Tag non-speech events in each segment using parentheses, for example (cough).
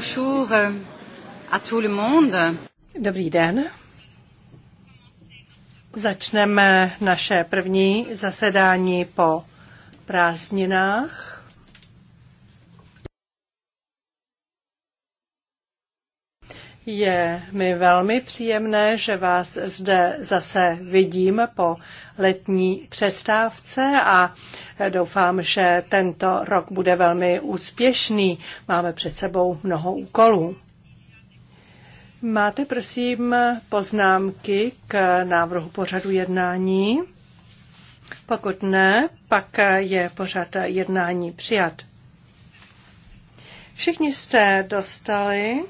Bonjour euh, à tout le monde. Dobrý den. Začneme naše první zasedání po prázdninách. Je mi velmi příjemné, že vás zde zase vidím po letní přestávce a doufám, že tento rok bude velmi úspěšný. Máme před sebou mnoho úkolů. Máte, prosím, poznámky k návrhu pořadu jednání? Pokud ne, pak je pořad jednání přijat. Všichni jste dostali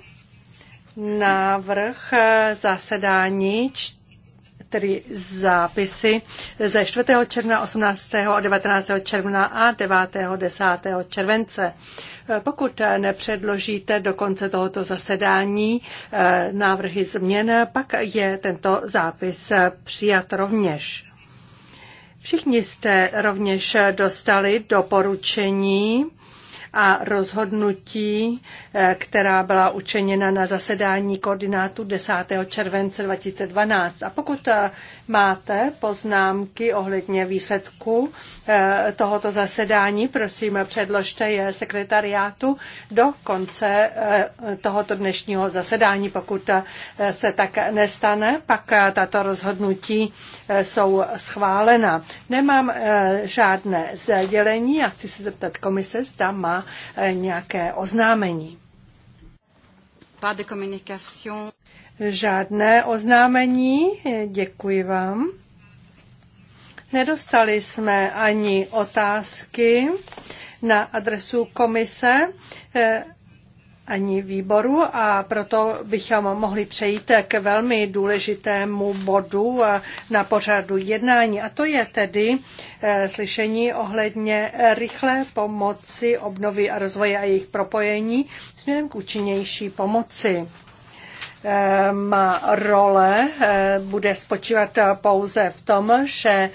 návrh eh, zasedání tedy zápisy ze 4. června, 18. a 19. června a 9. 10. července. Eh, pokud nepředložíte do konce tohoto zasedání eh, návrhy změn, pak je tento zápis přijat rovněž. Všichni jste rovněž dostali doporučení a rozhodnutí, eh, která byla učiněna na zasedání koordinátu 10. července 2012. A pokud eh, máte poznámky ohledně výsledku eh, tohoto zasedání, prosím, předložte je sekretariátu do konce tohoto dnešního zasedání. Pokud se tak nestane, pak tato rozhodnutí jsou schválena. Nemám žádné sdělení a chci se zeptat komise, zda má Eh, nějaké oznámení. Žádné oznámení, děkuji vám. Nedostali jsme ani otázky na adresu komise. Eh, ani výboru a proto bychom mohli přejít k velmi důležitému bodu na pořadu jednání a to je tedy eh, slyšení ohledně rychlé pomoci obnovy a rozvoje a jejich propojení směrem k účinnější pomoci eh, má role eh, bude spočívat pouze v tom, že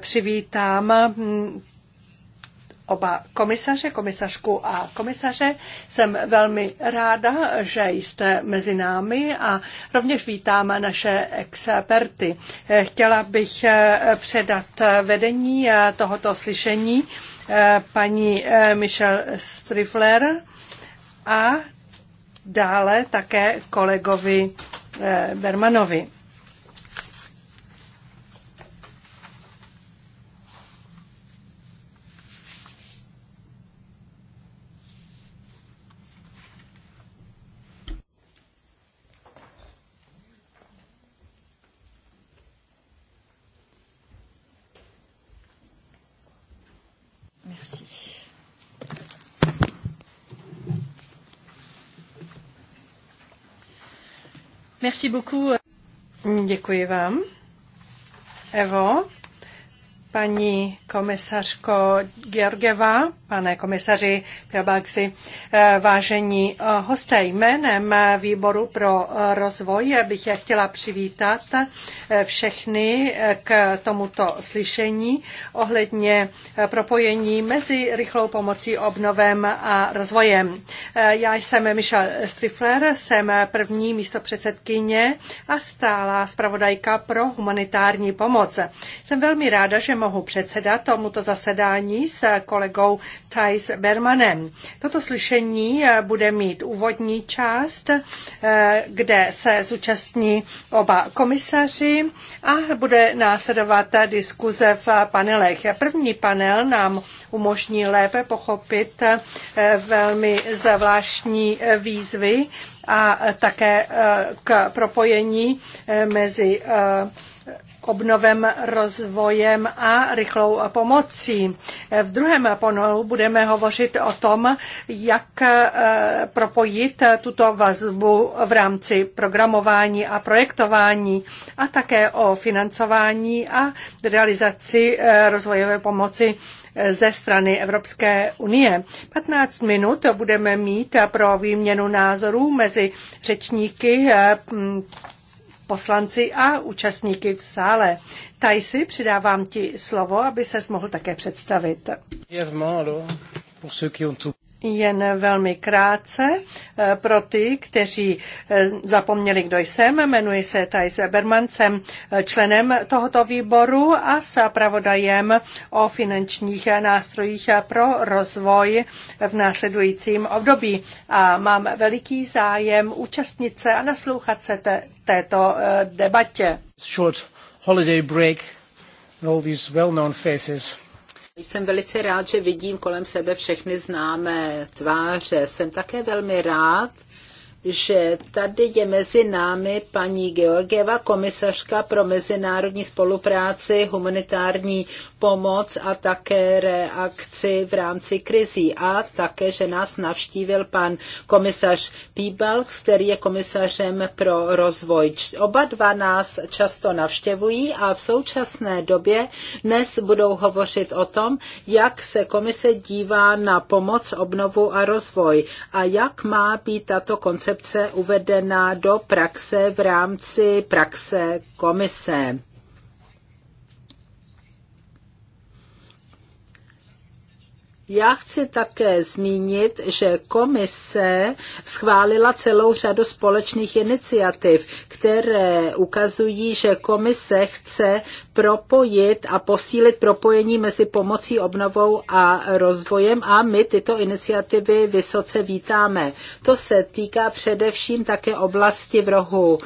přivítám hm, oba komisaře, komisařku a komisaře. Jsem velmi ráda, že jste mezi námi a rovněž vítám naše experty. Chtěla bych eh, předat eh, vedení eh, tohoto slyšení paní Michelle Strifler a dále také kolegovi Bermanovi. Merci beaucoup. Děkuji vám. Evo, paní komisařko Georgeva, pane komisaři Piabaxi, eh, vážení eh, hosté. Jménem Výboru pro eh, rozvoj bych je chtěla přivítat všechny k tomuto slyšení ohledně propojení mezi rychlou pomocí obnovem a rozvojem. Já jsem Michal Strifler, jsem první místopředsedkyně a stála zpravodajka pro humanitární pomoc. Jsem velmi ráda, že mohu předsedat tomuto zasedání s kolegou Thais Bermanem. Toto slyšení eh, bude mít úvodní část, eh, kde se zúčastní oba komisaři a bude následovat diskuze v panelech. První panel nám umožní lépe pochopit eh, velmi zvláštní výzvy a také k propojení mezi obnovem, rozvojem a rychlou pomocí. V druhém panelu budeme hovořit o tom, jak eh, propojit tuto vazbu v rámci programování a projektování a také o financování a realizaci eh, rozvojové pomoci eh, ze strany Evropské unie. 15 minut budeme mít pro výměnu názorů mezi řečníky poslanci a účastníky v sále. Tajsi, přidávám ti slovo, aby se mohl také představit. Jen velmi krátce eh, pro ty, kteří eh, zapomněli, kdo jsem. Jmenuji se Thais Berman, jsem eh, členem tohoto výboru a s pravodajem o finančních nástrojích pro rozvoj v následujícím období. A mám veliký zájem účastnit se a naslouchat se te- této debatě. Short holiday break and all these well-known faces jsem velice rád, že vidím kolem sebe všechny známé tváře. Jsem také velmi rád, že tady je mezi námi paní Georgieva, komisařka pro mezinárodní spolupráci, humanitární pomoc a také reakci v rámci krizí a také, že nás navštívil pan komisař Píbalks, který je komisařem pro rozvoj. Oba dva nás často navštěvují a v současné době dnes budou hovořit o tom, jak se komise dívá na pomoc, obnovu a rozvoj a jak má být tato koncepce uvedena do praxe v rámci praxe komise. Já chci také zmínit, že komise schválila celou řadu společných iniciativ, které ukazují, že komise chce propojit a posílit propojení mezi pomocí, obnovou a rozvojem a my tyto iniciativy vysoce vítáme. To se týká především také oblasti v rohu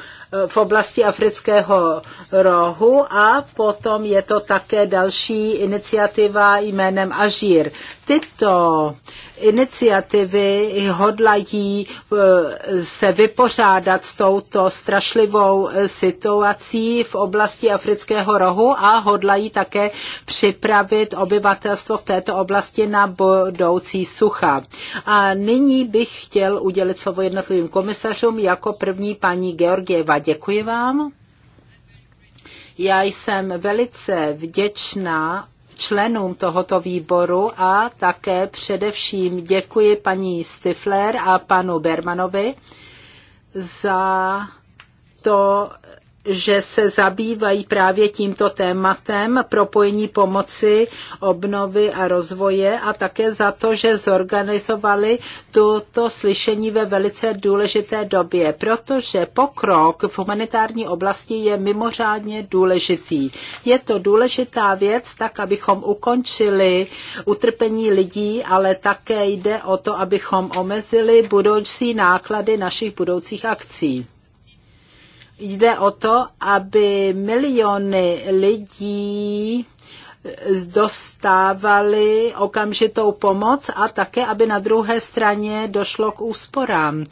v oblasti afrického rohu a potom je to také další iniciativa jménem Ažír. Tyto iniciativy hodlají eh, se vypořádat s touto strašlivou eh, situací v oblasti afrického rohu a hodlají také připravit obyvatelstvo v této oblasti na budoucí sucha. A nyní bych chtěl udělit slovo jednotlivým komisařům jako první paní Georgieva děkuji vám. Já jsem velice vděčná členům tohoto výboru a také především děkuji paní Stifler a panu Bermanovi za to, že se zabývají právě tímto tématem propojení pomoci, obnovy a rozvoje a také za to, že zorganizovali tuto slyšení ve velice důležité době, protože pokrok v humanitární oblasti je mimořádně důležitý. Je to důležitá věc, tak abychom ukončili utrpení lidí, ale také jde o to, abychom omezili budoucí náklady našich budoucích akcí jde o to, aby miliony lidí dostávali okamžitou pomoc a také, aby na druhé straně došlo k úsporám.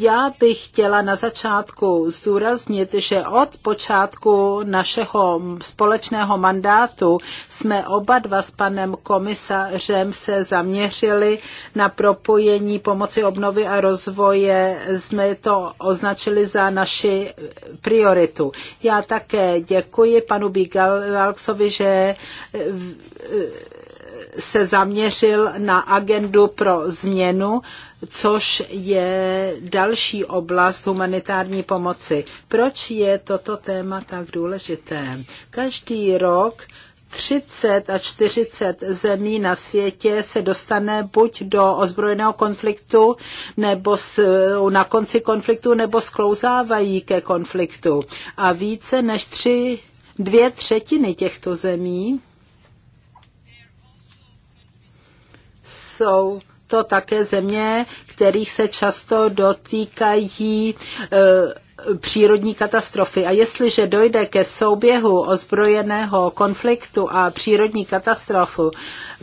Já bych chtěla na začátku zdůraznit, že od počátku našeho společného mandátu jsme oba dva s panem komisařem se zaměřili na propojení pomoci obnovy a rozvoje. Jsme to označili za naši prioritu. Já také děkuji panu Bigalvalksovi, že se zaměřil na agendu pro změnu, což je další oblast humanitární pomoci. Proč je toto téma tak důležité? Každý rok 30 a 40 zemí na světě se dostane buď do ozbrojeného konfliktu, nebo s, na konci konfliktu, nebo sklouzávají ke konfliktu. A více než tři, dvě třetiny těchto zemí jsou to také země, kterých se často dotýkají e, přírodní katastrofy. A jestliže dojde ke souběhu ozbrojeného konfliktu a přírodní katastrofu,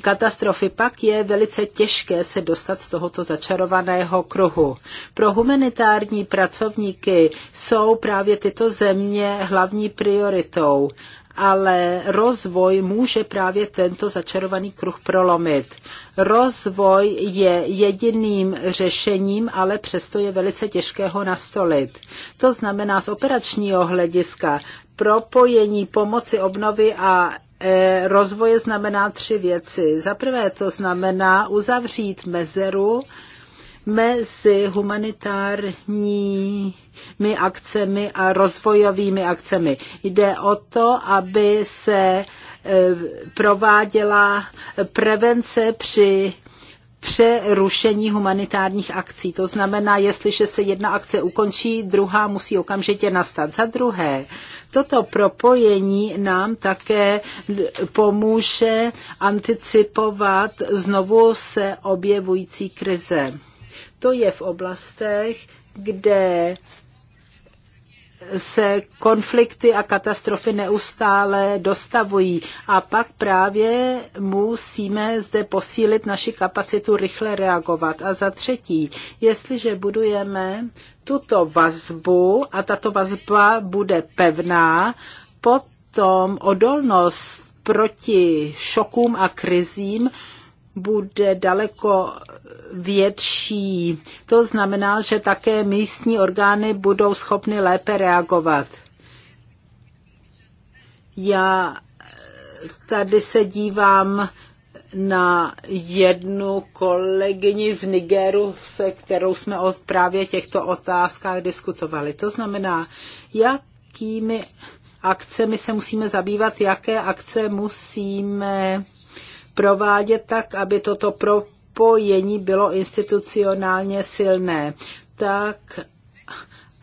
katastrofy, pak je velice těžké se dostat z tohoto začarovaného kruhu. Pro humanitární pracovníky jsou právě tyto země hlavní prioritou ale rozvoj může právě tento začarovaný kruh prolomit. Rozvoj je jediným řešením, ale přesto je velice těžké ho nastolit. To znamená z operačního hlediska propojení pomoci obnovy a e, rozvoje znamená tři věci. Za prvé to znamená uzavřít mezeru, mezi humanitárními akcemi a rozvojovými akcemi. Jde o to, aby se e, prováděla prevence při přerušení humanitárních akcí. To znamená, jestliže se jedna akce ukončí, druhá musí okamžitě nastat. Za druhé, toto propojení nám také pomůže anticipovat znovu se objevující krize to je v oblastech, kde se konflikty a katastrofy neustále dostavují. A pak právě musíme zde posílit naši kapacitu rychle reagovat. A za třetí, jestliže budujeme tuto vazbu a tato vazba bude pevná, potom odolnost proti šokům a krizím bude daleko větší. To znamená, že také místní orgány budou schopny lépe reagovat. Já tady se dívám na jednu kolegyni z Nigeru, se kterou jsme o právě těchto otázkách diskutovali. To znamená, jakými akcemi se musíme zabývat, jaké akce musíme provádět tak, aby toto propojení bylo institucionálně silné, tak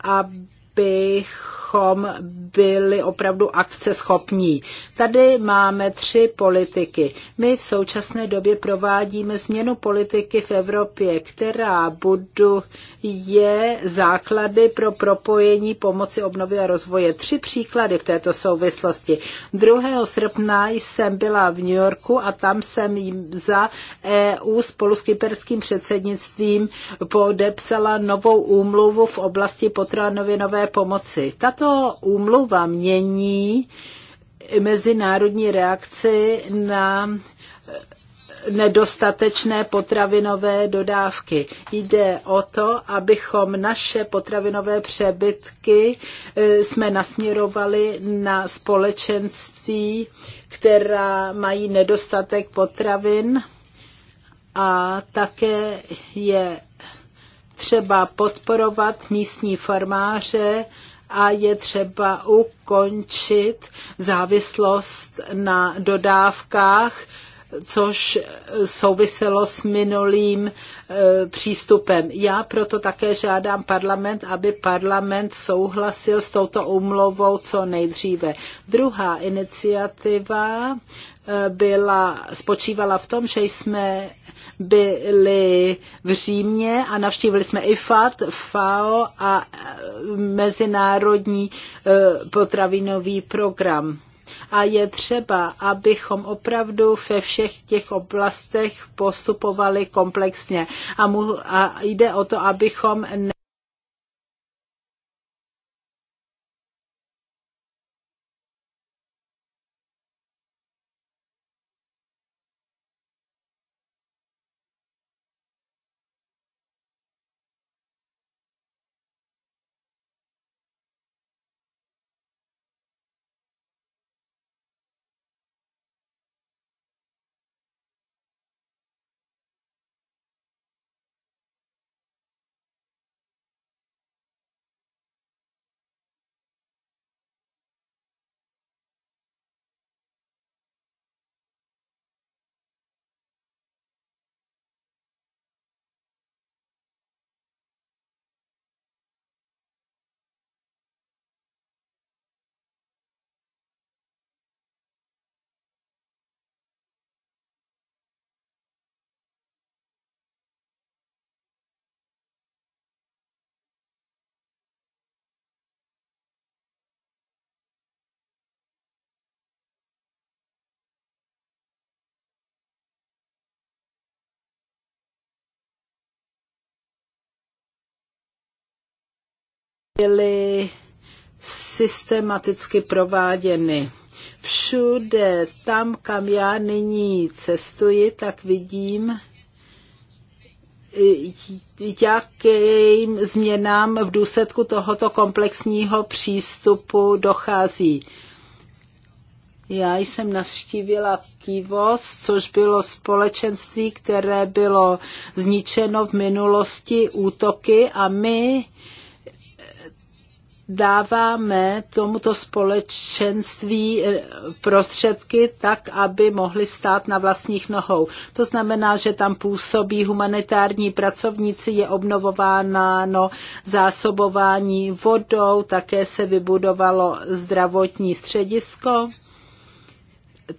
aby abychom byli opravdu akceschopní. Tady máme tři politiky. My v současné době provádíme změnu politiky v Evropě, která budu je základy pro propojení pomoci obnovy a rozvoje. Tři příklady v této souvislosti. 2. srpna jsem byla v New Yorku a tam jsem za EU spolu s kyperským předsednictvím podepsala novou úmluvu v oblasti potravinové pomoci. Tato úmluva mění mezinárodní reakci na eh, nedostatečné potravinové dodávky. Jde o to, abychom naše potravinové přebytky eh, jsme nasměrovali na společenství, která mají nedostatek potravin a také je třeba podporovat místní farmáře a je třeba ukončit závislost na dodávkách, což souviselo s minulým e, přístupem. Já proto také žádám parlament, aby parlament souhlasil s touto umlovou co nejdříve. Druhá iniciativa e, byla, spočívala v tom, že jsme byli v Římě a navštívili jsme IFAT, FAO a e, Mezinárodní e, potravinový program. A je třeba, abychom opravdu ve všech těch oblastech postupovali komplexně. A, mu, a jde o to, abychom byly systematicky prováděny. Všude tam, kam já nyní cestuji, tak vidím, eh, jakým změnám v důsledku tohoto komplexního přístupu dochází. Já jsem navštívila Kivos, což bylo společenství, které bylo zničeno v minulosti útoky a my dáváme tomuto společenství eh, prostředky tak, aby mohli stát na vlastních nohou. To znamená, že tam působí humanitární pracovníci, je obnovována no, zásobování vodou, také se vybudovalo zdravotní středisko.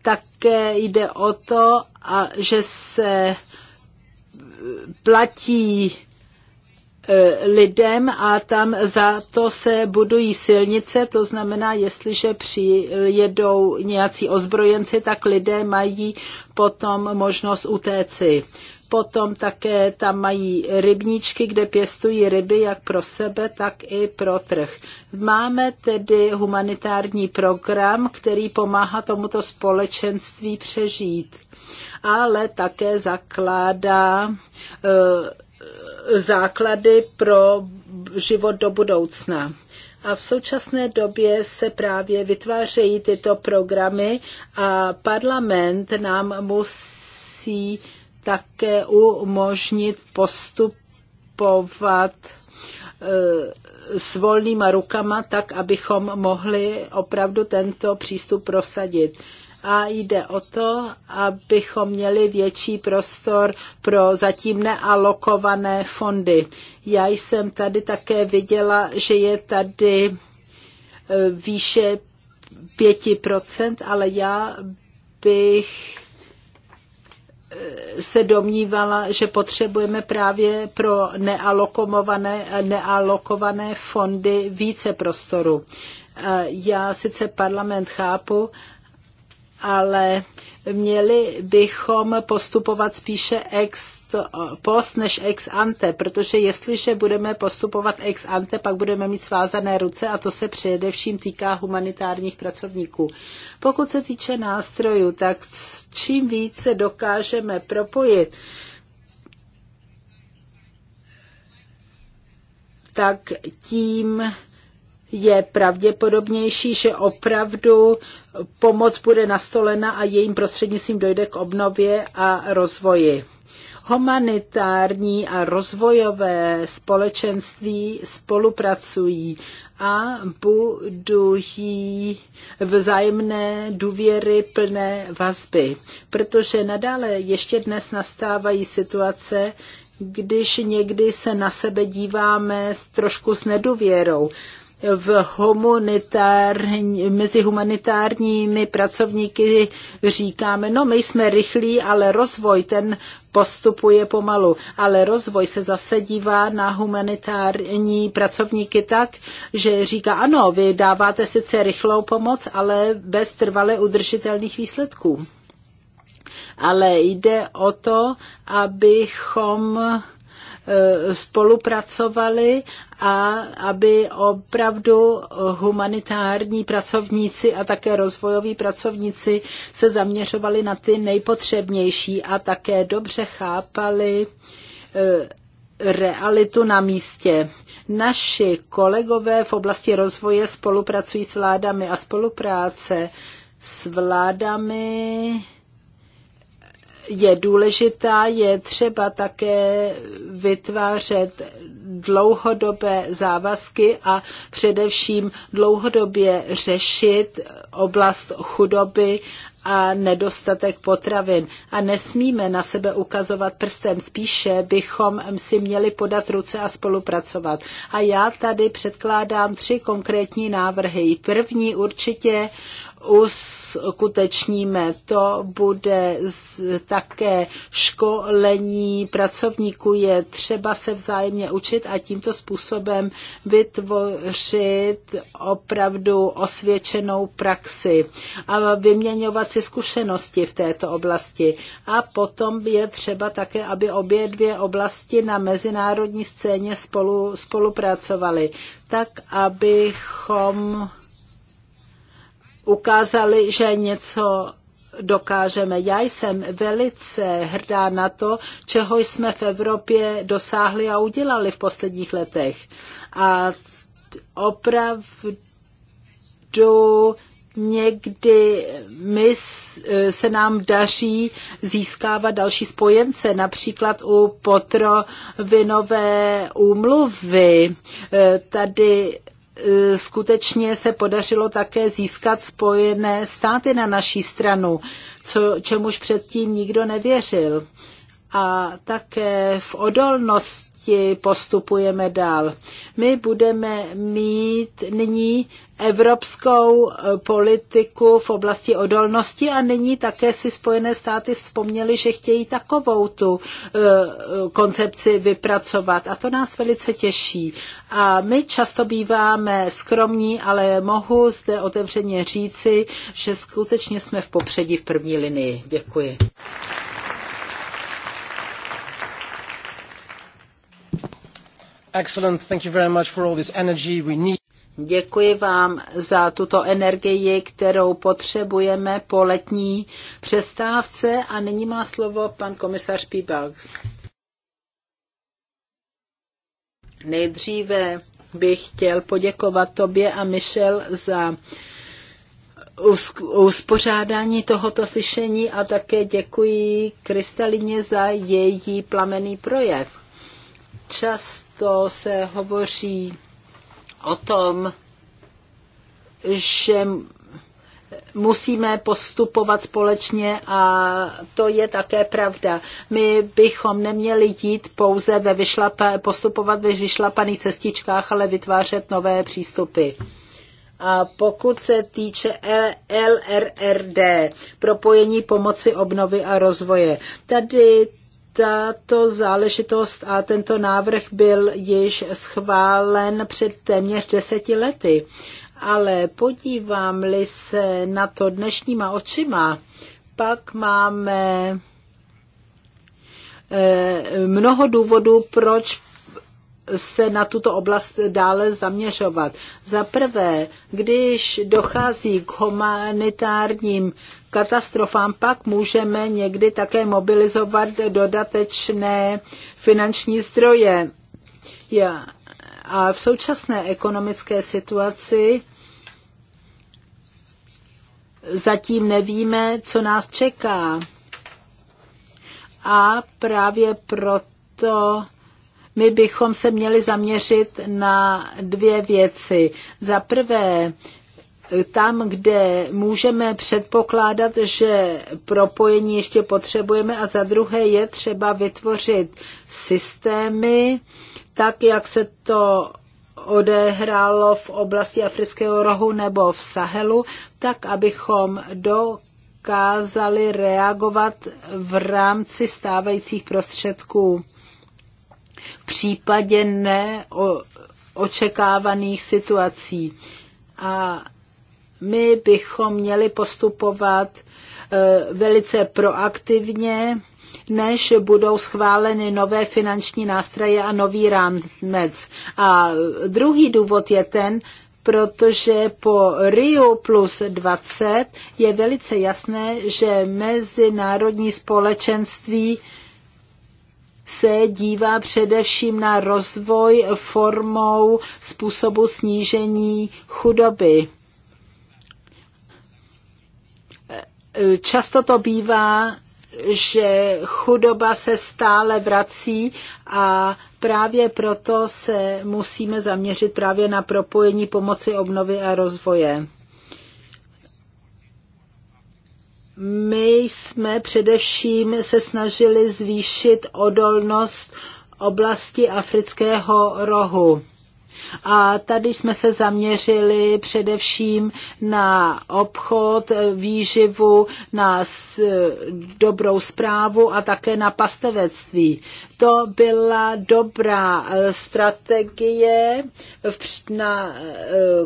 Také jde o to, a že se eh, platí Eh, lidem a tam za to se budují silnice, to znamená, jestliže přijedou nějací ozbrojenci, tak lidé mají potom možnost utéci. Potom také tam mají rybníčky, kde pěstují ryby jak pro sebe, tak i pro trh. Máme tedy humanitární program, který pomáhá tomuto společenství přežít, ale také zakládá uh, základy pro život do budoucna. A v současné době se právě vytvářejí tyto programy a parlament nám musí také umožnit postupovat eh, s volnýma rukama, tak abychom mohli opravdu tento přístup prosadit a jde o to, abychom měli větší prostor pro zatím nealokované fondy. Já jsem tady také viděla, že je tady e, výše 5%, ale já bych e, se domnívala, že potřebujeme právě pro nealokované, e, nealokované fondy více prostoru. Já sice parlament chápu, ale měli bychom postupovat spíše ex post než ex ante, protože jestliže budeme postupovat ex ante, pak budeme mít svázané ruce a to se především týká humanitárních pracovníků. Pokud se týče nástrojů, tak čím více dokážeme propojit tak tím je pravděpodobnější, že opravdu pomoc bude nastolena a jejím prostřednictvím dojde k obnově a rozvoji. Humanitární a rozvojové společenství spolupracují a budují vzájemné důvěry plné vazby, protože nadále ještě dnes nastávají situace, když někdy se na sebe díváme s trošku s nedůvěrou v humanitární, mezi humanitárními pracovníky říkáme, no my jsme rychlí, ale rozvoj ten postupuje pomalu, ale rozvoj se zase dívá na humanitární pracovníky tak, že říká, ano, vy dáváte sice rychlou pomoc, ale bez trvale udržitelných výsledků. Ale jde o to, abychom Eh, spolupracovali a aby opravdu humanitární pracovníci a také rozvojoví pracovníci se zaměřovali na ty nejpotřebnější a také dobře chápali eh, realitu na místě. Naši kolegové v oblasti rozvoje spolupracují s vládami a spolupráce s vládami je důležitá, je třeba také vytvářet dlouhodobé závazky a především dlouhodobě řešit oblast chudoby a nedostatek potravin. A nesmíme na sebe ukazovat prstem, spíše bychom si měli podat ruce a spolupracovat. A já tady předkládám tři konkrétní návrhy. První určitě uskutečníme. To bude také školení pracovníků. Je třeba se vzájemně učit a tímto způsobem vytvořit opravdu osvědčenou praxi a vyměňovat si zkušenosti v této oblasti. A potom je třeba také, aby obě dvě oblasti na mezinárodní scéně spolu, spolupracovaly, tak abychom ukázali, že něco dokážeme. Já jsem velice hrdá na to, čeho jsme v Evropě dosáhli a udělali v posledních letech. A opravdu někdy my se nám daří získávat další spojence, například u potrovinové úmluvy. Tady E, skutečně se podařilo také získat spojené státy na naší stranu, co, čemuž předtím nikdo nevěřil. A také v odolnosti postupujeme dál. My budeme mít nyní evropskou eh, politiku v oblasti odolnosti a nyní také si Spojené státy vzpomněly, že chtějí takovou tu eh, eh, koncepci vypracovat a to nás velice těší. A my často býváme skromní, ale mohu zde otevřeně říci, že skutečně jsme v popředí v první linii. Děkuji. Excellent. Thank you very much for all this energy we need. Děkuji vám za tuto energii, kterou potřebujeme po letní přestávce a nyní má slovo pan komisař Pibalks. Nejdříve bych chtěl poděkovat tobě a Michel za uspořádání tohoto slyšení a také děkuji Kristalině za její plamený projev. Často se hovoří o tom, že musíme postupovat společně a to je také pravda. My bychom neměli jít pouze ve vyšlapa, postupovat ve vyšlapaných cestičkách, ale vytvářet nové přístupy. A pokud se týče LRRD, propojení pomoci obnovy a rozvoje, tady tato záležitost a tento návrh byl již schválen před téměř deseti lety. Ale podívám-li se na to dnešníma očima, pak máme eh, mnoho důvodů, proč se na tuto oblast dále zaměřovat. Za prvé, když dochází k humanitárním katastrofám, pak můžeme někdy také mobilizovat dodatečné finanční zdroje. Já. A v současné ekonomické situaci zatím nevíme, co nás čeká. A právě proto my bychom se měli zaměřit na dvě věci. Za prvé, tam, kde můžeme předpokládat, že propojení ještě potřebujeme a za druhé je třeba vytvořit systémy, tak jak se to odehrálo v oblasti Afrického rohu nebo v Sahelu, tak abychom dokázali reagovat v rámci stávajících prostředků v případě neočekávaných situací. A my bychom měli postupovat eh, velice proaktivně, než budou schváleny nové finanční nástroje a nový rámec. A druhý důvod je ten, protože po Rio plus 20 je velice jasné, že mezinárodní společenství se dívá především na rozvoj formou způsobu snížení chudoby. Často to bývá, že chudoba se stále vrací a právě proto se musíme zaměřit právě na propojení pomoci obnovy a rozvoje. My jsme především se snažili zvýšit odolnost oblasti afrického rohu. A tady jsme se zaměřili především na obchod, výživu, na dobrou zprávu a také na pastevectví. To byla dobrá eh, strategie na eh,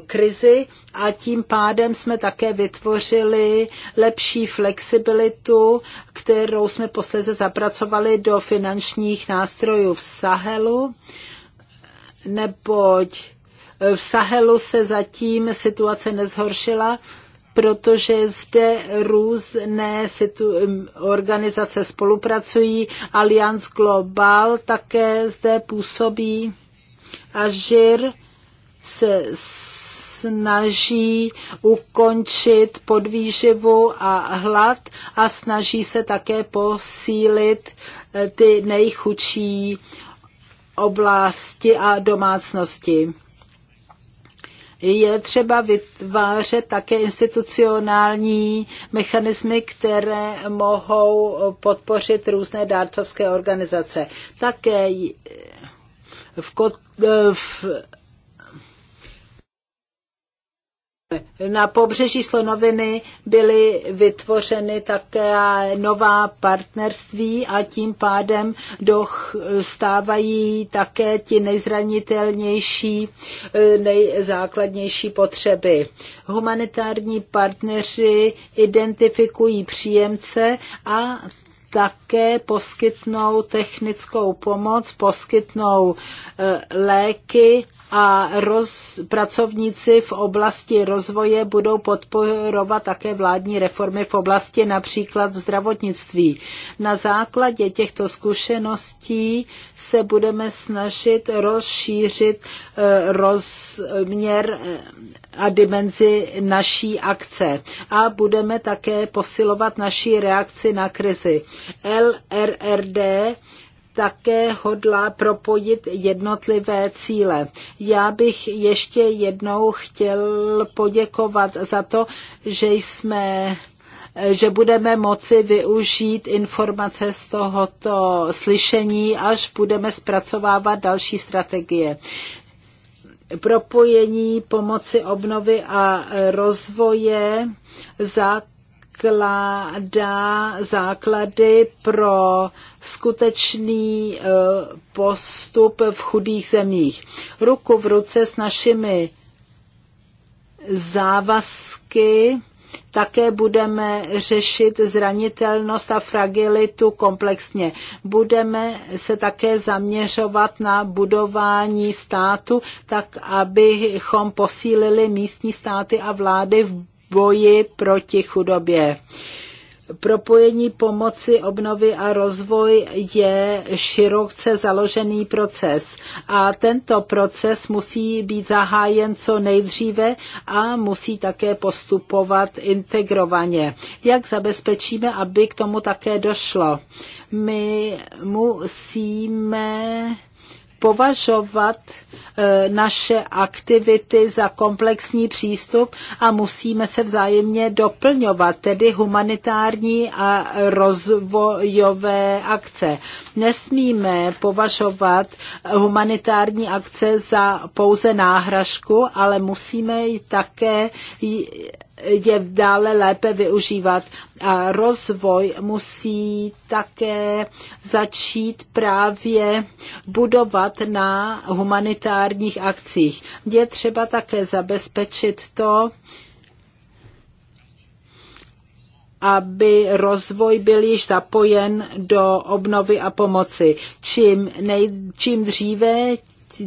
krizi a tím pádem jsme také vytvořili lepší flexibilitu, kterou jsme posledně zapracovali do finančních nástrojů v Sahelu neboť v Sahelu se zatím situace nezhoršila, protože zde různé situ- organizace spolupracují. Allianz Global také zde působí a ŽIR se snaží ukončit podvýživu a hlad a snaží se také posílit eh, ty nejchudší oblasti a domácnosti. Je třeba vytvářet také institucionální mechanismy, které mohou podpořit různé dárcovské organizace. Také v, v Na pobřeží Slonoviny byly vytvořeny také nová partnerství a tím pádem dostávají také ti nejzranitelnější, eh, nejzákladnější potřeby. Humanitární partneři identifikují příjemce a také poskytnou technickou pomoc, poskytnou eh, léky a roz, pracovníci v oblasti rozvoje budou podporovat také vládní reformy v oblasti například zdravotnictví. Na základě těchto zkušeností se budeme snažit rozšířit eh, rozměr eh, a dimenzi naší akce a budeme také posilovat naší reakci na krizi. LRRD také hodlá propojit jednotlivé cíle. Já bych ještě jednou chtěl poděkovat za to, že jsme že budeme moci využít informace z tohoto slyšení, až budeme zpracovávat další strategie propojení pomoci obnovy a rozvoje za zakládá základy pro skutečný e, postup v chudých zemích. Ruku v ruce s našimi závazky také budeme řešit zranitelnost a fragilitu komplexně. Budeme se také zaměřovat na budování státu, tak abychom posílili místní státy a vlády v boji proti chudobě. Propojení pomoci, obnovy a rozvoj je široce založený proces a tento proces musí být zahájen co nejdříve a musí také postupovat integrovaně. Jak zabezpečíme, aby k tomu také došlo? My musíme považovat eh, naše aktivity za komplexní přístup a musíme se vzájemně doplňovat, tedy humanitární a rozvojové akce. Nesmíme považovat humanitární akce za pouze náhražku, ale musíme ji také je dále lépe využívat. A rozvoj musí také začít právě budovat na humanitárních akcích. Je třeba také zabezpečit to, aby rozvoj byl již zapojen do obnovy a pomoci. Čím, nej, čím dříve,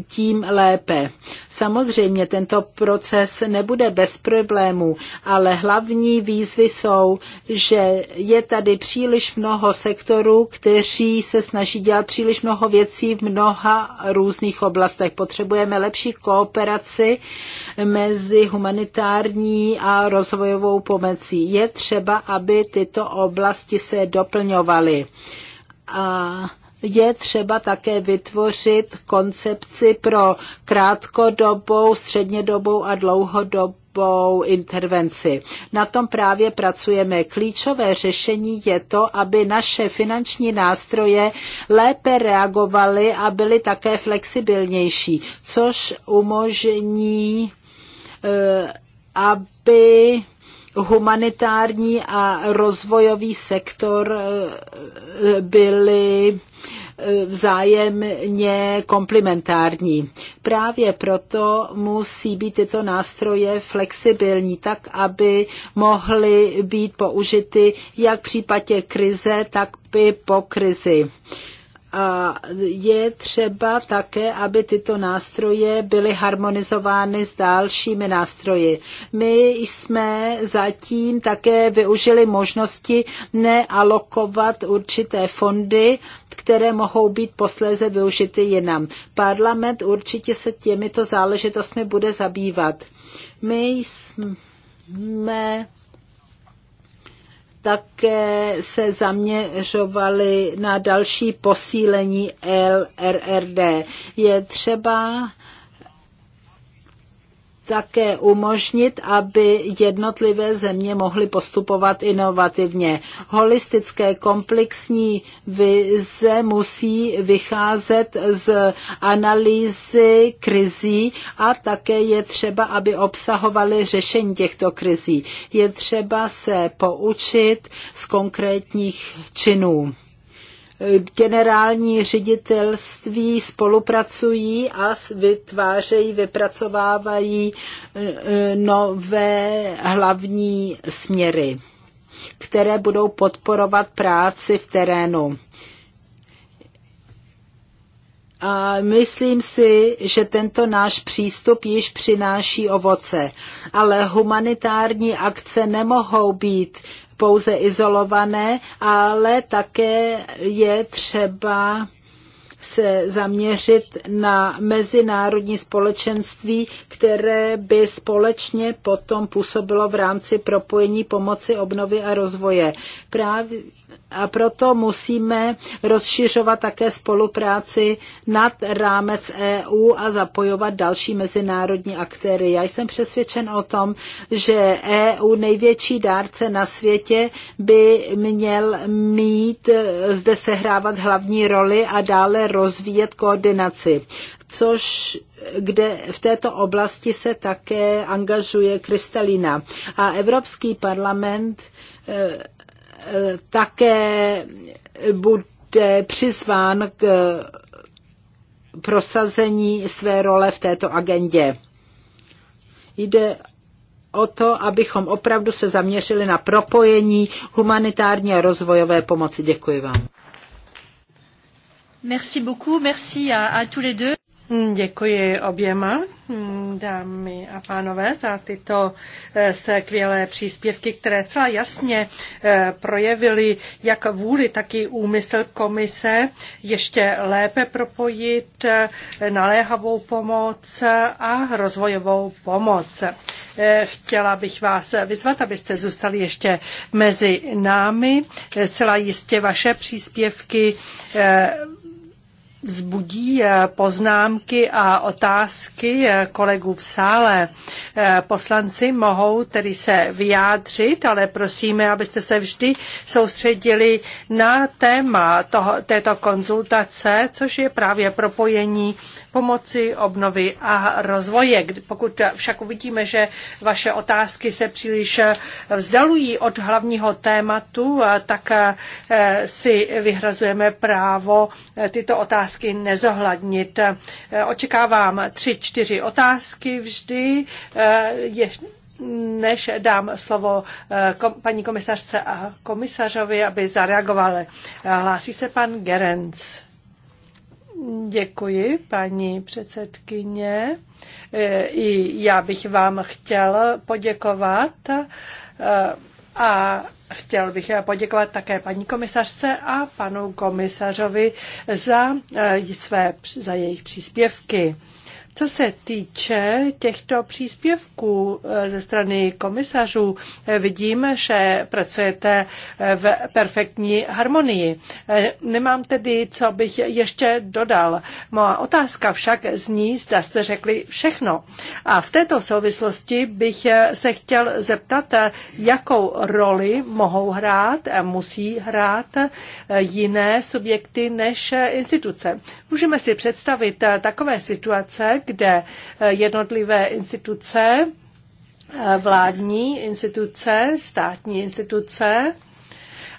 tím lépe. Samozřejmě tento proces nebude bez problémů, ale hlavní výzvy jsou, že je tady příliš mnoho sektorů, kteří se snaží dělat příliš mnoho věcí v mnoha různých oblastech. Potřebujeme lepší kooperaci mezi humanitární a rozvojovou pomocí. Je třeba, aby tyto oblasti se doplňovaly. A je třeba také vytvořit koncepci pro krátkodobou, střednědobou a dlouhodobou intervenci. Na tom právě pracujeme. Klíčové řešení je to, aby naše finanční nástroje lépe reagovaly a byly také flexibilnější, což umožní eh, aby humanitární a rozvojový sektor eh, byly eh, vzájemně komplementární. Právě proto musí být tyto nástroje flexibilní, tak aby mohly být použity jak v případě krize, tak i po krizi a je třeba také, aby tyto nástroje byly harmonizovány s dalšími nástroji. My jsme zatím také využili možnosti nealokovat určité fondy, které mohou být posléze využity jinam. Parlament určitě se těmito záležitostmi bude zabývat. My jsme také se zaměřovali na další posílení LRRD. Je třeba také umožnit, aby jednotlivé země mohly postupovat inovativně. Holistické komplexní vize musí vycházet z analýzy krizí a také je třeba, aby obsahovaly řešení těchto krizí. Je třeba se poučit z konkrétních činů generální ředitelství spolupracují a vytvářejí, vypracovávají e, e, nové hlavní směry, které budou podporovat práci v terénu. A myslím si, že tento náš přístup již přináší ovoce. Ale humanitární akce nemohou být pouze izolované, ale také je třeba se zaměřit na mezinárodní společenství, které by společně potom působilo v rámci propojení pomoci obnovy a rozvoje. Právě a proto musíme rozšiřovat také spolupráci nad rámec EU a zapojovat další mezinárodní aktéry. Já jsem přesvědčen o tom, že EU, největší dárce na světě, by měl mít zde sehrávat hlavní roli a dále rozvíjet koordinaci, což kde v této oblasti se také angažuje Kristalina. A Evropský parlament eh, také bude přizván k prosazení své role v této agendě. Jde o to, abychom opravdu se zaměřili na propojení humanitární a rozvojové pomoci. Děkuji vám. Merci beaucoup, merci à, à tous les deux. Děkuji oběma, mm, dámy a pánové, za tyto eh, skvělé příspěvky, které celá jasně eh, projevily jak vůli, tak i úmysl komise ještě lépe propojit eh, naléhavou pomoc a rozvojovou pomoc. Chtěla bych vás vyzvat, abyste zůstali ještě mezi námi. Celá jistě vaše příspěvky vzbudí eh, poznámky a otázky eh, kolegů v sále. Eh, poslanci mohou tedy se vyjádřit, ale prosíme, abyste se vždy soustředili na téma toho, této konzultace, což je právě propojení pomoci, obnovy a rozvoje. Pokud však uvidíme, že vaše otázky se příliš vzdalují od hlavního tématu, tak si vyhrazujeme právo tyto otázky otázky nezohladnit. Eh, očekávám tři, čtyři otázky vždy. Eh, je, než dám slovo eh, kom, paní komisařce a komisařovi, aby zareagovali. Hlásí se pan Gerenc. Děkuji, paní předsedkyně. I já bych vám chtěl poděkovat a chtěl bych poděkovat také paní komisařce a panu komisařovi za, eh, své, za jejich příspěvky. Co se týče těchto příspěvků eh, ze strany komisařů, eh, vidím, že pracujete eh, v perfektní harmonii. Nemám tedy, co bych ještě dodal. Moja otázka však zní, zda jste řekli všechno. A v této souvislosti bych se chtěl zeptat, jakou roli mohou hrát, musí hrát jiné subjekty než instituce. Můžeme si představit takové situace, kde eh, jednotlivé instituce, eh, vládní instituce, státní instituce,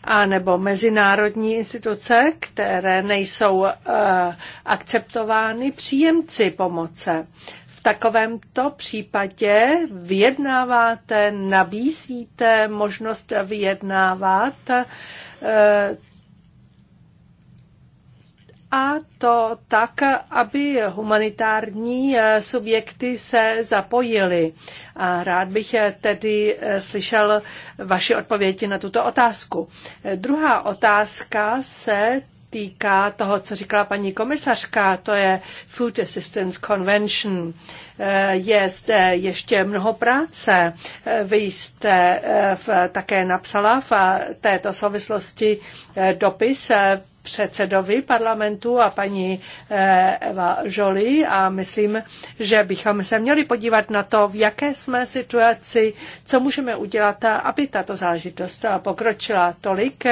a nebo mezinárodní instituce, které nejsou eh, akceptovány příjemci pomoce. V takovémto případě vyjednáváte, nabízíte možnost vyjednávat a to tak, aby humanitární eh, subjekty se zapojily. A rád bych eh, tedy eh, slyšel vaši odpovědi na tuto otázku. Druhá otázka se týká toho, co říkala paní komisařka, to je Food Assistance Convention. Je zde ještě mnoho práce. Vy jste v, také napsala v této souvislosti dopis předsedovi parlamentu a paní eh, Eva Žoli a myslím, že bychom se měli podívat na to, v jaké jsme situaci, co můžeme udělat, aby tato záležitost pokročila tolik.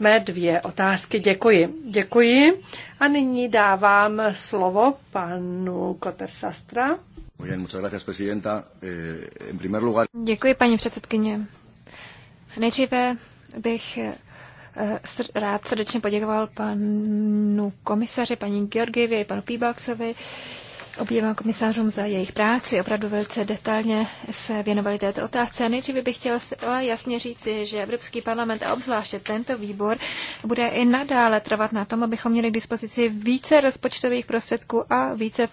Mé dvě otázky. Děkuji. Děkuji. A nyní dávám slovo panu Kotersastra. Eh, Děkuji, paní předsedkyně. Nejdříve bych Eh, rád srdečně poděkoval panu komisaři, paní Georgievi i panu Píbalksovi, oběma komisářům za jejich práci. Opravdu velice detailně se věnovali této otázce. A nejdříve bych chtěla jasně říci, že Evropský parlament a obzvláště tento výbor bude i nadále trvat na tom, abychom měli k dispozici více rozpočtových prostředků a více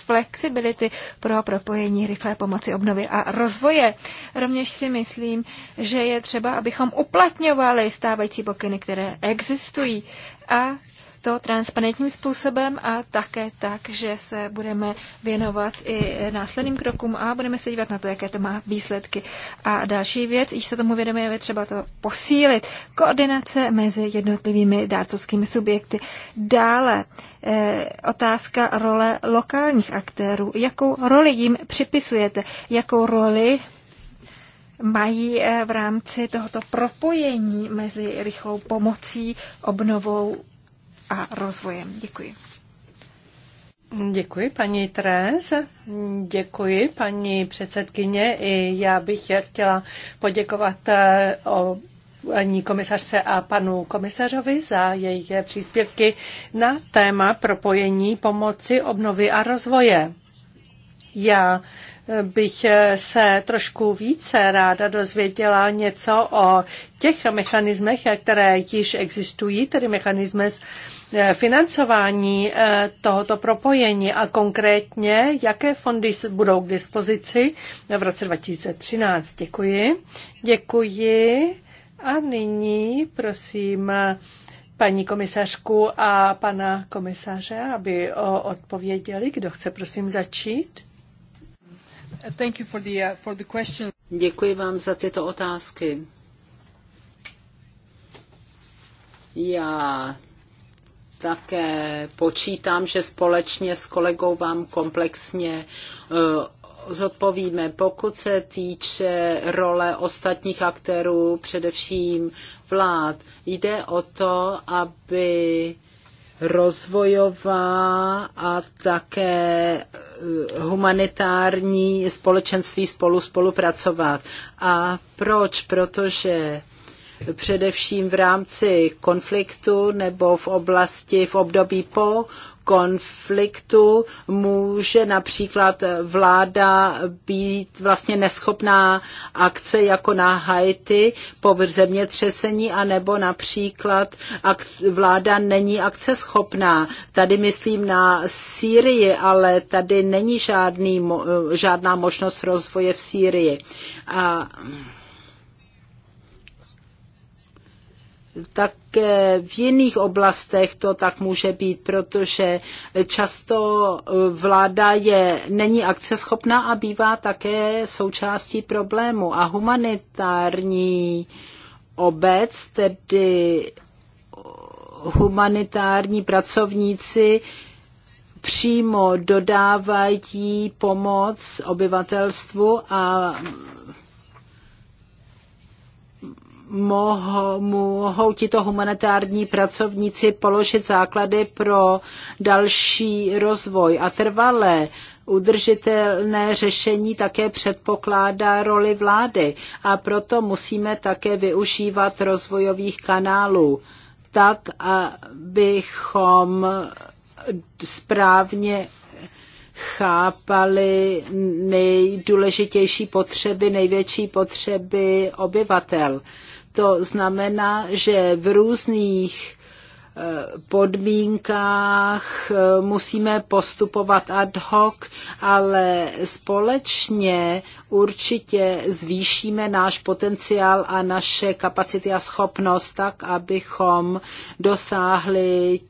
flexibility pro propojení rychlé pomoci obnovy a rozvoje. Rovněž si myslím, že je třeba, abychom uplatňovali stávající pokyny, které existují a to transparentním způsobem a také tak, že se budeme věnovat i následným krokům a budeme se dívat na to, jaké to má výsledky. A další věc, když se tomu vědomě je třeba to posílit. Koordinace mezi jednotlivými dárcovskými subjekty. Dále eh, otázka role lokálních aktérů. Jakou roli jim připisujete? Jakou roli mají eh, v rámci tohoto propojení mezi rychlou pomocí, obnovou a rozvojem. Děkuji. Děkuji, paní Trés. Děkuji, paní předsedkyně. I já bych chtěla poděkovat eh, o paní komisařce a panu komisařovi za jejich příspěvky na téma propojení pomoci, obnovy a rozvoje. Já eh, bych eh, se trošku více ráda dozvěděla něco o těch mechanismech, které již existují, tedy mechanismech Eh, financování eh, tohoto propojení a konkrétně, jaké fondy budou k dispozici v roce 2013. Děkuji. Děkuji. A nyní prosím paní komisařku a pana komisaře, aby odpověděli. Kdo chce, prosím, začít? Thank you for the, uh, for the question. Děkuji vám za tyto otázky. Já také počítám, že společně s kolegou vám komplexně e, zodpovíme. Pokud se týče role ostatních aktérů, především vlád, jde o to, aby rozvojová a také e, humanitární společenství spolu spolupracovat. A proč? Protože především v rámci konfliktu nebo v oblasti v období po konfliktu může například vláda být vlastně neschopná akce jako na Haiti po zemětřesení, nebo například vláda není akce schopná. Tady myslím na Sýrii, ale tady není žádný, žádná možnost rozvoje v Sýrii. A Tak v jiných oblastech to tak může být, protože často vláda je, není akceschopná a bývá také součástí problému. A humanitární obec, tedy humanitární pracovníci, přímo dodávají pomoc obyvatelstvu a mohou, mohou tito humanitární pracovníci položit základy pro další rozvoj a trvalé udržitelné řešení také předpokládá roli vlády a proto musíme také využívat rozvojových kanálů tak, abychom správně chápali nejdůležitější potřeby, největší potřeby obyvatel. To znamená, že v různých eh, podmínkách eh, musíme postupovat ad hoc, ale společně určitě zvýšíme náš potenciál a naše kapacity a schopnost tak, abychom dosáhli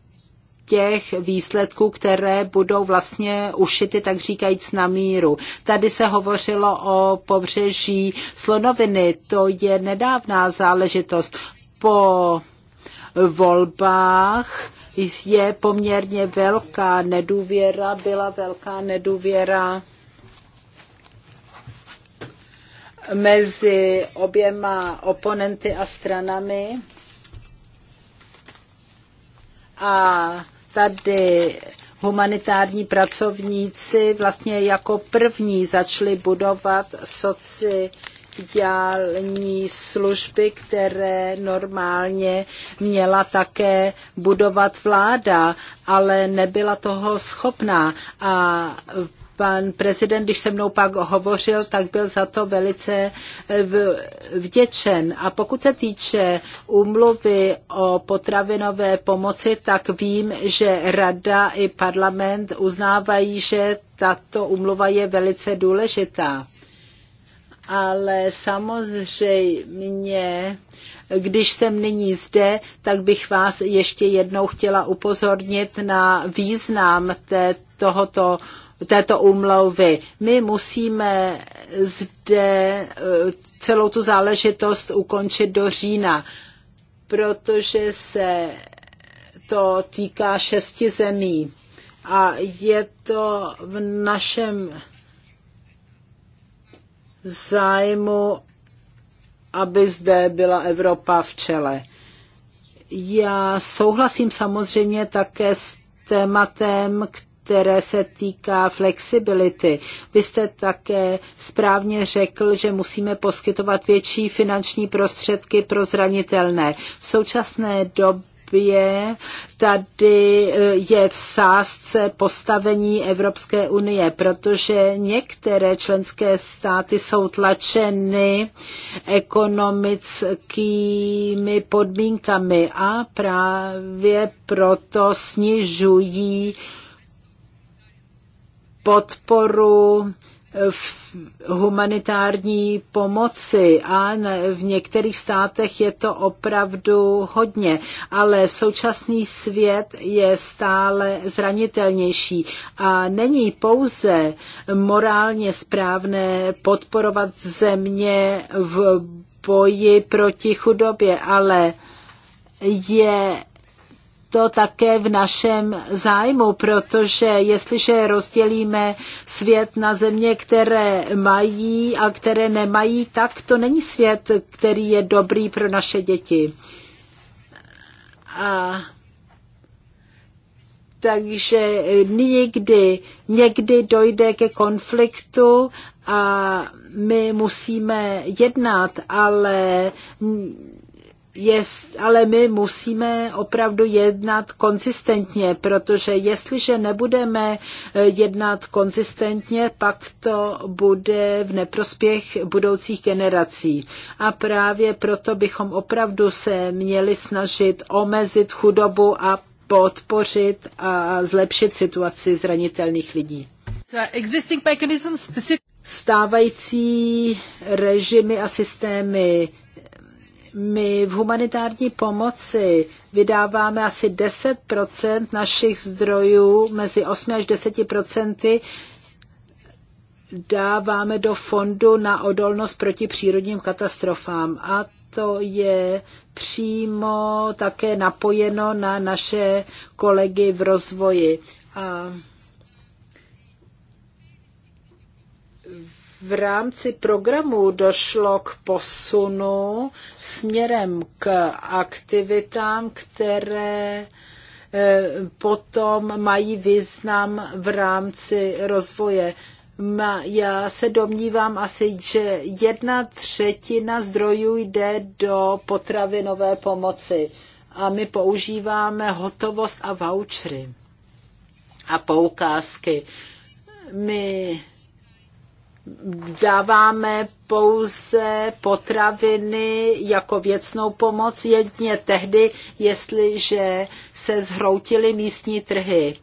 těch výsledků, které budou vlastně ušity, tak říkajíc, na míru. Tady se hovořilo o pobřeží Slonoviny, to je nedávná záležitost. Po volbách je poměrně velká nedůvěra, byla velká nedůvěra mezi oběma oponenty a stranami. A tady humanitární pracovníci vlastně jako první začali budovat sociální služby, které normálně měla také budovat vláda, ale nebyla toho schopná. A pan prezident, když se mnou pak hovořil, tak byl za to velice eh, vděčen. A pokud se týče úmluvy o potravinové pomoci, tak vím, že rada i parlament uznávají, že tato umluva je velice důležitá. Ale samozřejmě když jsem nyní zde, tak bych vás ještě jednou chtěla upozornit na význam té, tohoto této úmlouvy. My musíme zde eh, celou tu záležitost ukončit do října, protože se to týká šesti zemí a je to v našem zájmu, aby zde byla Evropa v čele. Já souhlasím samozřejmě také s tématem, které které se týká flexibility. Vy jste také správně řekl, že musíme poskytovat větší finanční prostředky pro zranitelné. V současné době je. tady eh, je v sázce postavení Evropské unie, protože některé členské státy jsou tlačeny ekonomickými podmínkami a právě proto snižují uh, podporu eh, v humanitární pomoci a v některých státech je to opravdu hodně, ale současný svět je stále zranitelnější a není pouze morálně správné podporovat země v boji proti chudobě, ale je to také v našem zájmu, protože jestliže rozdělíme svět na země, které mají a které nemají, tak to není svět, který je dobrý pro naše děti. A takže někdy, někdy dojde ke konfliktu a my musíme jednat, ale Jest, ale my musíme opravdu jednat konzistentně, protože jestliže nebudeme eh, jednat konzistentně, pak to bude v neprospěch budoucích generací. A právě proto bychom opravdu se měli snažit omezit chudobu a podpořit a zlepšit situaci zranitelných lidí. Stávající režimy a systémy my v humanitární pomoci vydáváme asi 10 našich zdrojů, mezi 8 až 10 dáváme do fondu na odolnost proti přírodním katastrofám. A to je přímo také napojeno na naše kolegy v rozvoji. A v rámci programu došlo k posunu směrem k aktivitám, které eh, potom mají význam v rámci rozvoje. Já se domnívám asi, že jedna třetina zdrojů jde do potravinové pomoci a my používáme hotovost a vouchery a poukázky. My dáváme pouze potraviny jako věcnou pomoc jedně tehdy, jestliže se zhroutily místní trhy.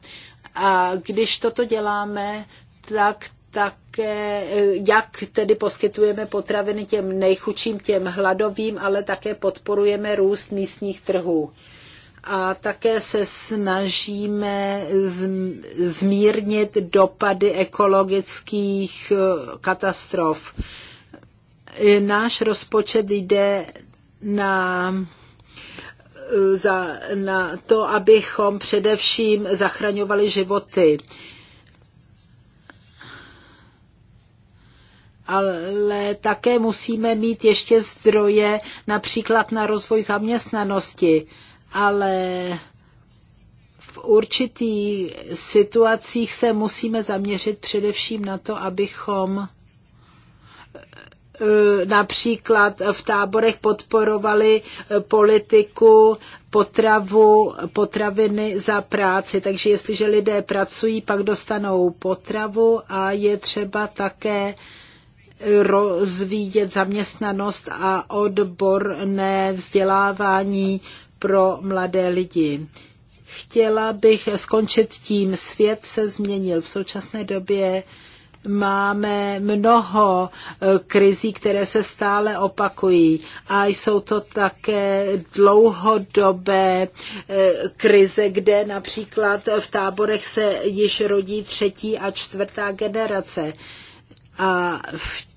A když toto děláme, tak také, jak tedy poskytujeme potraviny těm nejchučím, těm hladovým, ale také podporujeme růst místních trhů a také se snažíme zmírnit dopady ekologických eh, katastrof. Náš rozpočet jde na eh, za, na to, abychom především zachraňovali životy. ale také musíme mít ještě zdroje například na rozvoj zaměstnanosti ale v určitých situacích se musíme zaměřit především na to, abychom eh, například v táborech podporovali eh, politiku potravu, potraviny za práci. Takže jestliže lidé pracují, pak dostanou potravu a je třeba také eh, rozvíjet zaměstnanost a odborné vzdělávání pro mladé lidi. Chtěla bych skončit tím, svět se změnil. V současné době máme mnoho eh, krizí, které se stále opakují a jsou to také dlouhodobé eh, krize, kde například v táborech se již rodí třetí a čtvrtá generace. A v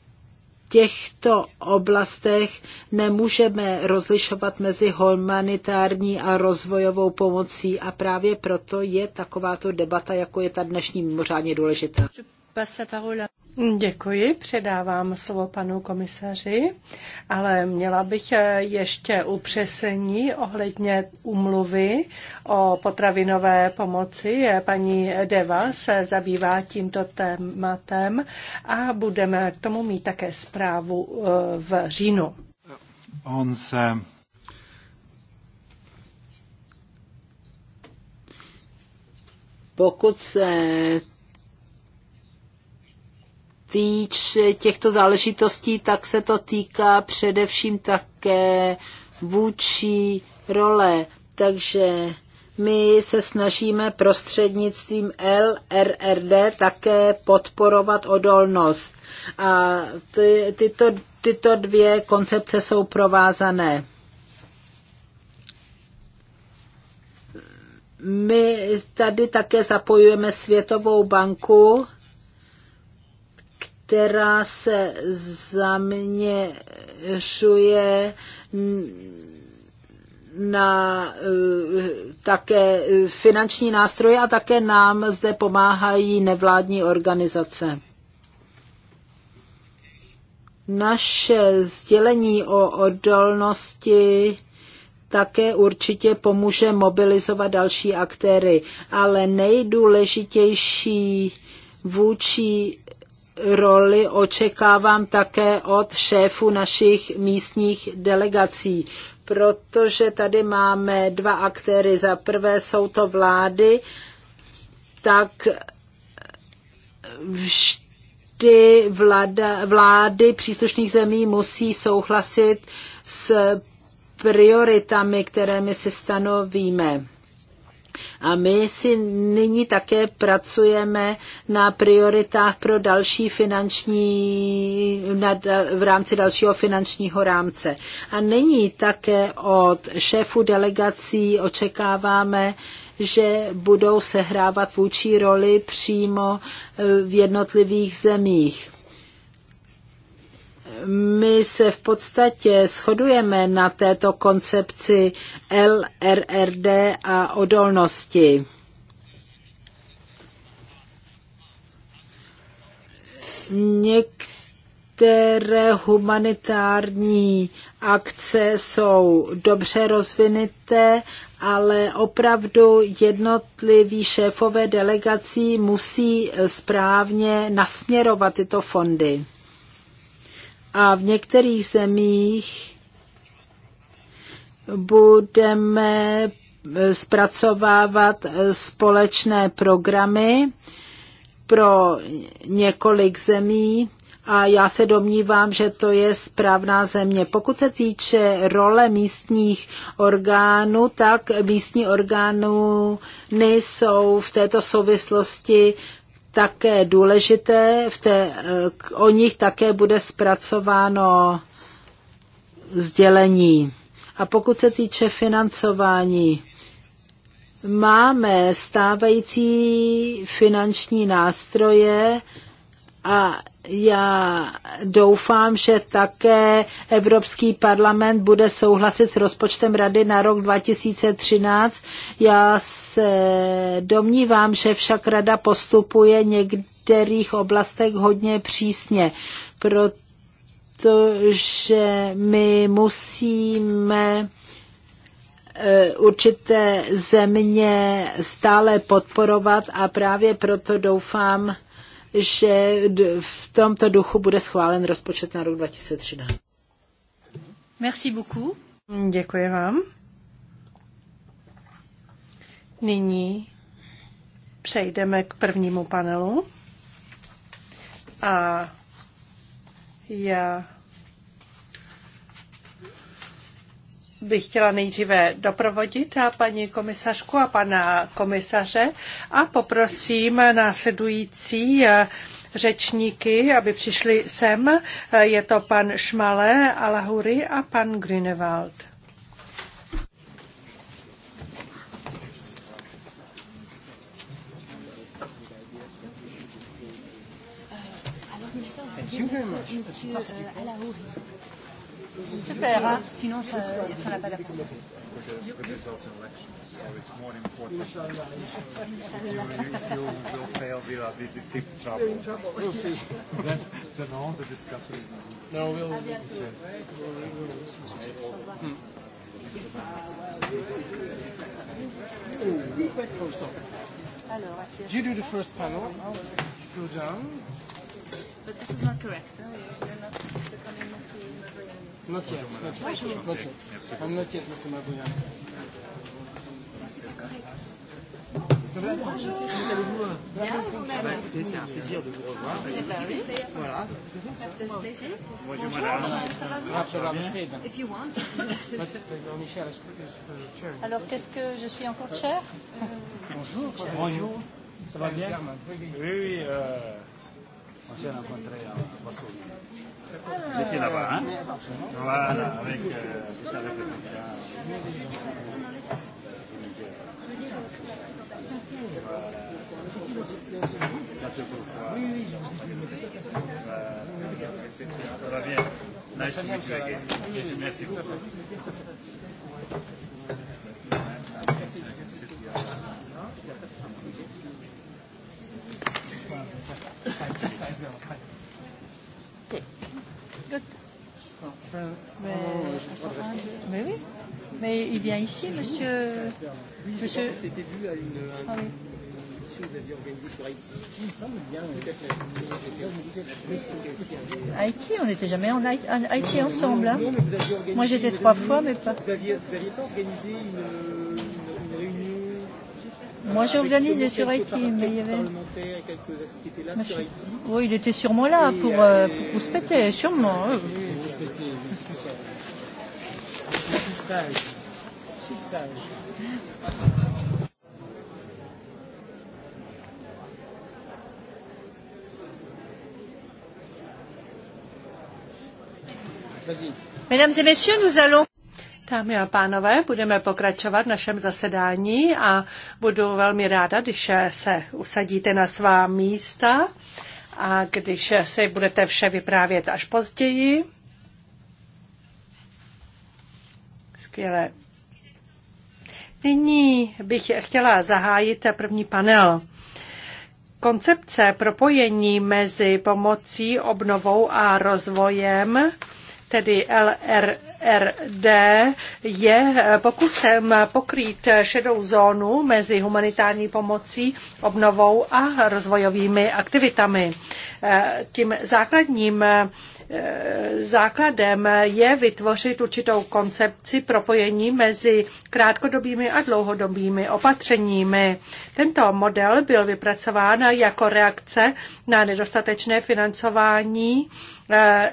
těchto oblastech nemůžeme rozlišovat mezi humanitární a rozvojovou pomocí a právě proto je takováto debata, jako je ta dnešní, mimořádně důležitá. Děkuji, předávám slovo panu komisaři, ale měla bych ještě upřesení ohledně umluvy o potravinové pomoci. Paní Deva se zabývá tímto tématem a budeme k tomu mít také zprávu eh, v říjnu. On se pokud se týč těchto záležitostí, tak se to týká především také vůči role. Takže my se snažíme prostřednictvím LRRD také podporovat odolnost. A ty, tyto, tyto dvě koncepce jsou provázané. My tady také zapojujeme Světovou banku která se zaměřuje na eh, také finanční nástroje a také nám zde pomáhají nevládní organizace. Naše sdělení o odolnosti také určitě pomůže mobilizovat další aktéry, ale nejdůležitější vůči roli očekávám také od šéfů našich místních delegací, protože tady máme dva aktéry. Za prvé jsou to vlády, tak vždy vlada vlády příslušných zemí musí souhlasit s prioritami, které my si stanovíme. A my si nyní také pracujeme na prioritách pro další finanční, na, v rámci dalšího finančního rámce. A nyní také od šéfu delegací očekáváme, že budou sehrávat vůči roli přímo eh, v jednotlivých zemích my se v podstatě shodujeme na této koncepci LRRD a odolnosti. Některé humanitární akce jsou dobře rozvinuté, ale opravdu jednotliví šéfové delegací musí správně nasměrovat tyto fondy a v některých zemích budeme eh, zpracovávat eh, společné programy pro několik zemí a já se domnívám, že to je správná země. Pokud se týče role místních orgánů, tak místní orgány jsou v této souvislosti také důležité, v té, o nich také bude zpracováno sdělení. A pokud se týče financování, máme stávající finanční nástroje a já doufám, že také Evropský parlament bude souhlasit s rozpočtem Rady na rok 2013. Já se domnívám, že však Rada postupuje v některých oblastech hodně přísně, protože my musíme eh, určité země stále podporovat a právě proto doufám, že v tomto duchu bude schválen rozpočet na rok 2013. Merci beaucoup. Děkuji vám. Nyní přejdeme k prvnímu panelu. A já bych chtěla nejdříve doprovodit a paní komisařku a pana komisaře a poprosím následující eh, řečníky, aby přišli sem. Eh, je to pan Šmale, Alahury a pan Grünewald. Thank you very much. That's euh, fantastic. Super, hein sinon ça, n'a pas d'importance. you do the first panel, go down. But this is not correct. Huh? You're not Not yet. Not yet. Not yet. I'm not yet, Mr. Mabouya. C'est un plaisir de vous revoir. Voilà. Bonjour madame. Alors qu'est-ce que je suis encore chair Bonjour. Bonjour. Ça va bien Oui, oui. Euh, on s'est rencontrés à Varsovie. Vous étiez là-bas, hein Voilà, avec... Euh, non, non, non, Merci Euh, mais, oui. Mais il vient ici, monsieur. monsieur... C'était dû à une. Ah oui. Haïti, on n'était jamais en Haïti, en Haïti ensemble. Hein. Moi j'étais trois fois, mais pas. Vous n'aviez pas organisé une Moi, j'ai organisé sur Haïti, mais il y avait. Mais je... Oui, il était sûrement là et, pour, euh, pour vous péter, sûrement. Euh. Oui, Si sage, si sage. Mesdames et messieurs, nous allons. Dámy a pánové, budeme pokračovat v našem zasedání a budu velmi ráda, když se usadíte na svá místa a když si budete vše vyprávět až později. Skvěle. Nyní bych chtěla zahájit první panel koncepce propojení mezi pomocí, obnovou a rozvojem tedy LRRD, je pokusem pokrýt šedou zónu mezi humanitární pomocí, obnovou a rozvojovými aktivitami. Tím základním Základem je vytvořit určitou koncepci propojení mezi krátkodobými a dlouhodobými opatřeními. Tento model byl vypracován jako reakce na nedostatečné financování eh,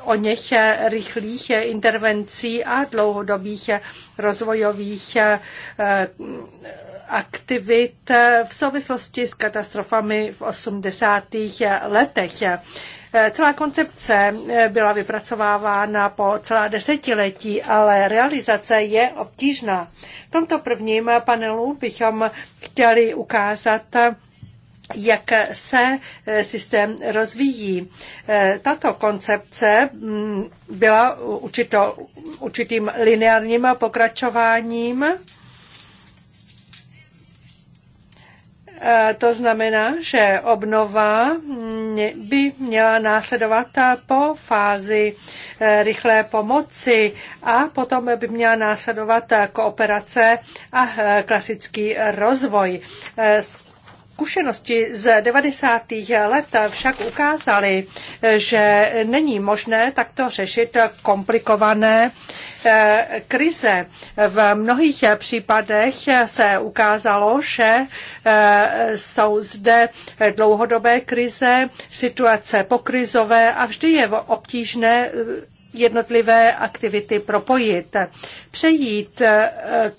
o něch rychlých intervencí a dlouhodobých rozvojových eh, aktivit v souvislosti s katastrofami v 80. letech. Eh, celá koncepce eh, byla vypracovávána po celá desetiletí, ale realizace je obtížná. V tomto prvním panelu bychom chtěli ukázat, jak se eh, systém rozvíjí. Tato koncepce mm, byla určito, určitým lineárním pokračováním Eh, to znamená, že obnova mm, by měla následovat eh, po fázi eh, rychlé pomoci a potom by měla následovat kooperace a klasický rozvoj. Zkušenosti z 90. let však ukázaly, že není možné takto řešit komplikované eh, krize. V mnohých případech se ukázalo, že eh, jsou zde dlouhodobé krize, situace pokrizové a vždy je obtížné eh, jednotlivé aktivity propojit. Přejít eh,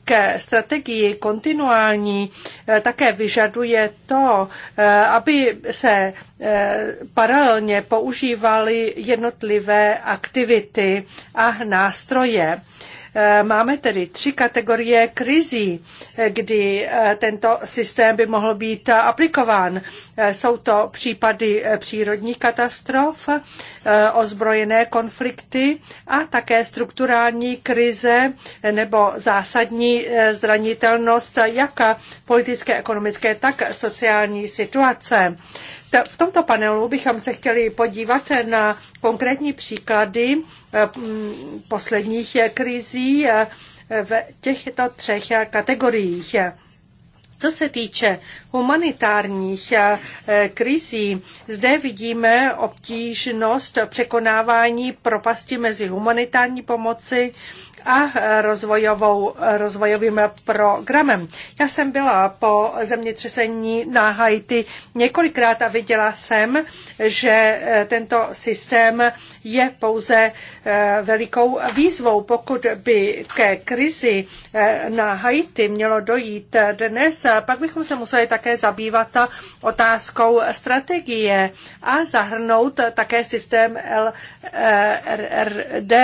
ke strategii kontinuální eh, také vyžaduje to, eh, aby se paralelně používaly jednotlivé aktivity a nástroje. Eh, máme tedy tři kategorie krizí, eh, kdy eh, tento systém by mohl být aplikován. Jsou to případy přírodních katastrof, ozbrojené konflikty a také strukturální krize nebo zásadní zranitelnost jak politické, ekonomické, tak sociální situace. V tomto panelu bychom se chtěli podívat na konkrétní příklady eh, mm, posledních eh, krizí eh, v těchto třech kategoriích. Co se týče humanitárních krizí, zde vidíme obtížnost překonávání propasti mezi humanitární pomoci a rozvojovou, rozvojovým programem. Já jsem byla po zemětřesení na Haiti několikrát a viděla jsem, že eh, tento systém je pouze eh, velikou výzvou. Pokud by ke krizi eh, na Haiti mělo dojít dnes, pak bychom se museli také zabývat otázkou strategie a zahrnout také systém LRD.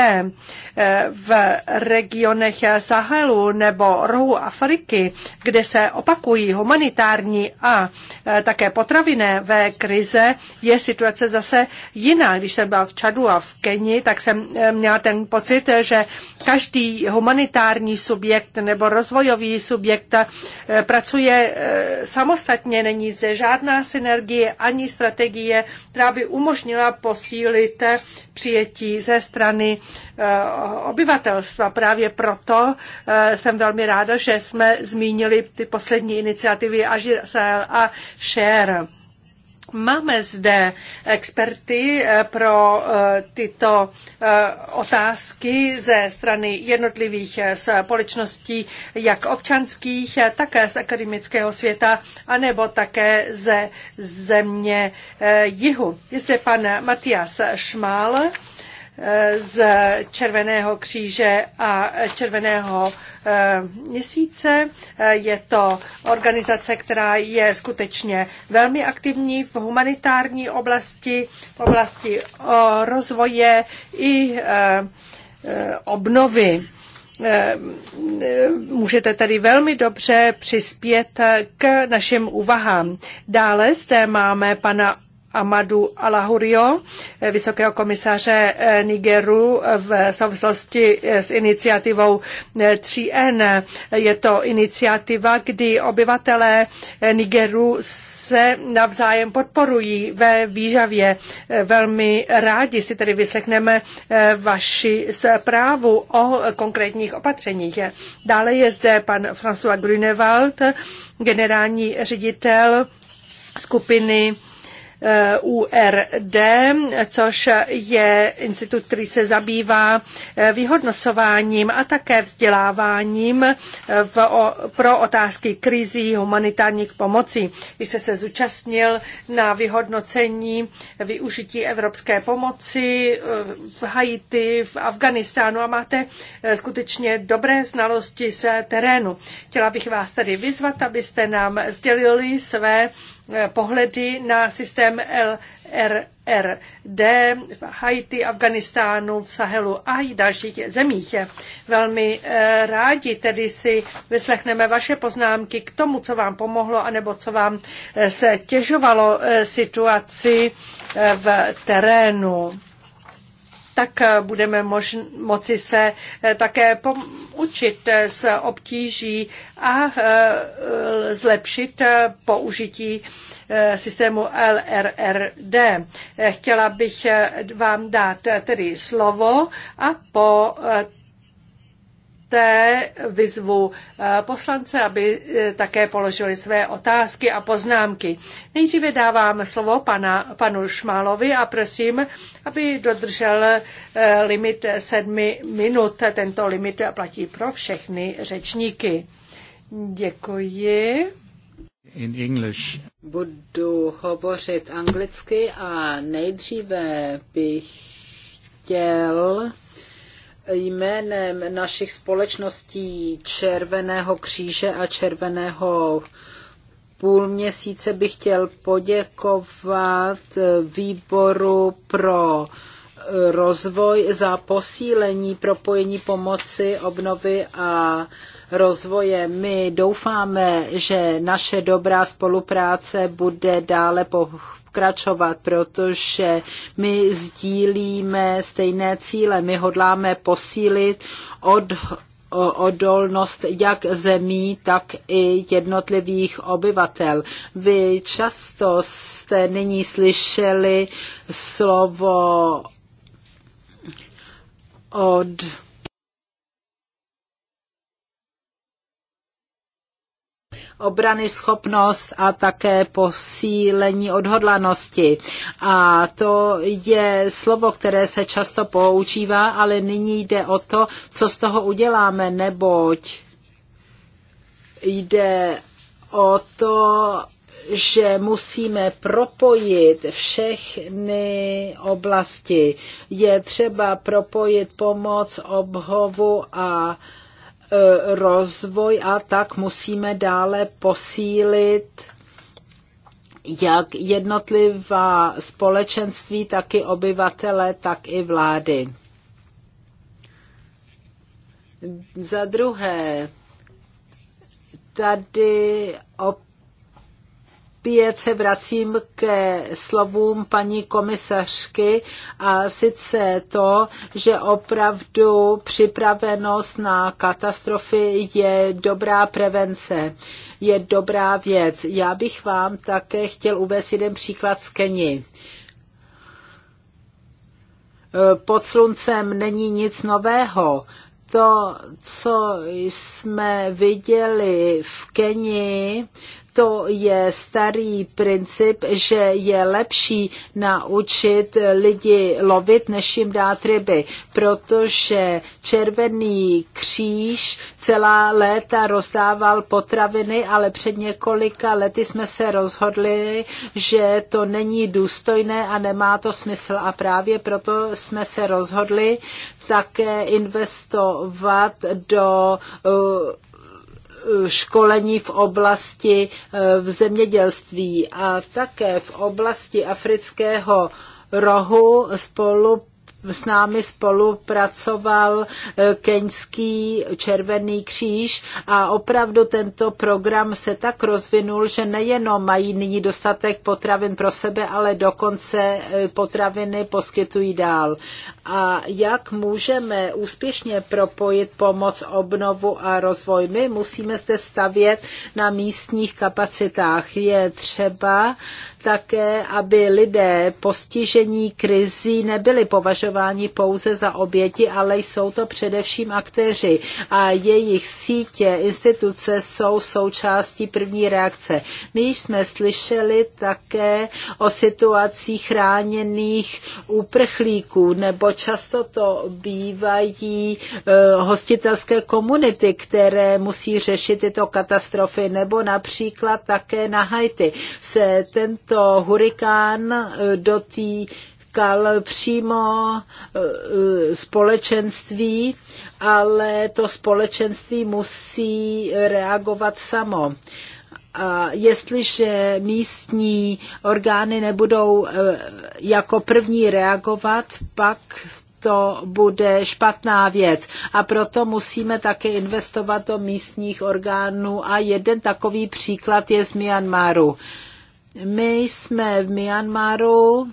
V regionech Sahelu nebo rohu Afriky, kde se opakují humanitární a eh, také potravinové krize, je situace zase jiná. Když jsem byla v Čadu a v Keni, tak jsem eh, měla ten pocit, že každý humanitární subjekt nebo rozvojový subjekt eh, pracuje samostatně, není zde žádná synergie ani strategie, která by umožnila posílit přijetí ze strany obyvatelstva a Právě proto eh, jsem velmi ráda, že jsme zmínili ty poslední iniciativy Agile a Share. Máme zde experty eh, pro eh, tyto otázky ze strany jednotlivých společností, jak občanských, také z akademického světa, anebo také ze země jihu. Jestli pan Matias Šmál, z Červeného kříže a Červeného eh, měsíce. Eh, je to organizace, která je skutečně velmi aktivní v humanitární oblasti, v oblasti eh, rozvoje i obnovy můžete tady velmi dobře přispět k našim úvahám. Dále zde máme pana Amadu Alahurio, vysokého komisaře eh, Nigeru v souvislosti eh, s iniciativou 3N. Eh, je to iniciativa, kdy obyvatelé Nigeru se navzájem podporují ve výžavě. Velmi rádi si tedy vyslechneme vaši zprávu o konkrétních opatřeních. Dále je zde pan François Grunewald, generální ředitel skupiny Eh, URD, což je institut, který se zabývá eh, vyhodnocováním a také vzděláváním eh, v, o, pro otázky krizí humanitárních pomocí. Když jste se zúčastnil na vyhodnocení využití evropské pomoci v Haiti, v Afganistánu a máte skutečně dobré znalosti z terénu. Chtěla bych vás tady vyzvat, abyste nám sdělili své Eh, pohledy na systém LRRD v Haiti, Afganistánu, v Sahelu a i dalších zemích. Velmi eh, rádi tedy si vyslechneme vaše poznámky k tomu, co vám pomohlo, anebo co vám eh, se těžovalo situaci v terénu tak eh, budeme mož, moci se eh, také učit z eh, obtíží a zlepšit použití systému LRRD. Chtěla bych vám dát tedy slovo a po poté vyzvu eh, poslance, aby eh, také položili své otázky a poznámky. Nejdříve dávám slovo pana, panu Šmálovi a prosím, aby dodržel eh, limit sedmi minut. Tento limit platí pro všechny řečníky. Děkuji. In English. Budu hovořit anglicky a nejdříve bych chtěl jménem našich společností Červeného kříže a Červeného půl měsíce bych chtěl poděkovat výboru pro rozvoj za posílení propojení pomoci, obnovy a rozvoje. My doufáme, že naše dobrá spolupráce bude dále po pokračovat, protože my sdílíme stejné cíle. My hodláme posílit od odolnost jak zemí, tak i jednotlivých obyvatel. Vy často jste nyní slyšeli slovo od obrany schopnost a také posílení odhodlanosti. A to je slovo, které se často používá, ale nyní jde o to, co z toho uděláme, neboť jde o to, že musíme propojit všechny oblasti. Je třeba propojit pomoc, obhovu a Eh, rozvoj a tak musíme dále posílit jak jednotlivá společenství, tak i obyvatele, tak i vlády. Za druhé, tady opět opět se vracím ke slovům paní komisařky a sice to, že opravdu připravenost na katastrofy je dobrá prevence, je dobrá věc. Já bych vám také chtěl uvést jeden příklad z Keni pod sluncem není nic nového. To, co jsme viděli v Kenii, to je starý princip, že je lepší naučit lidi lovit, než jim dát ryby, protože Červený kříž celá léta rozdával potraviny, ale před několika lety jsme se rozhodli, že to není důstojné a nemá to smysl. A právě proto jsme se rozhodli také investovat do uh, školení v oblasti eh, v zemědělství a také v oblasti afrického rohu spolu s námi spolupracoval e, Keňský Červený kříž a opravdu tento program se tak rozvinul, že nejenom mají nyní dostatek potravin pro sebe, ale dokonce e, potraviny poskytují dál. A jak můžeme úspěšně propojit pomoc, obnovu a rozvoj? My musíme zde stavět na místních kapacitách. Je třeba uh, také, aby lidé postižení krizí nebyli považováni pouze za oběti, ale jsou to především aktéři a jejich sítě, instituce jsou součástí první reakce. My jsme slyšeli také o situací chráněných uprchlíků, nebo často to bývají eh, hostitelské komunity, které musí řešit tyto katastrofy, nebo například také na Haiti se tento tento hurikán eh, dotýkal přímo eh, společenství, ale to společenství musí reagovat samo. A jestliže místní orgány nebudou eh, jako první reagovat, pak to bude špatná věc. A proto musíme také investovat do místních orgánů. A jeden takový příklad je z Myanmaru. My jsme v Myanmaru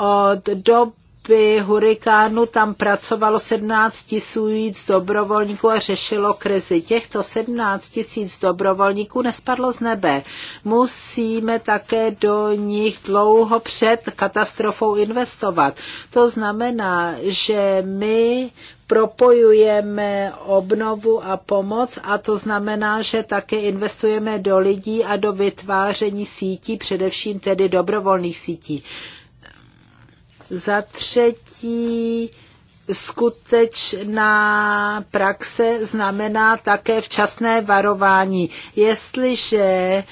od doby hurikánu tam pracovalo 17 tisíc dobrovolníků a řešilo krizi. Těchto 17 tisíc dobrovolníků nespadlo z nebe. Musíme také do nich dlouho před katastrofou investovat. To znamená, že my propojujeme obnovu a pomoc a to znamená, že také investujeme do lidí a do vytváření sítí, především tedy dobrovolných sítí. Za třetí skutečná praxe znamená také včasné varování. Jestliže e,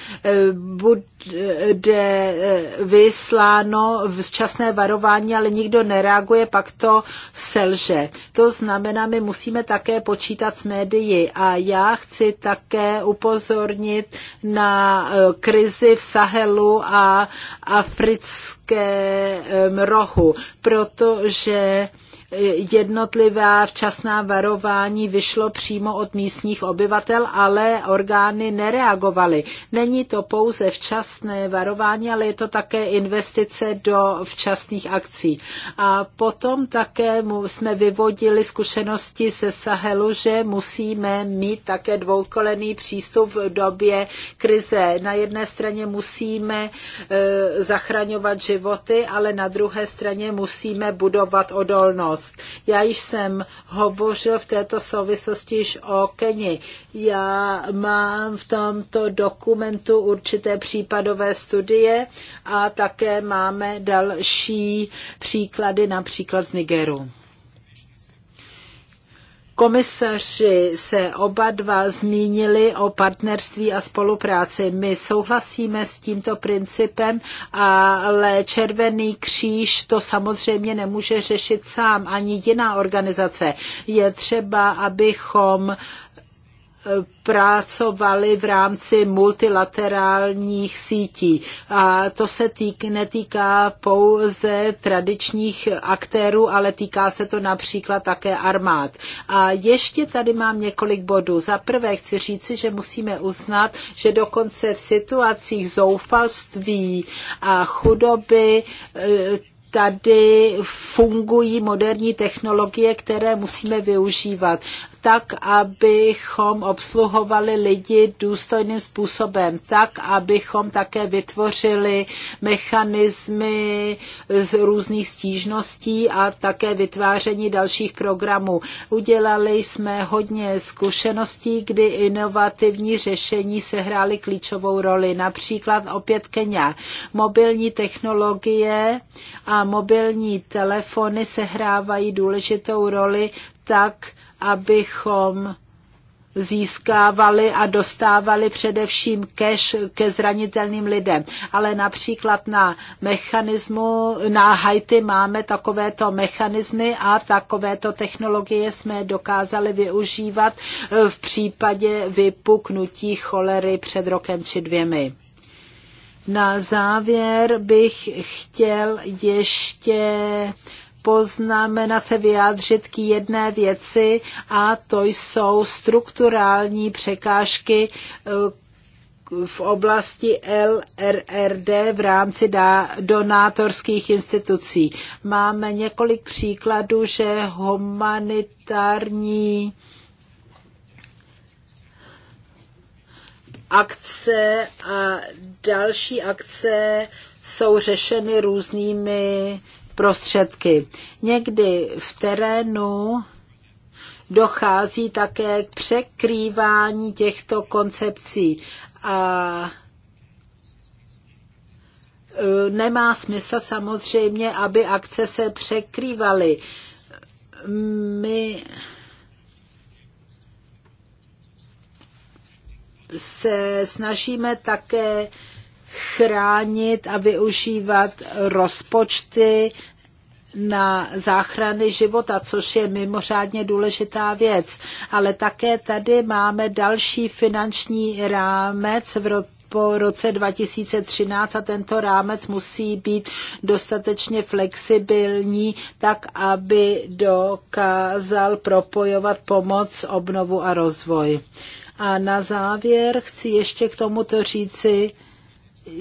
bude e, vysláno včasné varování, ale nikdo nereaguje, pak to selže. To znamená, my musíme také počítat s médií a já chci také upozornit na e, krizi v Sahelu a africkém rohu, protože jednotlivá včasná varování vyšlo přímo od místních obyvatel, ale orgány nereagovaly. Není to pouze včasné varování, ale je to také investice do včasných akcí. A potom také jsme vyvodili zkušenosti se Sahelu, že musíme mít také dvoukolený přístup v době krize. Na jedné straně musíme e, zachraňovat životy, ale na druhé straně musíme budovat odolnost dost. Já již jsem hovořil v této souvislosti již o Keni. Já mám v tomto dokumentu určité případové studie a také máme další příklady, například z Nigeru. Komisaři se oba dva zmínili o partnerství a spolupráci. My souhlasíme s tímto principem, ale Červený kříž to samozřejmě nemůže řešit sám, ani jiná organizace. Je třeba, abychom pracovali v rámci multilaterálních sítí. A to se týk, netýká pouze tradičních aktérů, ale týká se to například také armád. A ještě tady mám několik bodů. Za prvé chci říci, že musíme uznat, že dokonce v situacích zoufalství a chudoby e, tady fungují moderní technologie, které musíme využívat tak, abychom obsluhovali lidi důstojným způsobem, tak, abychom také vytvořili mechanismy z různých stížností a také vytváření dalších programů. Udělali jsme hodně zkušeností, kdy inovativní řešení sehrály klíčovou roli. Například opět Kenya. Mobilní technologie a mobilní telefony sehrávají důležitou roli tak, abychom získávali a dostávali především cash ke zranitelným lidem. Ale například na mechanismu, na Haiti máme takovéto mechanismy a takovéto technologie jsme dokázali využívat v případě vypuknutí cholery před rokem či dvěmi. Na závěr bych chtěl ještě poznamenat se vyjádřit k jedné věci a to jsou strukturální překážky eh, v oblasti LRRD v rámci donátorských institucí. Máme několik příkladů, že humanitární akce a další akce jsou řešeny různými prostředky. Někdy v terénu dochází také k překrývání těchto koncepcí a e, nemá smysl samozřejmě, aby akce se překrývaly. My se snažíme také chránit a využívat rozpočty na záchrany života, což je mimořádně důležitá věc. Ale také tady máme další finanční rámec v ro- po roce 2013 a tento rámec musí být dostatečně flexibilní, tak aby dokázal propojovat pomoc, obnovu a rozvoj. A na závěr chci ještě k tomuto říci,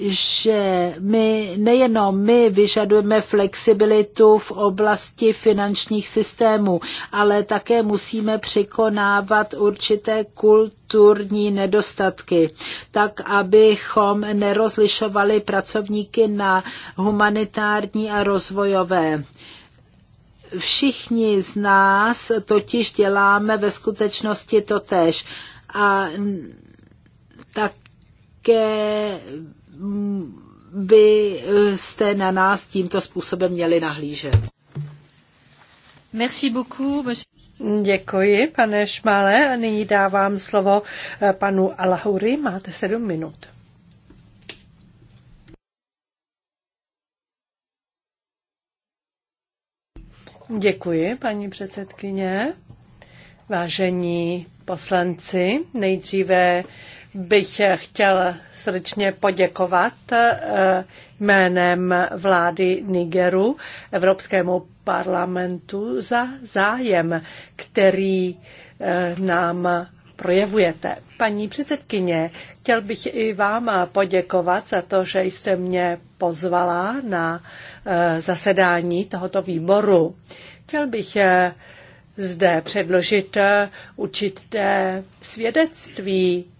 že my nejenom my vyžadujeme flexibilitu v oblasti finančních systémů, ale také musíme překonávat určité kulturní nedostatky, tak abychom nerozlišovali pracovníky na humanitární a rozvojové všichni z nás totiž děláme ve skutečnosti to tež. A také byste eh, na nás tímto způsobem měli nahlížet. Merci beaucoup, monsieur. Děkuji, pane Šmále. A nyní dávám slovo eh, panu Alahuri. Máte sedm minut. Děkuji, paní předsedkyně. Vážení poslanci, nejdříve bych chtěl srdečně poděkovat eh, jménem vlády Nigeru Evropskému parlamentu za zájem, který eh, nám projevujete. Paní předsedkyně, chtěl bych i vám poděkovat za to, že jste mě pozvala na eh, zasedání tohoto výboru. Chtěl bych zde předložit určité svědectví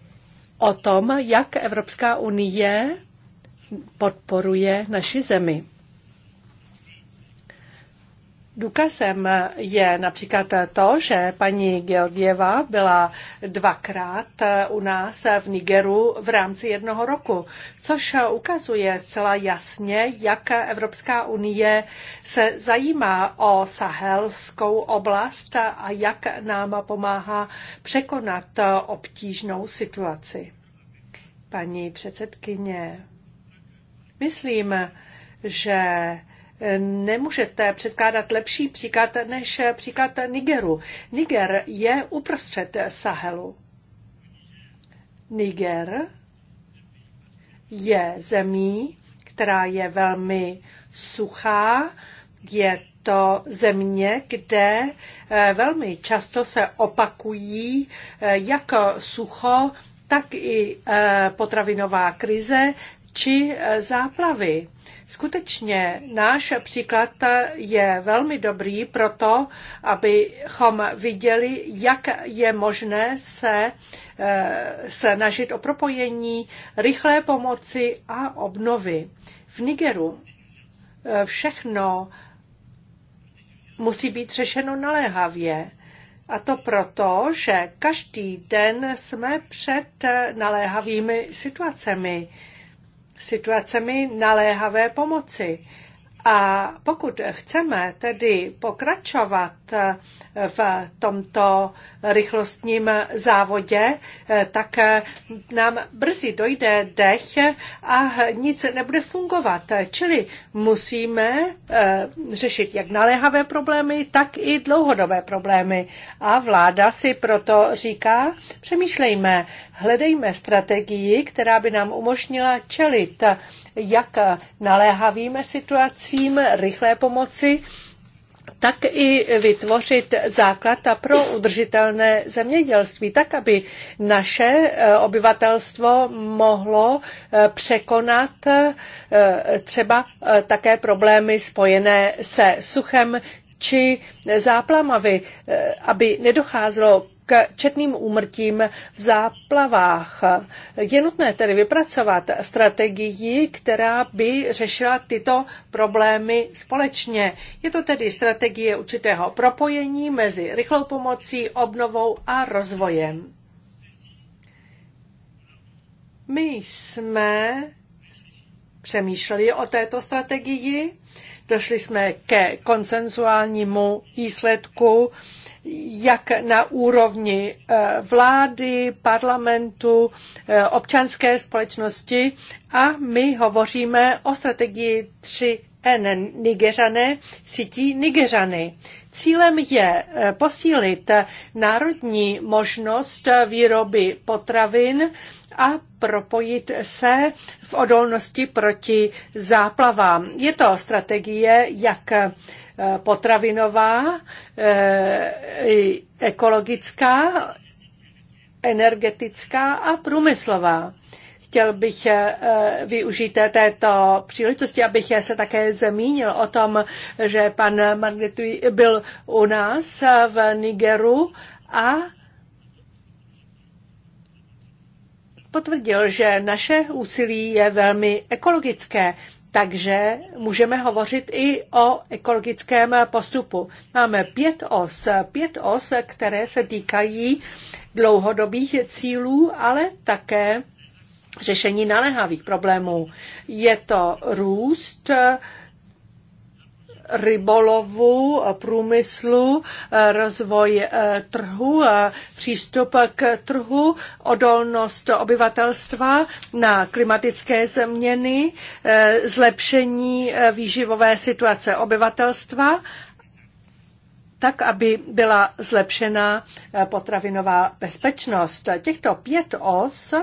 o tom, jak Evropská unie podporuje naši zemi. Důkazem je například to, že paní Gildieva byla dvakrát u nás v Nigeru v rámci jednoho roku, což ukazuje zcela jasně, jak Evropská unie se zajímá o sahelskou oblast a jak nám pomáhá překonat obtížnou situaci. Paní předsedkyně, myslím, že Nemůžete předkládat lepší příklad než příklad Nigeru. Niger je uprostřed Sahelu. Niger je zemí, která je velmi suchá, je to země, kde eh, velmi často se opakují jako sucho, tak i eh, potravinová krize, či e, záplavy. Skutečně náš příklad e, je velmi dobrý pro to, abychom viděli, jak je možné se e, snažit o propojení, rychlé pomoci a obnovy. V Nigeru všechno musí být řešeno naléhavě. A to proto, že každý den jsme před naléhavými situacemi situacemi naléhavé pomoci. A pokud chceme tedy pokračovat Eh, v tomto rychlostním závodě, eh, tak eh, nám brzy dojde dech a nic nebude fungovat. Čili musíme řešit jak naléhavé problémy, tak i dlouhodobé problémy. A vláda si proto říká, přemýšlejme, hledejme strategii, která by nám umožnila čelit jak naléhavým situacím rychlé pomoci, tak i vytvořit základ pro udržitelné zemědělství, tak aby naše eh, obyvatelstvo mohlo eh, překonat eh, třeba také problémy spojené se suchem či záplamavy, aby nedocházelo k četným úmrtím v záplavách. Je nutné tedy vypracovat strategii, která by řešila tyto problémy společně. Je to tedy strategie určitého propojení mezi rychlou pomocí, obnovou a rozvojem. My jsme přemýšleli o této strategii, došli jsme ke konsenzuálnímu výsledku, jak na úrovni eh, vlády, parlamentu, eh, občanské společnosti a my hovoříme o strategii N Nigeřané sítí Nigeřany. Cílem je eh, posílit eh, národní možnost eh, výroby potravin a propojit se v odolnosti proti záplavám. Je to strategie, jak potravinová, ekologická, energetická a průmyslová. Chtěl bych eh, využít této příležitosti, abych se také zmínil o tom, že pan Margetui byl u nás v Nigeru a potvrdil, že naše úsilí je velmi ekologické, takže můžeme hovořit i o ekologickém postupu. Máme pět os, pět os, které se týkají dlouhodobých cílů, ale také řešení naléhavých problémů. Je to růst, rybolovu, průmyslu, rozvoj eh, trhu, eh, přístup k trhu, odolnost obyvatelstva na klimatické změny, eh, zlepšení výživové situace obyvatelstva tak, aby byla zlepšena potravinová bezpečnost. Těchto pět os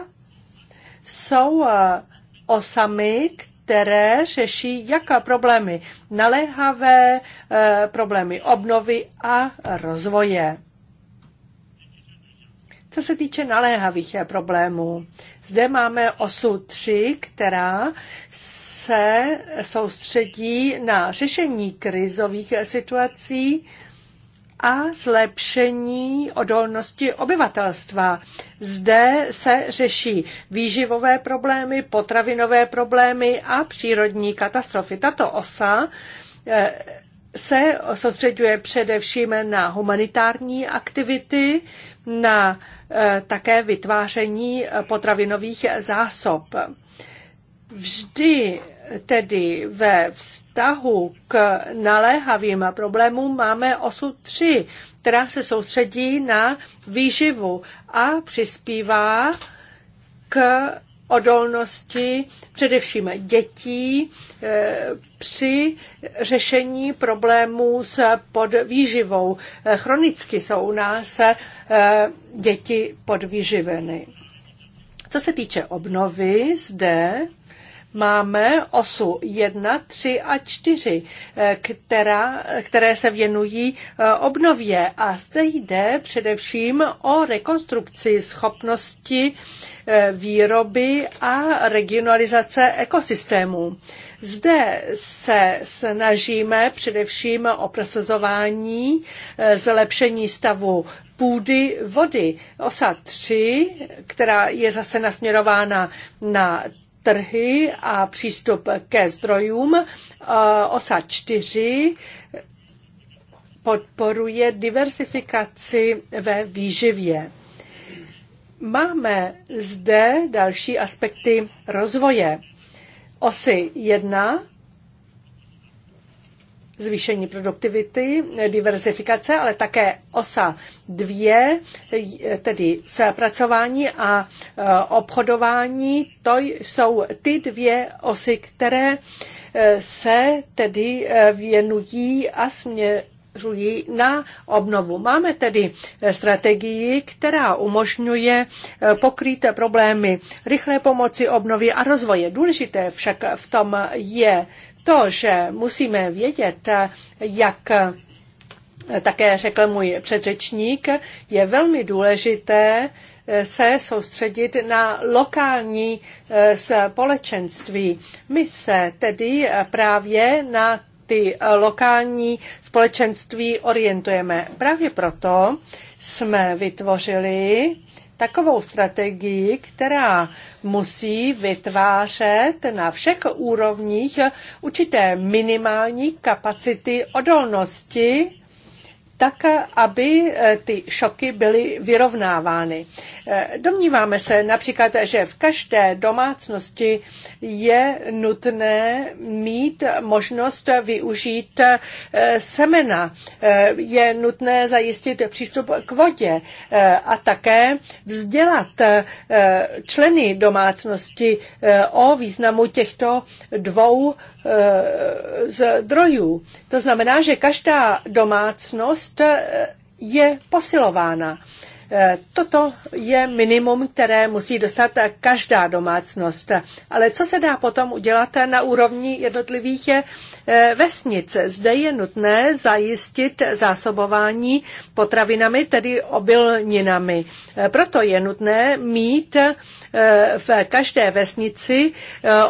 jsou eh, osamy, které řeší jaká problémy? Naléhavé eh, problémy obnovy a rozvoje. Co se týče naléhavých eh, problémů, zde máme osu 3, která se soustředí na řešení krizových situací a zlepšení odolnosti obyvatelstva. Zde se řeší výživové problémy, potravinové problémy a přírodní katastrofy. Tato osa eh, se soustředuje především na humanitární aktivity, na eh, také vytváření potravinových zásob. Vždy tedy ve vztahu k naléhavým problémům máme osu 3, která se soustředí na výživu a přispívá k odolnosti především dětí eh, při řešení problémů s podvýživou. Eh, chronicky jsou u nás eh, děti podvýživeny. Co se týče obnovy, zde Máme osu 1, 3 a 4, eh, která, které se věnují eh, obnově a zde jde především o rekonstrukci schopnosti eh, výroby a regionalizace ekosystémů. Zde se snažíme především o prosazování zlepšení stavu půdy vody. Osa 3, která je zase nasměrována na trhy a přístup ke zdrojům. E, osa 4 podporuje diversifikaci ve výživě. Máme zde další aspekty rozvoje. Osy 1 zvýšení produktivity, diverzifikace, ale také osa dvě, tedy zpracování a e, obchodování. To jsou ty dvě osy, které e, se tedy e, věnují a směřují na obnovu. Máme tedy strategii, která umožňuje pokrýt problémy rychlé pomoci obnovy a rozvoje. Důležité však v tom je to, že musíme vědět, jak také řekl můj předřečník, je velmi důležité eh, se soustředit na lokální eh, společenství. My se tedy právě na ty lokální společenství orientujeme. Právě proto jsme vytvořili takovou strategii, která musí vytvářet na všech úrovních určité minimální kapacity odolnosti tak aby eh, ty šoky byly vyrovnávány. Eh, domníváme se například, že v každé domácnosti je nutné mít možnost využít eh, semena. Je nutné zajistit přístup k vodě a také vzdělat členy domácnosti o významu těchto dvou Eh, zdrojů. To znamená, že každá domácnost eh, je posilována. Eh, toto je minimum, které musí dostat každá domácnost. Ale co se dá potom udělat na úrovni jednotlivých eh, vesnic? Zde je nutné zajistit zásobování potravinami, tedy obilninami. Eh, proto je nutné mít v každé vesnici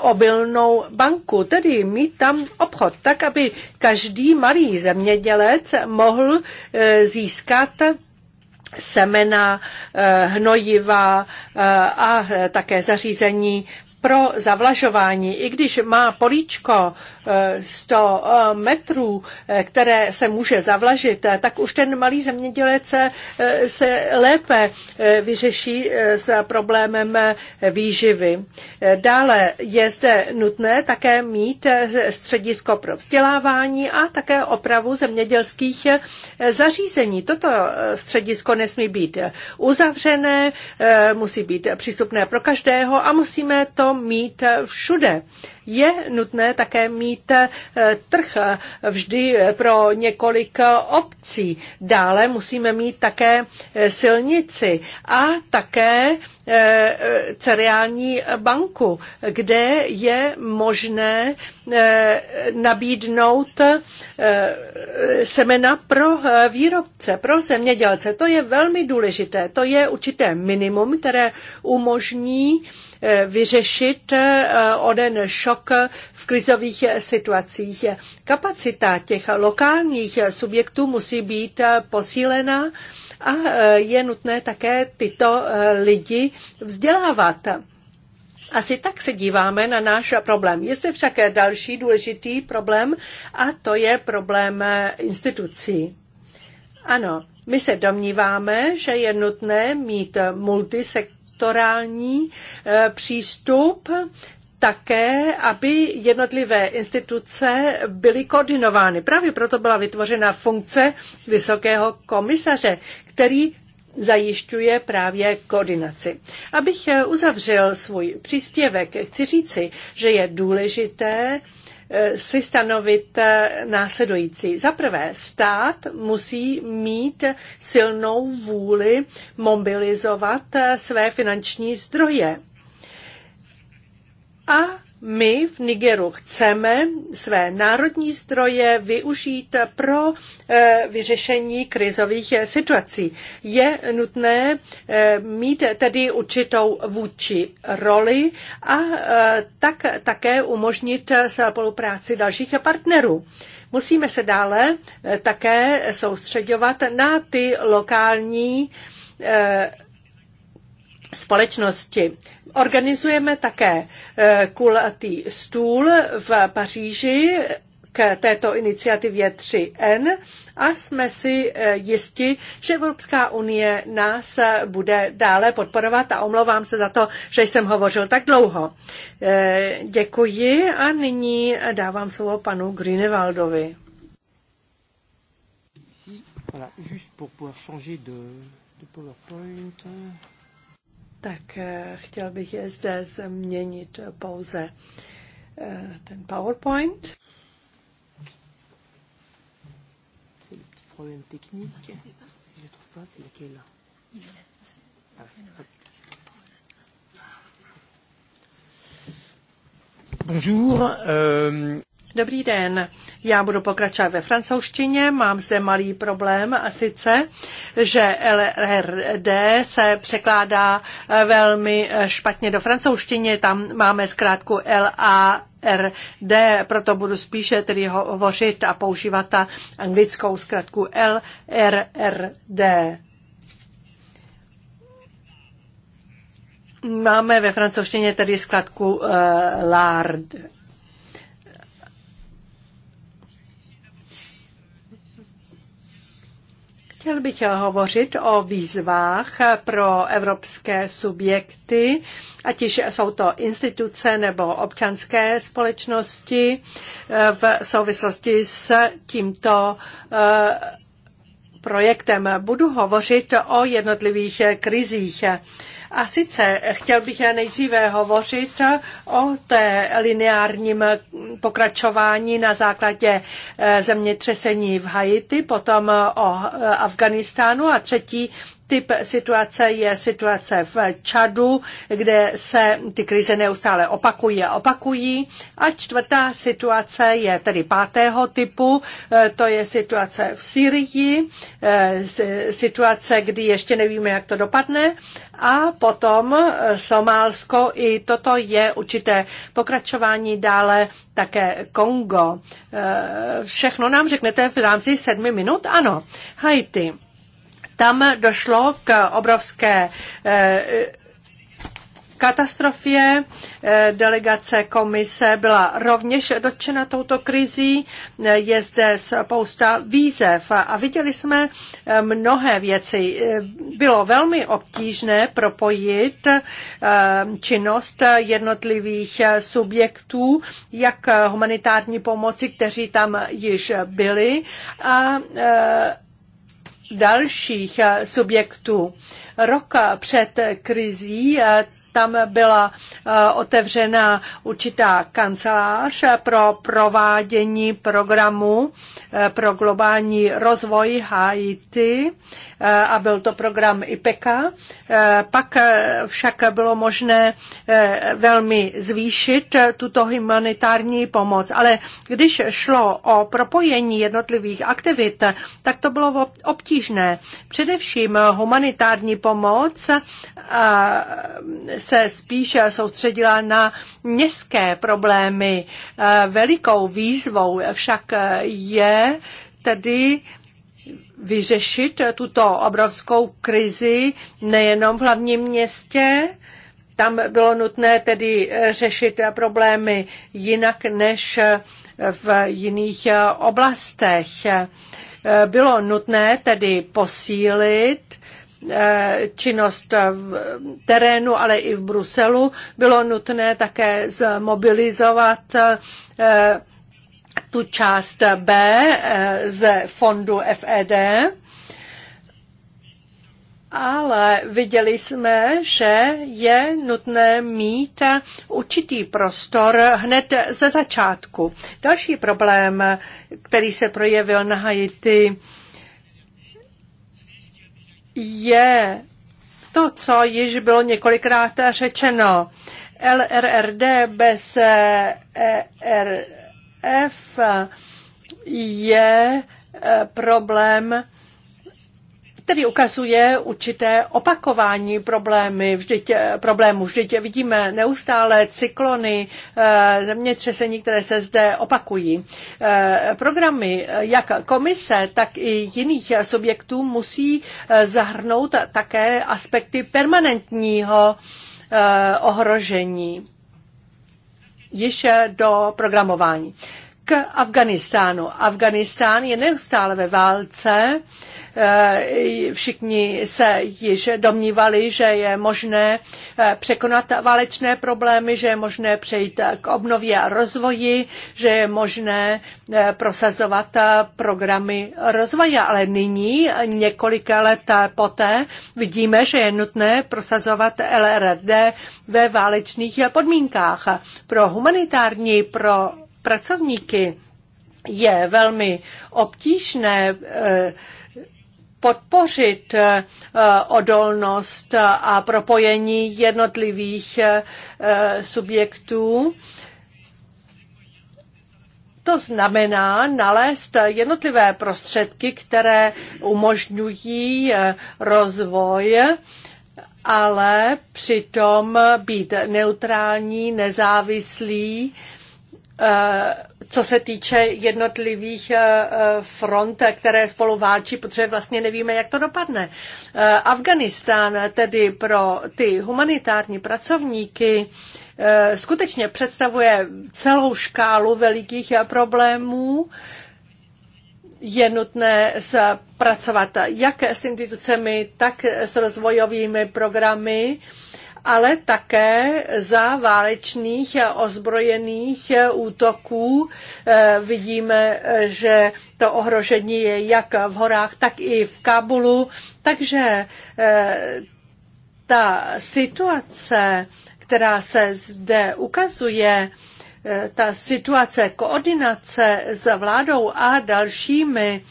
obilnou banku, tedy mít tam obchod, tak aby každý malý zemědělec mohl získat semena, eh, hnojiva eh, a také zařízení pro zavlažování, i když má políčko 100 eh, eh, metrů, eh, které se může zavlažit, tak už ten malý zemědělec se lépe vyřeší s problémem výživy. Dále je zde nutné také mít středisko pro vzdělávání a také opravu zemědělských zařízení. Toto středisko nesmí být uzavřené, musí být přístupné pro každého a musíme to mít všude. Je nutné také mít eh, trh vždy pro několik obcí. Dále musíme mít také eh, silnici a také eh, cereální banku, kde je možné nabídnout semena pro výrobce, pro zemědělce. To je velmi důležité. To je určité minimum, které umožní Eh, vyřešit eh, onen šok v krizových situacích. Kapacita těch lokálních subjektů musí být eh, posílena a je nutné také tyto lidi vzdělávat. Asi tak se díváme na náš problém. Je se však další důležitý problém a to je problém institucí. Ano, my se domníváme, že je nutné mít multisektorální sektorální eh, přístup také, aby jednotlivé instituce byly koordinovány. Právě proto byla vytvořena funkce vysokého komisaře, který zajišťuje právě koordinaci. Abych eh, uzavřel svůj příspěvek, chci říci, že je důležité, Eh, si stanovit eh, následující. Za prvé, stát musí mít silnou vůli mobilizovat eh, své finanční zdroje a my v Nigeru chceme své národní zdroje využít pro eh, vyřešení krizových situací. Je nutné eh, mít tedy určitou vůči roli a eh, tak také umožnit spolupráci dalších partnerů. Musíme se dále také soustředovat na ty lokální společnosti. Organizujeme také eh, kulatý stůl v Paříži k této iniciativě 3N a jsme si eh, jisti, že Evropská unie nás eh, bude dále podporovat a omlouvám se za to, že jsem hovořil tak dlouho. Děkuji a nyní dávám slovo panu Greenewaldovi. Voilà, juste pour pouvoir changer de, de PowerPoint tak eh, chtěl bych je zde změnit pouze eh, ten PowerPoint. Ah, Bonjour. Euh... Dobrý den, já budu pokračovat ve francouzštině, mám zde malý problém a sice, že LRD se překládá eh, velmi eh, špatně do francouzštiny, tam máme zkrátku LA RD, proto budu spíše tedy hovořit a používat ta anglickou zkratku LRRD. Máme ve francouzštině tedy zkratku uh, eh, LARD. Chtěl bych eh, hovořit o výzvách eh, pro evropské subjekty, ať již jsou to instituce nebo občanské společnosti eh, v souvislosti s tímto projektem. Budu hovořit o jednotlivých krizích. A sice chtěl bych nejdříve hovořit o té lineárním pokračování na základě eh, zemětřesení v Haiti, potom o eh, Afganistánu a třetí typ situace je situace v Čadu, kde se ty krize neustále opakují a opakují. A čtvrtá situace je tedy pátého typu, e, to je situace v Syrii, e, situace, kdy ještě nevíme, jak to dopadne. A potom e, Somálsko, i toto je určité pokračování dále také Kongo. Všechno nám řeknete v rámci sedmi minut? Ano. Haiti. Tam došlo k obrovské eh, katastrofě. Eh, delegace komise byla rovněž dotčena touto krizí. Eh, je zde spousta výzev a viděli jsme mnohé věci. Bylo velmi obtížné propojit činnost jednotlivých subjektů, jak humanitární pomoci, kteří tam již byli, a dalších eh, subjektů. Rok eh, před krizí eh, tam byla eh, otevřena určitá kancelář pro provádění programu eh, pro globální rozvoj Haiti eh, a byl to program IPECA. Pak však bylo možné velmi zvýšit tuto humanitární pomoc. Ale když šlo o propojení jednotlivých aktivit, tak to bylo obtížné. Především humanitární pomoc se spíš soustředila na městské problémy. Eh, velikou výzvou však eh, je tedy vyřešit tuto obrovskou krizi nejenom v hlavním městě, tam bylo nutné tedy eh, řešit problémy jinak než v jiných oblastech. Bylo nutné tedy posílit Eh, činnost v terénu, ale i v Bruselu. Bylo nutné také zmobilizovat eh, tu část B eh, ze fondu FED. Ale viděli jsme, že je nutné mít určitý prostor hned ze začátku. Další problém, který se projevil na Haiti, je to, co již bylo několikrát řečeno. LRRD bez ERF je eh, problém který ukazuje určité opakování problémy, vždyť, eh, problémů. Vždyť vidíme neustále cyklony, eh, zemětřesení, které se zde opakují. Eh, programy jak komise, tak i jiných subjektů musí zahrnout také aspekty permanentního ohrožení již do programování. K Afganistánu. Afganistán je neustále ve válce Eh, všichni se již domnívali, že je možné eh, překonat válečné problémy, že je možné přejít k obnově a rozvoji, že je možné eh, prosazovat programy rozvoje. Ale nyní, několik let poté, vidíme, že je nutné prosazovat LRD ve válečných podmínkách. Pro humanitární, pro pracovníky je velmi obtížné podpořit eh, eh, odolnost a propojení jednotlivých eh, subjektů. To znamená nalézt jednotlivé prostředky, které umožňují rozvoj, ale přitom být neutrální, nezávislý, co se týče jednotlivých eh, eh, front, které spolu válčí, protože vlastně nevíme, jak to dopadne. Eh, Afganistán tedy pro ty humanitární pracovníky skutečně představuje celou škálu velikých problémů je nutné pracovat jak s institucemi, tak s rozvojovými programy ale také za válečných a ozbrojených útoků. Eh, vidíme, že to ohrožení je jak v horách, tak i v Kabulu. Takže eh, ta situace, která se zde ukazuje, eh, ta situace koordinace s vládou a dalšími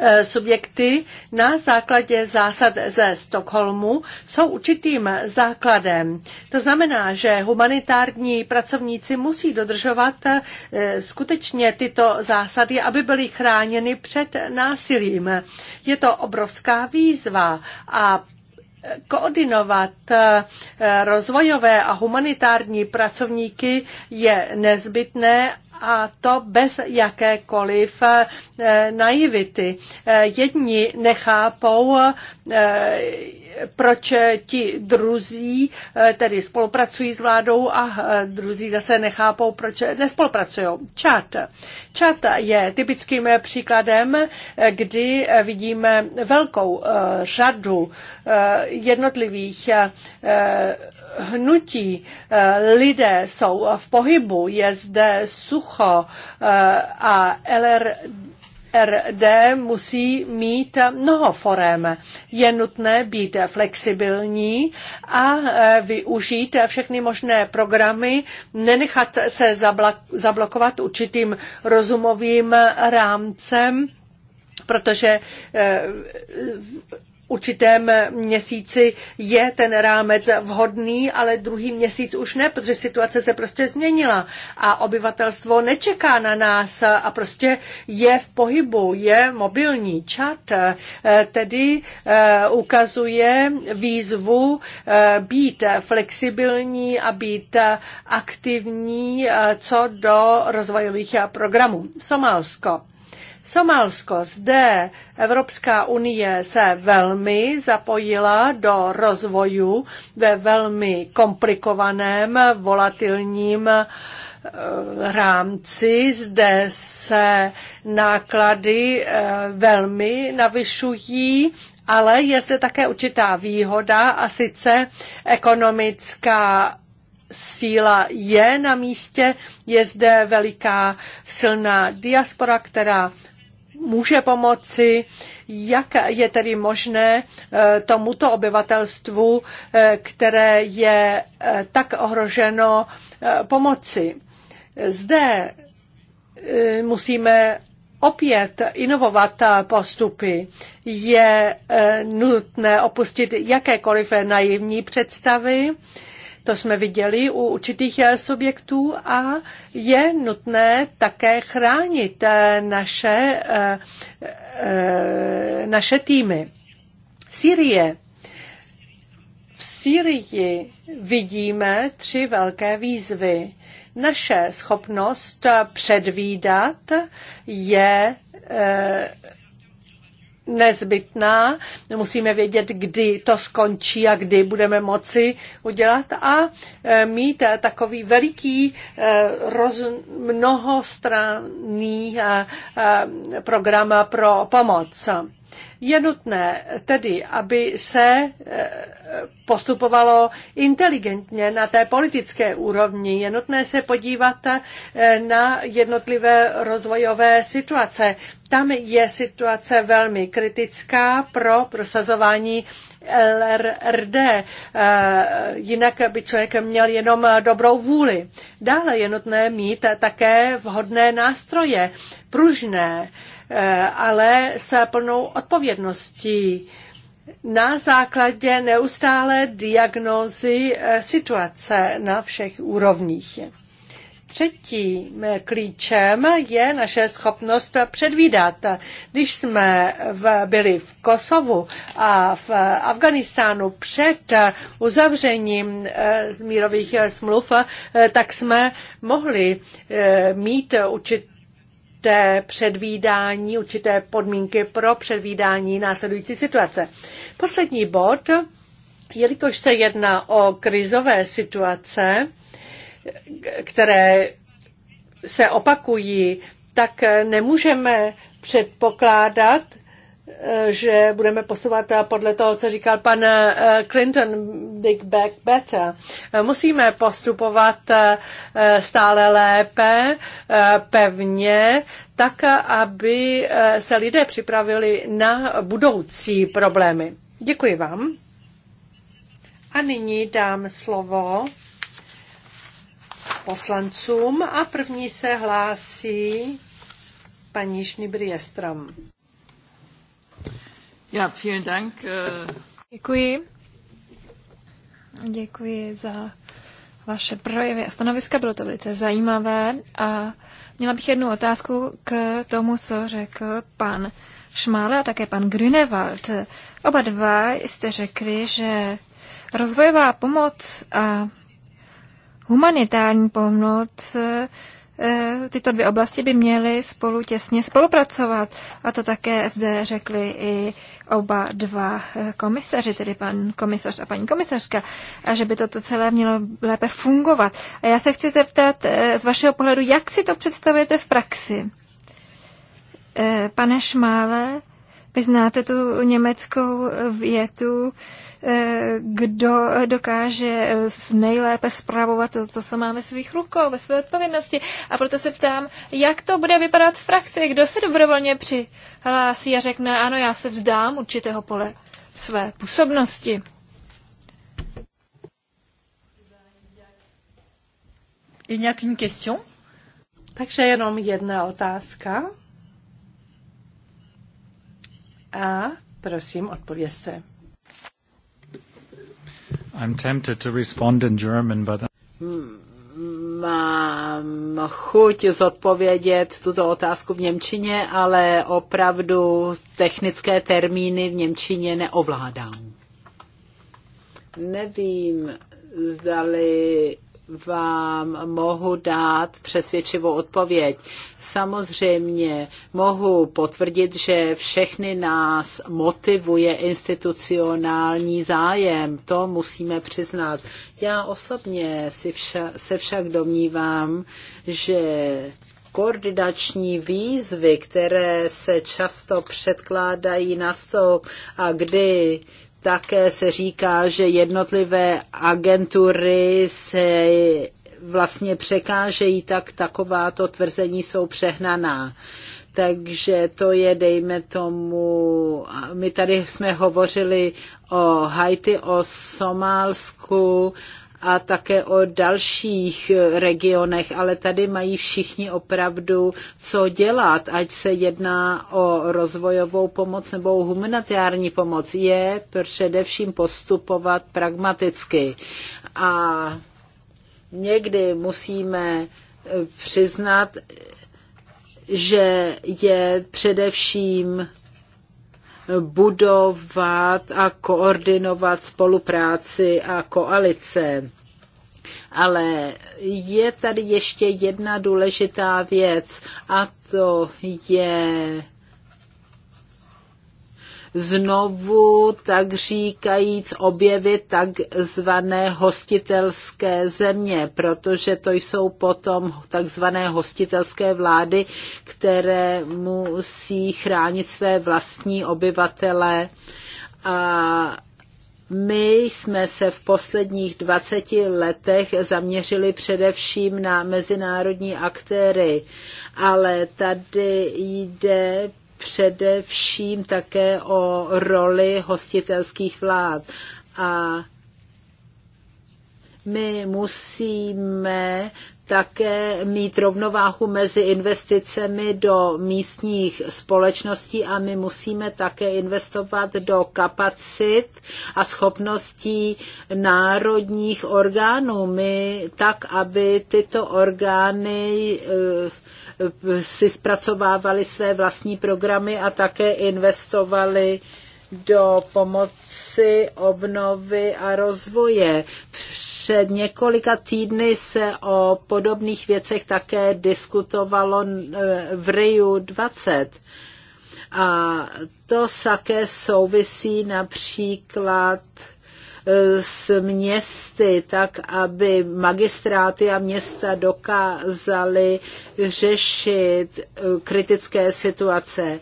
Eh, subjekty na základě zásad ze Stockholmu jsou určitým základem. To znamená, že humanitární pracovníci musí dodržovat eh, skutečně tyto zásady, aby byli chráněni před násilím. Je to obrovská výzva a koordinovat eh, rozvojové a humanitární pracovníky je nezbytné a to bez jakékoliv eh, naivity. Eh, jedni nechápou, eh, proč ti druzí tedy spolupracují s vládou a druzí zase nechápou, proč nespolupracují. Čat. Čat je typickým příkladem, kdy vidíme velkou řadu jednotlivých hnutí, eh, lidé jsou v pohybu, je zde sucho eh, a LR RD musí mít mnoho forem. Je nutné být flexibilní a eh, využít všechny možné programy, nenechat se zablokovat určitým rozumovým rámcem protože určitém měsíci je ten rámec vhodný, ale druhý měsíc už ne, protože situace se prostě změnila a obyvatelstvo nečeká na nás a prostě je v pohybu, je mobilní. Čat eh, tedy eh, ukazuje výzvu eh, být flexibilní a být aktivní co do rozvojových programů. Somálsko. Somálsko zde Evropská unie se velmi zapojila do rozvoju ve velmi komplikovaném, volatilním eh, rámci. Zde se náklady eh, velmi navyšují ale je zde také určitá výhoda a sice ekonomická síla je na místě, je zde veliká silná diaspora, která může pomoci, jak je tedy možné eh, tomuto obyvatelstvu, eh, které je eh, tak ohroženo, pomoci. Zde musíme opět inovovat postupy, je nutné opustit jakékoliv naivní představy, to jsme viděli u určitých eh, subjektů a je nutné také chránit eh, naše, eh, naše týmy. Syrie. V Syrii vidíme tři velké výzvy. Naše schopnost předvídat je nezbytná. Musíme vědět, kdy to skončí a kdy budeme moci udělat a e, mít takový veliký e, roz, mnohostranný e, program pro pomoc. Je nutné tedy, aby se postupovalo inteligentně na té politické úrovni. Je nutné se podívat eh, na jednotlivé rozvojové situace. Tam je situace velmi kritická pro prosazování LRD. Eh, jinak by člověk měl jenom dobrou vůli. Dále je nutné mít také vhodné nástroje, pružné, eh, ale s plnou odpovědností na základě neustálé diagnózy eh, situace na všech úrovních. Třetím klíčem je naše schopnost předvídat. Když jsme v, byli v Kosovu a v Afganistánu před uzavřením eh, mírových smluv, eh, tak jsme mohli mít určitě určité předvídání, určité podmínky pro předvídání následující situace. Poslední bod, jelikož se jedná o krizové situace, které se opakují, tak nemůžeme předpokládat, Eh, že budeme posouvat eh, podle toho, co říkal pan eh, Clinton, Big Back Better. Musíme postupovat stále lépe, pevně, tak, aby se lidé připravili na budoucí problémy. Děkuji vám. A nyní dám slovo poslancům a první se hlásí paní Šnibriestram. Ja, vielen Dank. Äh, Děkuji. Děkuji za vaše projevy a stanoviska, bylo to velice zajímavé a měla bych jednu otázku k tomu, co řekl pan Šmále a také pan Grünewald. Oba dva jste řekli, že rozvojová pomoc a humanitární pomoc E, tyto dvě oblasti by měly spolu těsně spolupracovat. A to také zde řekli i oba dva e, komisaři, tedy pan komisař a paní komisařka, a že by toto celé mělo lépe fungovat. A já se chci zeptat e, z vašeho pohledu, jak si to představujete v praxi? Pane Šmále, vy znáte tu německou větu, eh, kdo dokáže eh, nejlépe zpravovat to, to, co máme svých rukou, ve své odpovědnosti. A proto se ptám, jak to bude vypadat v frakci, kdo se dobrovolně přihlásí a řekne, ano, já se vzdám určitého pole své působnosti. Il n'y question. Takže jenom jedna otázka. A prosím, odpovězte. I'm tempted to respond in German, but mám chuť zodpovědět tuto otázku v Němčině, ale opravdu technické termíny v Němčině neovládám. Nevím, zdali vám mohu dát přesvědčivou odpověď. Samozřejmě mohu potvrdit, že všechny nás motivuje institucionální zájem. To musíme přiznat. Já osobně si vša, se však domnívám, že koordinační výzvy, které se často předkládají na stop a kdy také se říká, že jednotlivé agentury se vlastně překážejí, tak takováto tvrzení jsou přehnaná. Takže to je, dejme tomu, my tady jsme hovořili o Haiti, o Somálsku a také o dalších regionech, ale tady mají všichni opravdu co dělat, ať se jedná o rozvojovou pomoc nebo o humanitární pomoc, je především postupovat pragmaticky. A někdy musíme eh, přiznat, že je především budovat a koordinovat spolupráci a koalice. Ale je tady ještě jedna důležitá věc a to je znovu, tak říkajíc, objevit takzvané hostitelské země, protože to jsou potom takzvané hostitelské vlády, které musí chránit své vlastní obyvatele. A my jsme se v posledních 20 letech zaměřili především na mezinárodní aktéry, ale tady jde především také o roli hostitelských vlád. A my musíme také mít rovnováhu mezi investicemi do místních společností a my musíme také investovat do kapacit a schopností národních orgánů, my tak, aby tyto orgány uh, si zpracovávali své vlastní programy a také investovali do pomoci obnovy a rozvoje. Před několika týdny se o podobných věcech také diskutovalo e, v Riu 20. A to také souvisí například Eh, s městy, tak aby magistráty a města dokázaly řešit eh, kritické situace.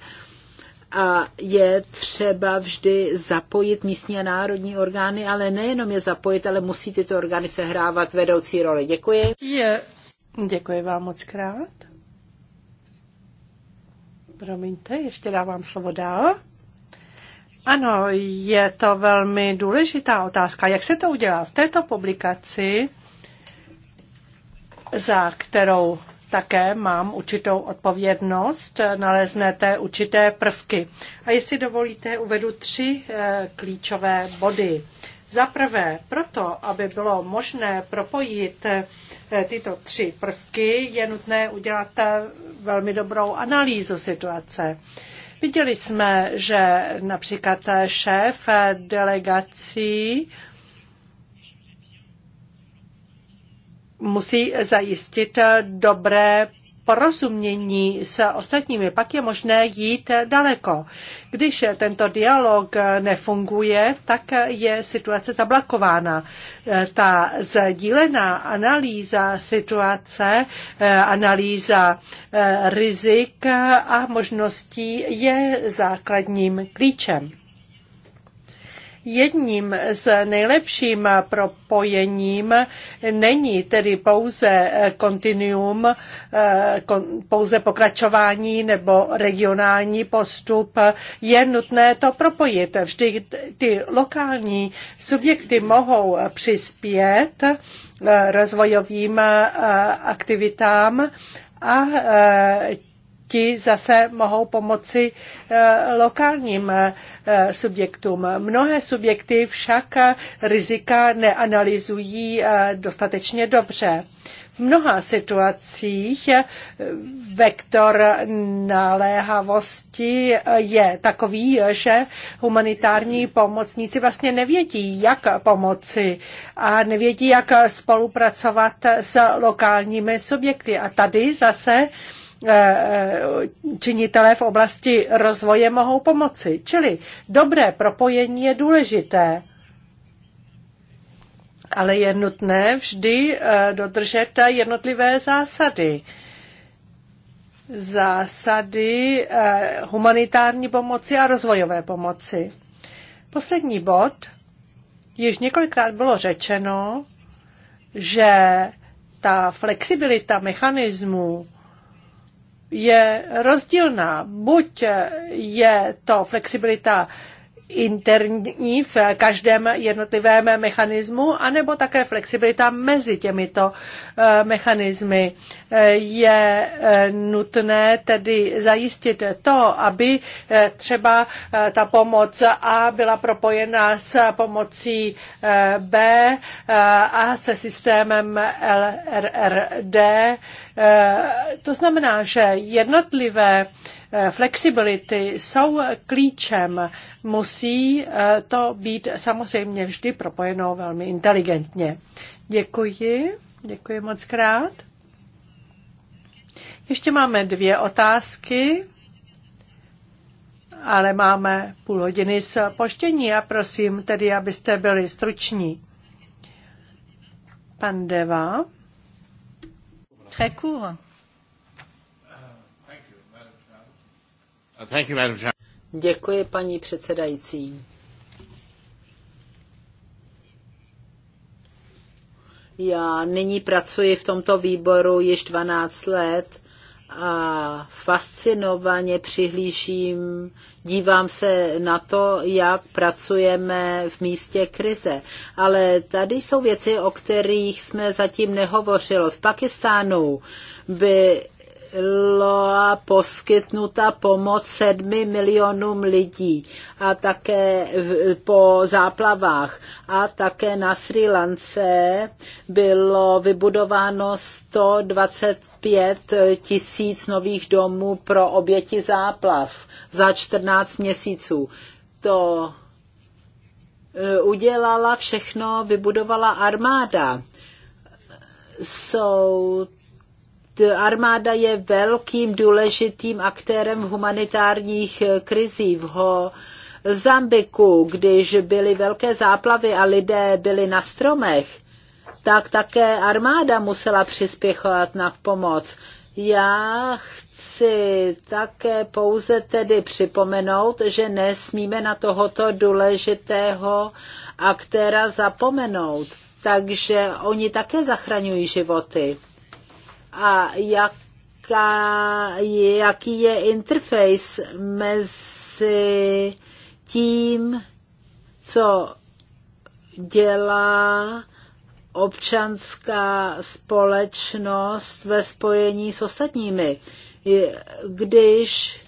A je třeba vždy zapojit místní a národní orgány, ale nejenom je zapojit, ale musí tyto orgány sehrávat vedoucí roli. Děkuji. Děkuji vám moc krát. Promiňte, ještě dávám slovo dál. Ano, je to velmi důležitá otázka. Jak se to udělá? V této publikaci, za kterou také mám určitou odpovědnost, naleznete určité prvky. A jestli dovolíte, uvedu tři eh, klíčové body. Za prvé, proto, aby bylo možné propojit eh, tyto tři prvky, je nutné udělat eh, velmi dobrou analýzu situace. Viděli jsme, že například šéf delegací musí zajistit dobré porozumění s ostatními, pak je možné jít daleko. Když tento dialog nefunguje, tak je situace zablokována. Ta sdílená analýza situace, analýza eh, rizik a možností je základním klíčem. Jedním z nejlepším propojením není tedy pouze kontinuum, eh, pouze pokračování nebo regionální postup. Je nutné to propojit. Vždy ty lokální subjekty mohou přispět eh, rozvojovým eh, aktivitám a ti zase mohou pomoci eh, lokálním eh, subjektům. Mnohé subjekty však eh, rizika neanalyzují dostatečně dobře. V mnoha situacích vektor naléhavosti je takový, že humanitární pomocníci vlastně nevědí, jak pomoci a nevědí, jak spolupracovat s lokálními subjekty. A tady zase Eh, eh, činitelé v oblasti rozvoje mohou pomoci. Čili dobré propojení je důležité, ale je nutné vždy eh, dodržet jednotlivé zásady zásady humanitární pomoci a rozvojové pomoci. Poslední bod. Již několikrát bylo řečeno, že ta flexibilita mechanismů je rozdílná. Buď je to flexibilita interní v každém jednotlivém mechanismu, anebo také flexibilita mezi těmito eh, mechanismy. Eh, je eh, nutné tedy zajistit to, aby třeba ta pomoc A byla propojena s pomocí B a se systémem LRRD Eh, to znamená, že jednotlivé eh, flexibility jsou klíčem. Musí eh, to být samozřejmě vždy propojeno velmi inteligentně. Děkuji. Děkuji moc krát. Ještě máme dvě otázky, ale máme půl hodiny poštění, a prosím tedy, abyste byli struční. Pan Deva. Très court. Uh, uh, Děkuji, paní předsedající. Já nyní pracuji v tomto výboru již 12 let a fascinovaně přihlížím, dívám se na to, jak pracujeme v místě krize. Ale tady jsou věci, o kterých jsme zatím nehovořili. V Pakistánu by byla poskytnuta pomoc sedmi milionům lidí a také po záplavách a také na Sri Lance bylo vybudováno 125 tisíc nových domů pro oběti záplav za 14 měsíců. To eh, udělala všechno, vybudovala armáda. Jsou armáda je velkým důležitým aktérem v humanitárních eh, v Ho, Zambiku, když byly velké záplavy a lidé byli na stromech, tak také armáda musela přispěchovat na pomoc. Já chci také pouze tedy připomenout, že nesmíme na tohoto důležitého aktéra zapomenout. Takže oni také zachraňují životy a jaká, jaký je interface mezi tím, co dělá občanská společnost ve spojení s ostatními. Když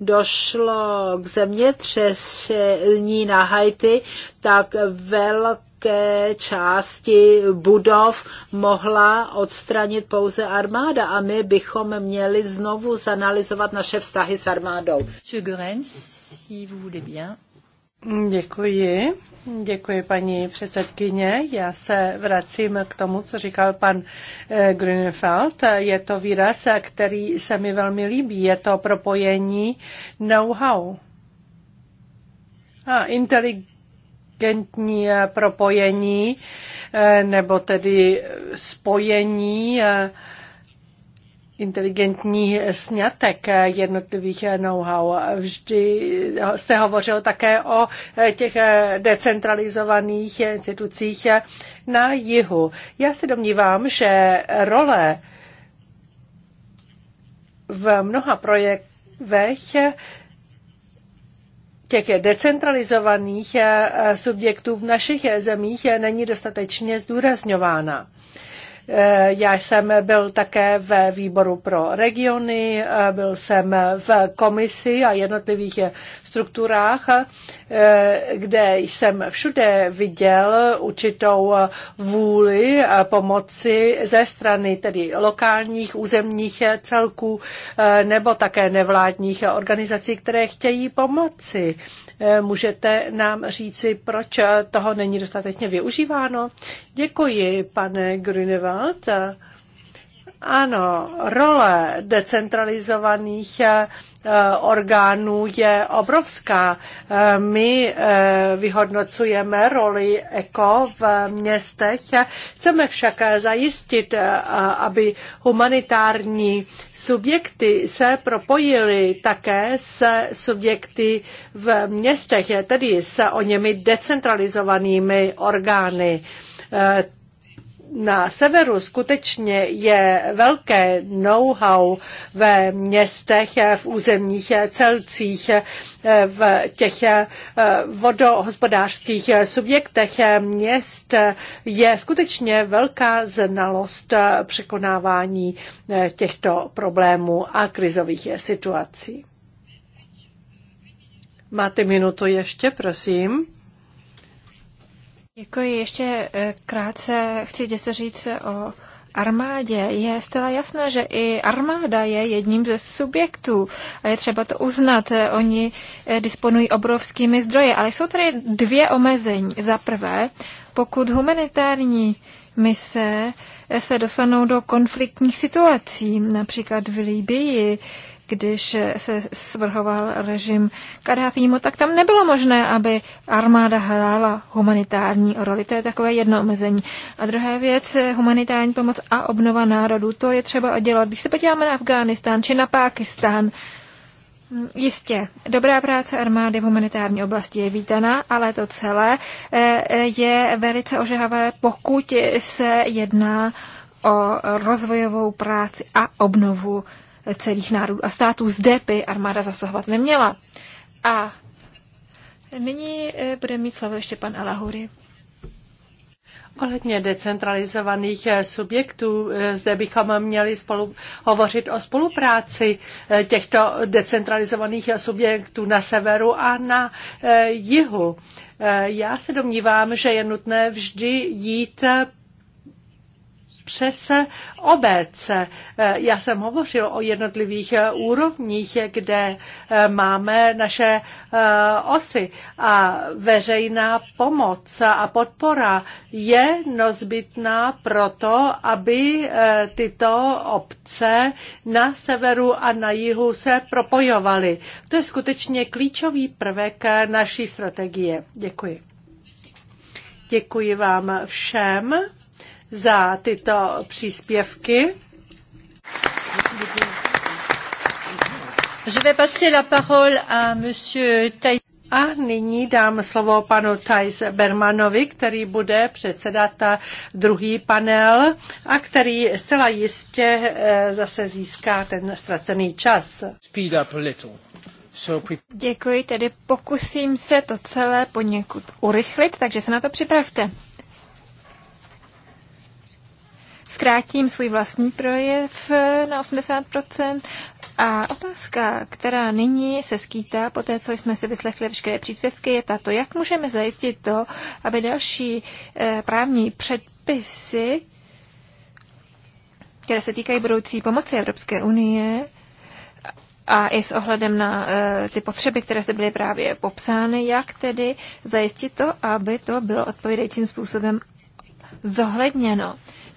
došlo k zemětřesení na Haiti, tak velk velké části budov mohla odstranit pouze armáda a my bychom měli znovu zanalizovat naše vztahy s armádou. Děkuji. Děkuji, paní předsedkyně. Já se vracím k tomu, co říkal pan eh, Grünefeld. Je to výraz, který se mi velmi líbí. Je to propojení know-how a inteligentní propojení eh, nebo tedy spojení eh, inteligentní snětek eh, jednotlivých know-how. Vždy jste hovořil také o těch decentralizovaných institucích na jihu. Já se domnívám, že role v mnoha projektech těch decentralizovaných eh, subjektů v našich eh, zemích eh, není dostatečně zdůrazňována. Eh, já jsem byl také ve výboru pro regiony, eh, byl jsem v komisi a jednotlivých strukturách, eh, kde jsem všude viděl určitou vůli pomoci ze strany tedy lokálních územních celků nebo také nevládních organizací, které chtějí pomoci. Eh, můžete nám říci, proč eh, toho není dostatečně využíváno? Děkuji, pane Grunewald. Ano, role decentralizovaných eh, orgánů je obrovská. Eh, my eh, vyhodnocujeme roli ECO v městech. Chceme však zajistit, aby humanitární subjekty se propojily také s subjekty v městech, tedy s o němi decentralizovanými orgány na severu skutečně je velké know-how ve městech, v územních celcích, v těch eh, vodohospodářských subjektech měst je skutečně velká znalost překonávání eh, těchto problémů a krizových situací. Máte minutu ještě, prosím. Děkuji. Ještě eh, krátce chci se říct o armádě. Je zcela jasné, že i armáda je jedním ze subjektů a je třeba to uznat. Oni eh, disponují obrovskými zdroje, ale jsou tady dvě omezení. Za prvé, pokud humanitární mise eh, se dostanou do konfliktních situací, například v Libii, když se svrhoval režim Kadáfímu, tak tam nebylo možné, aby armáda hrála humanitární roli. To je takové jedno omezení. A druhá věc, humanitární pomoc a obnova národů, to je třeba oddělat. Když se podíváme na Afghánistán či na Pákistán, Jistě, dobrá práce armády v humanitární oblasti je vítaná, ale to celé eh, je velice ožehavé, pokud se jedná o rozvojovou práci a obnovu celých národů a států. Zde by armáda zasahovat neměla. A nyní eh, bude mít slovo ještě pan Alahuri. Ohledně decentralizovaných eh, subjektů, eh, zde bychom měli spolu hovořit o spolupráci těchto decentralizovaných subjektů na severu a na jihu. Já se domnívám, že je nutné vždy jít přes obec. Já jsem hovořil o jednotlivých úrovních, kde máme naše osy a veřejná pomoc a podpora je nozbytná proto, aby tyto obce na severu a na jihu se propojovaly. To je skutečně klíčový prvek naší strategie. Děkuji. Děkuji vám všem za tyto příspěvky. Je vais passer la parole à monsieur Thais. A nyní dám slovo panu Thais Bermanovi, který bude předsedat druhý panel a který zcela jistě eh, zase získá ten ztracený čas. Speed up a little. So Děkuji, tedy pokusím se to celé poněkud urychlit, takže se na to připravte. zkrátím svůj vlastní projev na 80%. A otázka, která nyní se skýtá, po té, co jsme si vyslechli všechny příspěvky, je tato. Jak můžeme zajistit to, aby další eh, právní předpisy, které se týkají budoucí pomoci Evropské unie, a i s ohledem na uh, ty potřeby, které se byly právě popsány, jak tedy zajistit to, aby to bylo odpovědajícím způsobem zohledněno.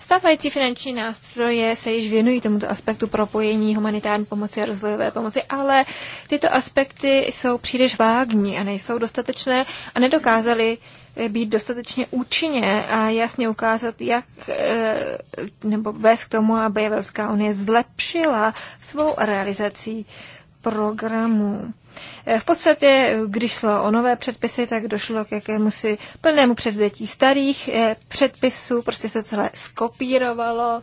Stávající finanční nástroje se již věnují tomuto aspektu propojení humanitární pomoci a rozvojové pomoci, ale tyto aspekty jsou příliš vágní a nejsou dostatečné a nedokázaly eh, být dostatečně účinně a jasně ukázat, jak eh, nebo vést k tomu, aby Evropská unie zlepšila svou realizací programů. Eh, v podstatě, když šlo o nové předpisy, tak došlo k jakému si plnému předvětí starých eh, předpisů, prostě se celé skopírovalo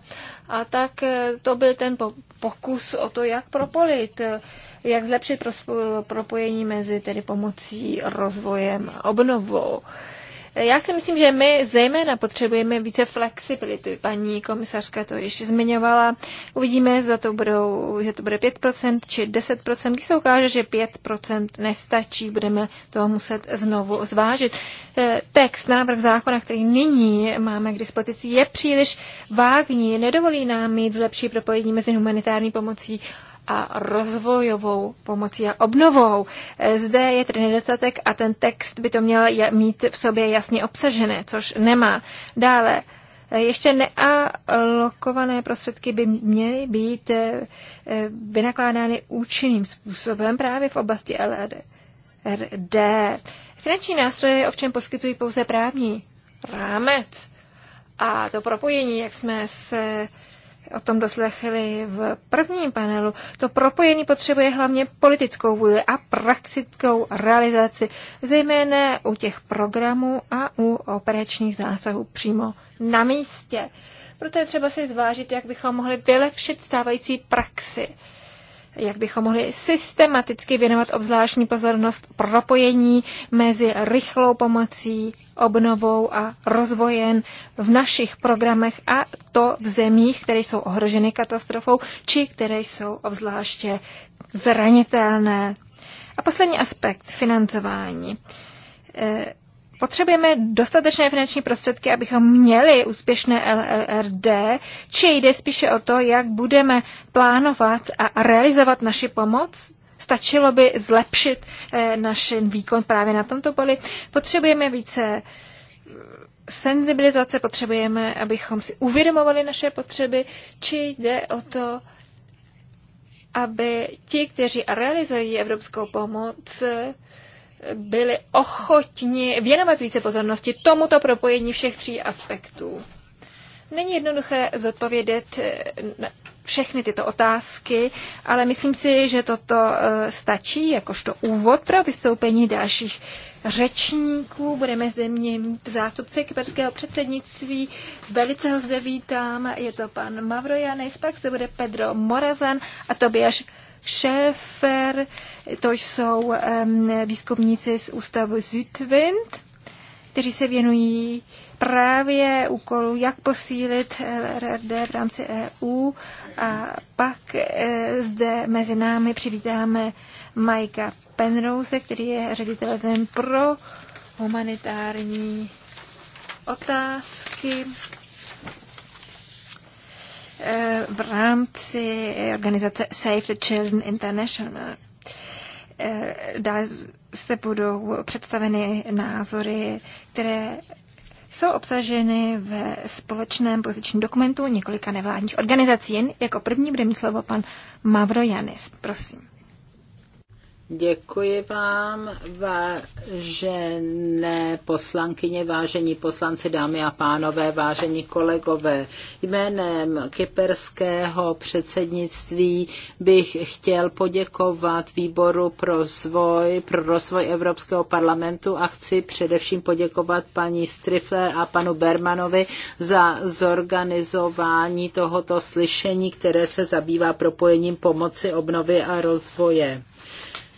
a tak eh, to byl ten pokus o to, jak propolit, jak zlepšit propojení mezi tedy pomocí, rozvojem, obnovou. Já si myslím, že my zejména potřebujeme více flexibility. Paní komisařka to ještě zmiňovala. Uvidíme, zda to budou, že to bude 5% či 10%. Když se ukáže, že 5% nestačí, budeme to muset znovu zvážit. Eh, text, návrh zákona, který nyní máme k dispozici, je příliš vágní. Nedovolí nám mít lepší propojení mezi humanitární pomocí a rozvojovou pomocí a obnovou. Eh, zde je tedy nedostatek a ten text by to měl mít v sobě jasně obsažené, což nemá. Dále, eh, ještě nealokované prostředky by měly být eh, vynakládány účinným způsobem právě v oblasti LRD. Finanční nástroje ovšem poskytují pouze právní rámec. A to propojení, jak jsme se o tom doslechli v prvním panelu, to propojení potřebuje hlavně politickou vůli a praktickou realizaci, zejména u těch programů a u operačních zásahů přímo na místě. Proto je třeba si zvážit, jak bychom mohli vylepšit stávající praxi jak bychom mohli systematicky věnovat obzvláštní pozornost propojení mezi rychlou pomocí, obnovou a rozvojem v našich programech a to v zemích, které jsou ohroženy katastrofou či které jsou obzvláště zranitelné. A poslední aspekt financování. Eh, Potřebujeme dostatečné finanční prostředky, abychom měli úspěšné LRD, či jde spíše o to, jak budeme plánovat a realizovat naši pomoc? Stačilo by zlepšit eh, náš výkon právě na tomto poli. Potřebujeme více eh, senzibilizace, potřebujeme, abychom si uvědomovali naše potřeby, či jde o to, aby ti, kteří realizují evropskou pomoc, byli ochotni věnovat více pozornosti tomuto propojení všech tří aspektů. Není jednoduché zodpovědět eh, všechny tyto otázky, ale myslím si, že toto eh, stačí jakožto úvod pro vystoupení dalších řečníků. Budeme zde mít zástupce kyperského předsednictví. Velice ho zde vítám. Je to pan Mavrojanis, pak se bude Pedro Morazan a Tobias Schäfer, to jsou výzkumníci z ústavu Südwind, kteří se věnují právě úkolu, jak posílit eh, RRD v rámci EU. A pak eh, zde mezi námi přivítáme Majka Penrose, který je ředitelem pro humanitární otázky v rámci organizace Save the Children International. Eh, dále se budou představeny názory, které jsou obsaženy ve společném pozičním dokumentu několika nevládních organizací. Jen jako první bude mít slovo pan Mavro Janis. Prosím. Děkuji vám, vážené poslankyně, vážení poslanci, dámy a pánové, vážení kolegové. Jménem kyperského předsednictví bych chtěl poděkovat výboru pro rozvoj, pro rozvoj Evropského parlamentu a chci především poděkovat paní Strifler a panu Bermanovi za zorganizování tohoto slyšení, které se zabývá propojením pomoci, obnovy a rozvoje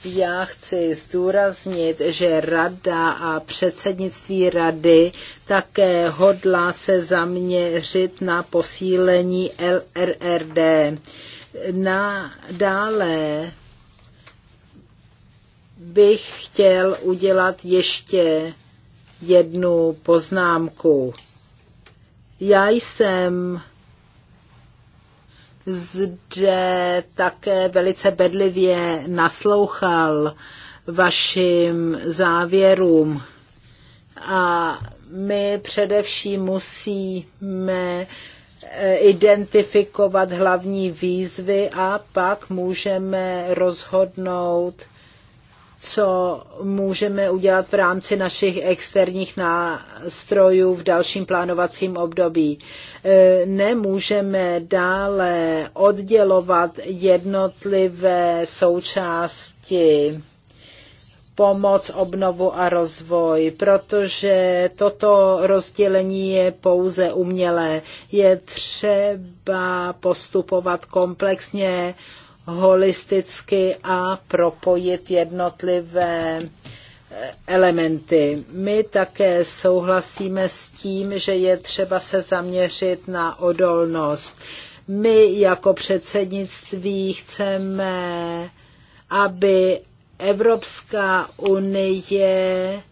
já chci zdůraznit, že rada a předsednictví rady také hodlá se zaměřit na posílení LRRD. Na, dále bych chtěl udělat ještě jednu poznámku. Já jsem zde také velice bedlivě naslouchal vašim závěrům. A my především musíme eh, identifikovat hlavní výzvy a pak můžeme rozhodnout, co můžeme udělat v rámci našich externích nástrojů v dalším plánovacím období. E, nemůžeme dále oddělovat jednotlivé součásti pomoc, obnovu a rozvoj, protože toto rozdělení je pouze umělé. Je třeba postupovat komplexně, holisticky a propojit jednotlivé eh, elementy. My také souhlasíme s tím, že je třeba se zaměřit na odolnost. My jako předsednictví chceme, aby Evropská unie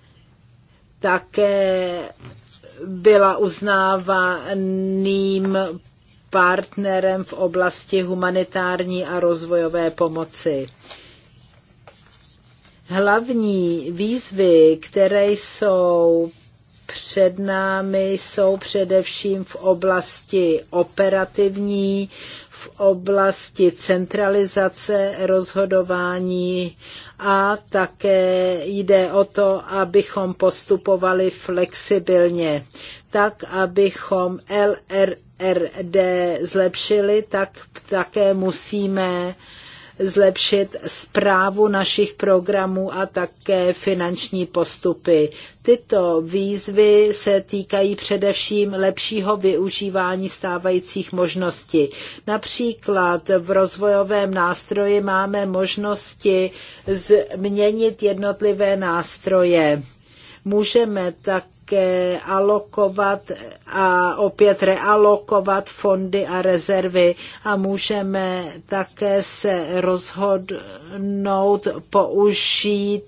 také byla uznávaným partnerem v oblasti humanitární a rozvojové pomoci. Hlavní výzvy, které jsou před námi, jsou především v oblasti operativní, v oblasti centralizace rozhodování a také jde o to, abychom postupovali flexibilně, tak abychom LR RD zlepšili, tak také musíme zlepšit zprávu našich programů a také finanční postupy. Tyto výzvy se týkají především lepšího využívání stávajících možností. Například v rozvojovém nástroji máme možnosti změnit jednotlivé nástroje. Můžeme tak také alokovat a opět realokovat fondy a rezervy a můžeme také se rozhodnout použít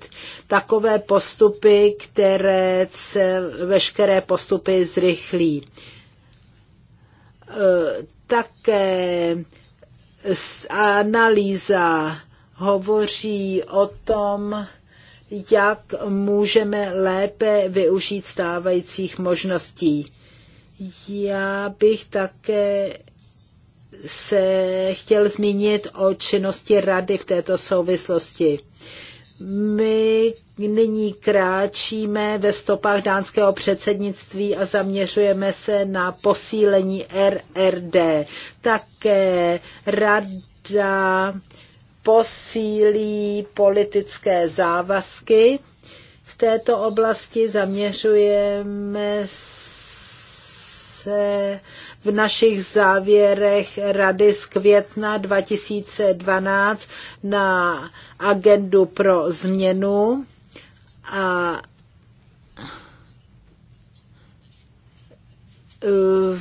takové postupy, které se veškeré postupy zrychlí. E, také analýza hovoří o tom, jak můžeme lépe využít stávajících možností. Já bych také se chtěl zmínit o činnosti rady v této souvislosti. My nyní kráčíme ve stopách dánského předsednictví a zaměřujeme se na posílení RRD. Také rada posílí politické závazky v této oblasti. Zaměřujeme se v našich závěrech Rady z května 2012 na agendu pro změnu a eh,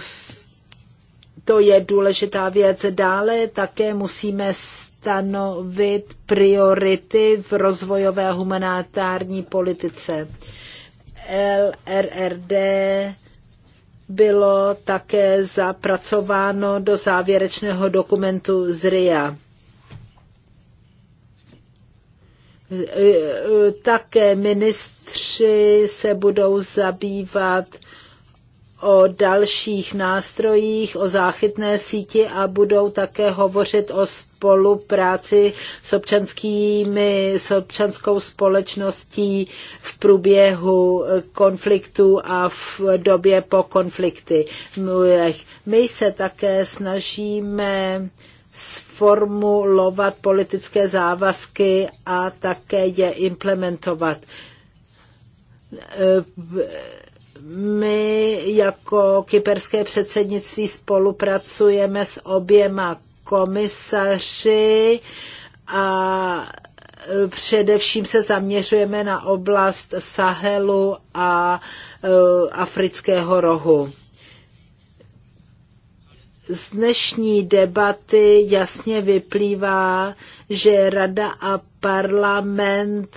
to je důležitá věc. Dále také musíme stanovit priority v rozvojové humanitární politice. LRRD bylo také zapracováno do závěrečného dokumentu z RIA. Také ministři se budou zabývat o dalších nástrojích, o záchytné síti a budou také hovořit o spolupráci s, občanskými, s občanskou společností v průběhu konfliktu a v době po konflikty. My se také snažíme sformulovat politické závazky a také je implementovat my jako kyperské předsednictví spolupracujeme s oběma komisaři a e, především se zaměřujeme na oblast Sahelu a e, afrického rohu. Z dnešní debaty jasně vyplývá, že Rada a parlament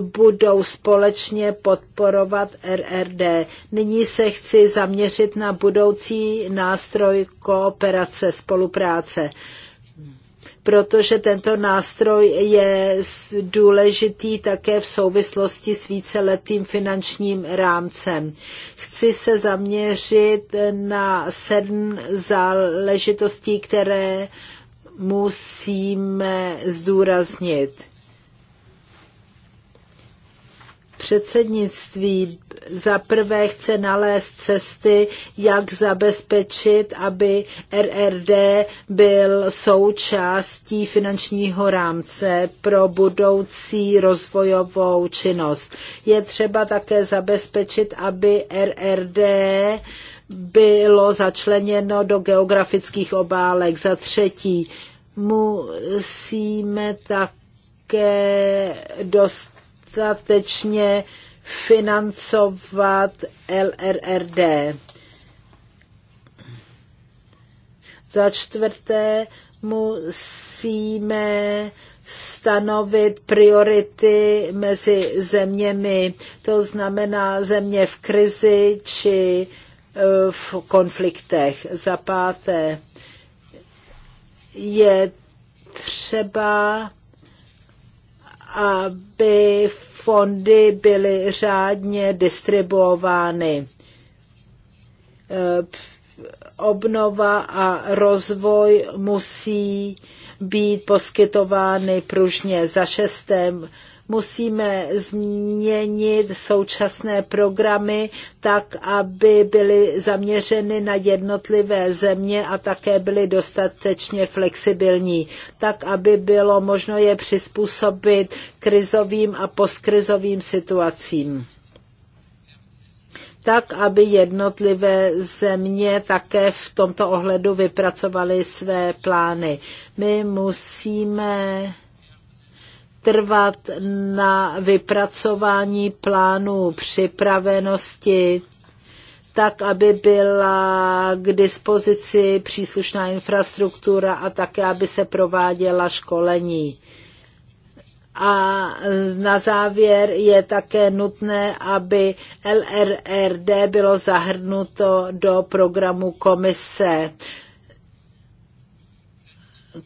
budou společně podporovat RRD. Nyní se chci zaměřit na budoucí nástroj kooperace, spolupráce protože tento nástroj je důležitý také v souvislosti s víceletým finančním rámcem. Chci se zaměřit na sedm záležitostí, které musíme zdůraznit předsednictví za prvé chce nalézt cesty, jak zabezpečit, aby RRD byl součástí finančního rámce pro budoucí rozvojovou činnost. Je třeba také zabezpečit, aby RRD bylo začleněno do geografických obálek. Za třetí, musíme také dostat dostatečně financovat LRRD. Za čtvrté musíme stanovit priority mezi zeměmi, to znamená země v krizi či eh, v konfliktech. Za páté je třeba, aby v fondy byly řádně distribuovány. E, obnova a rozvoj musí být poskytovány pružně za šestém Musíme změnit současné programy tak, aby byly zaměřeny na jednotlivé země a také byly dostatečně flexibilní, tak, aby bylo možno je přizpůsobit krizovým a postkrizovým situacím tak, aby jednotlivé země také v tomto ohledu vypracovaly své plány. My musíme trvat na vypracování plánu připravenosti, tak aby byla k dispozici příslušná infrastruktura a také, aby se prováděla školení. A na závěr je také nutné, aby LRRD bylo zahrnuto do programu komise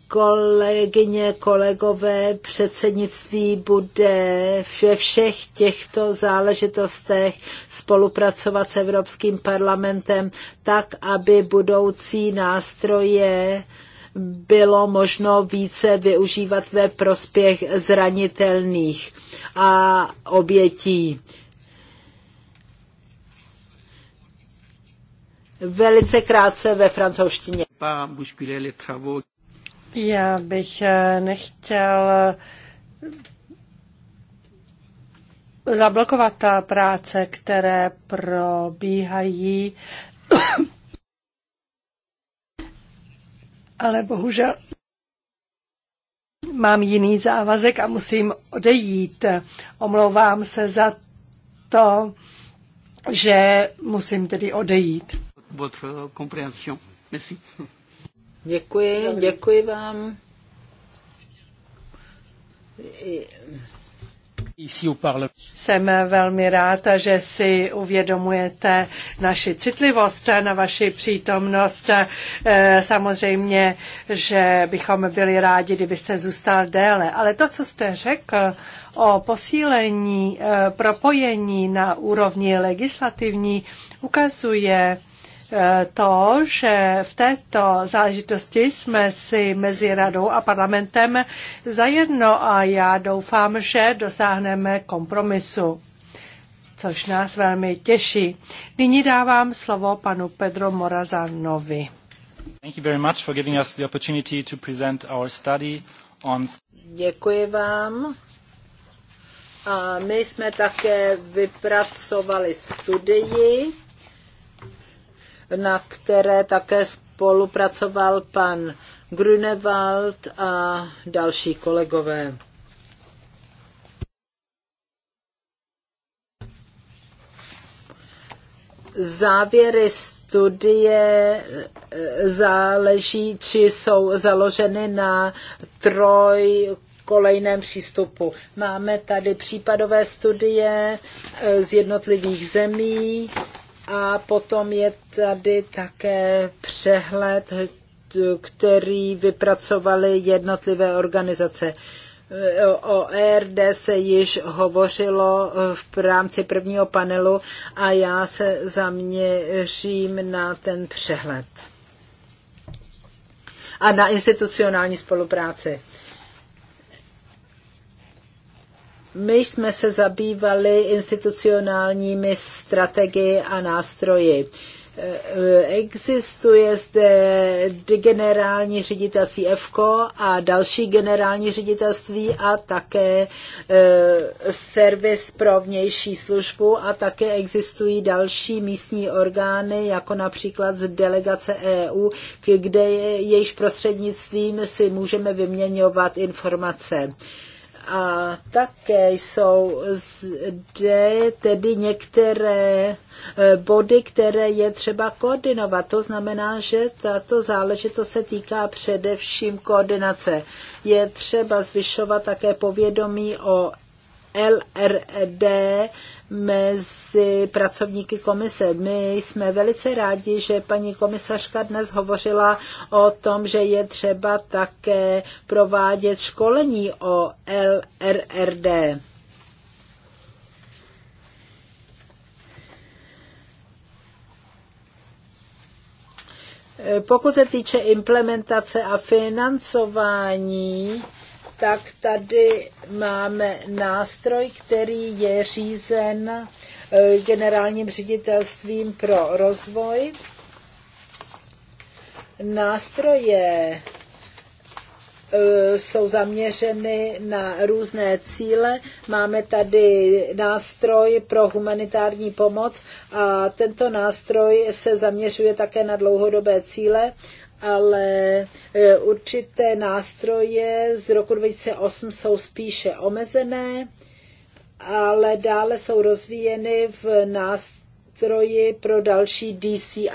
kolegyně, kolegové, předsednictví bude ve všech těchto záležitostech spolupracovat s Evropským parlamentem tak, aby budoucí nástroje bylo možno více využívat ve prospěch zranitelných a obětí. Velice krátce ve francouzštině. Já bych eh, nechtěl eh, zablokovat práce, které probíhají, ale bohužel mám jiný závazek a musím odejít. Omlouvám se za to, že musím tedy odejít. Votre compréhension. Merci. Děkuji, děkuji vám. Jsem velmi rád, že si uvědomujete naši citlivost na vaši přítomnost. Eh, samozřejmě, že bychom byli rádi, kdybyste zůstal déle. Ale to, co jste řekl o posílení eh, propojení na úrovni legislativní, ukazuje, Eh, to, že v této záležitosti jsme si mezi radou a parlamentem zajedno a já doufám, že dosáhneme kompromisu což nás velmi těší. Nyní dávám slovo panu Pedro Morazanovi. Děkuji vám. A my jsme také vypracovali studii na které také spolupracoval pan Grünewald a další kolegové. Závěry studie eh, záleží, či jsou založeny na troj kolejném přístupu. Máme tady případové studie eh, z jednotlivých zemí a potom je tady také přehled, který vypracovaly jednotlivé organizace. O ERD se již hovořilo v rámci prvního panelu a já se zaměřím na ten přehled a na institucionální spolupráci. My jsme se zabývali institucionálními strategii a nástroji. Uh, Eh, existuje zde generální ředitelství EFKO a další generální ředitelství a také eh, servis pro vnější službu a také existují další místní orgány, jako například z delegace EU, kde jejich prostřednictvím si můžeme vyměňovat informace. A také jsou zde tedy některé e, body, které je třeba koordinovat. To znamená, že tato záležitost se týká především koordinace. Je třeba zvyšovat také povědomí o LRD mezi pracovníky komise. My jsme velice rádi, že paní komisařka dnes hovořila o tom, že je třeba také provádět školení o LRRD. Pokud se týče implementace a financování, tak tady máme nástroj, který je řízen eh, generálním ředitelstvím pro rozvoj. Nástroje eh, jsou zaměřeny na různé cíle. Máme tady nástroj pro humanitární pomoc a tento nástroj se zaměřuje také na dlouhodobé cíle ale e, určité nástroje z roku 2008 jsou spíše omezené, ale dále jsou rozvíjeny v nástroji pro další DCI.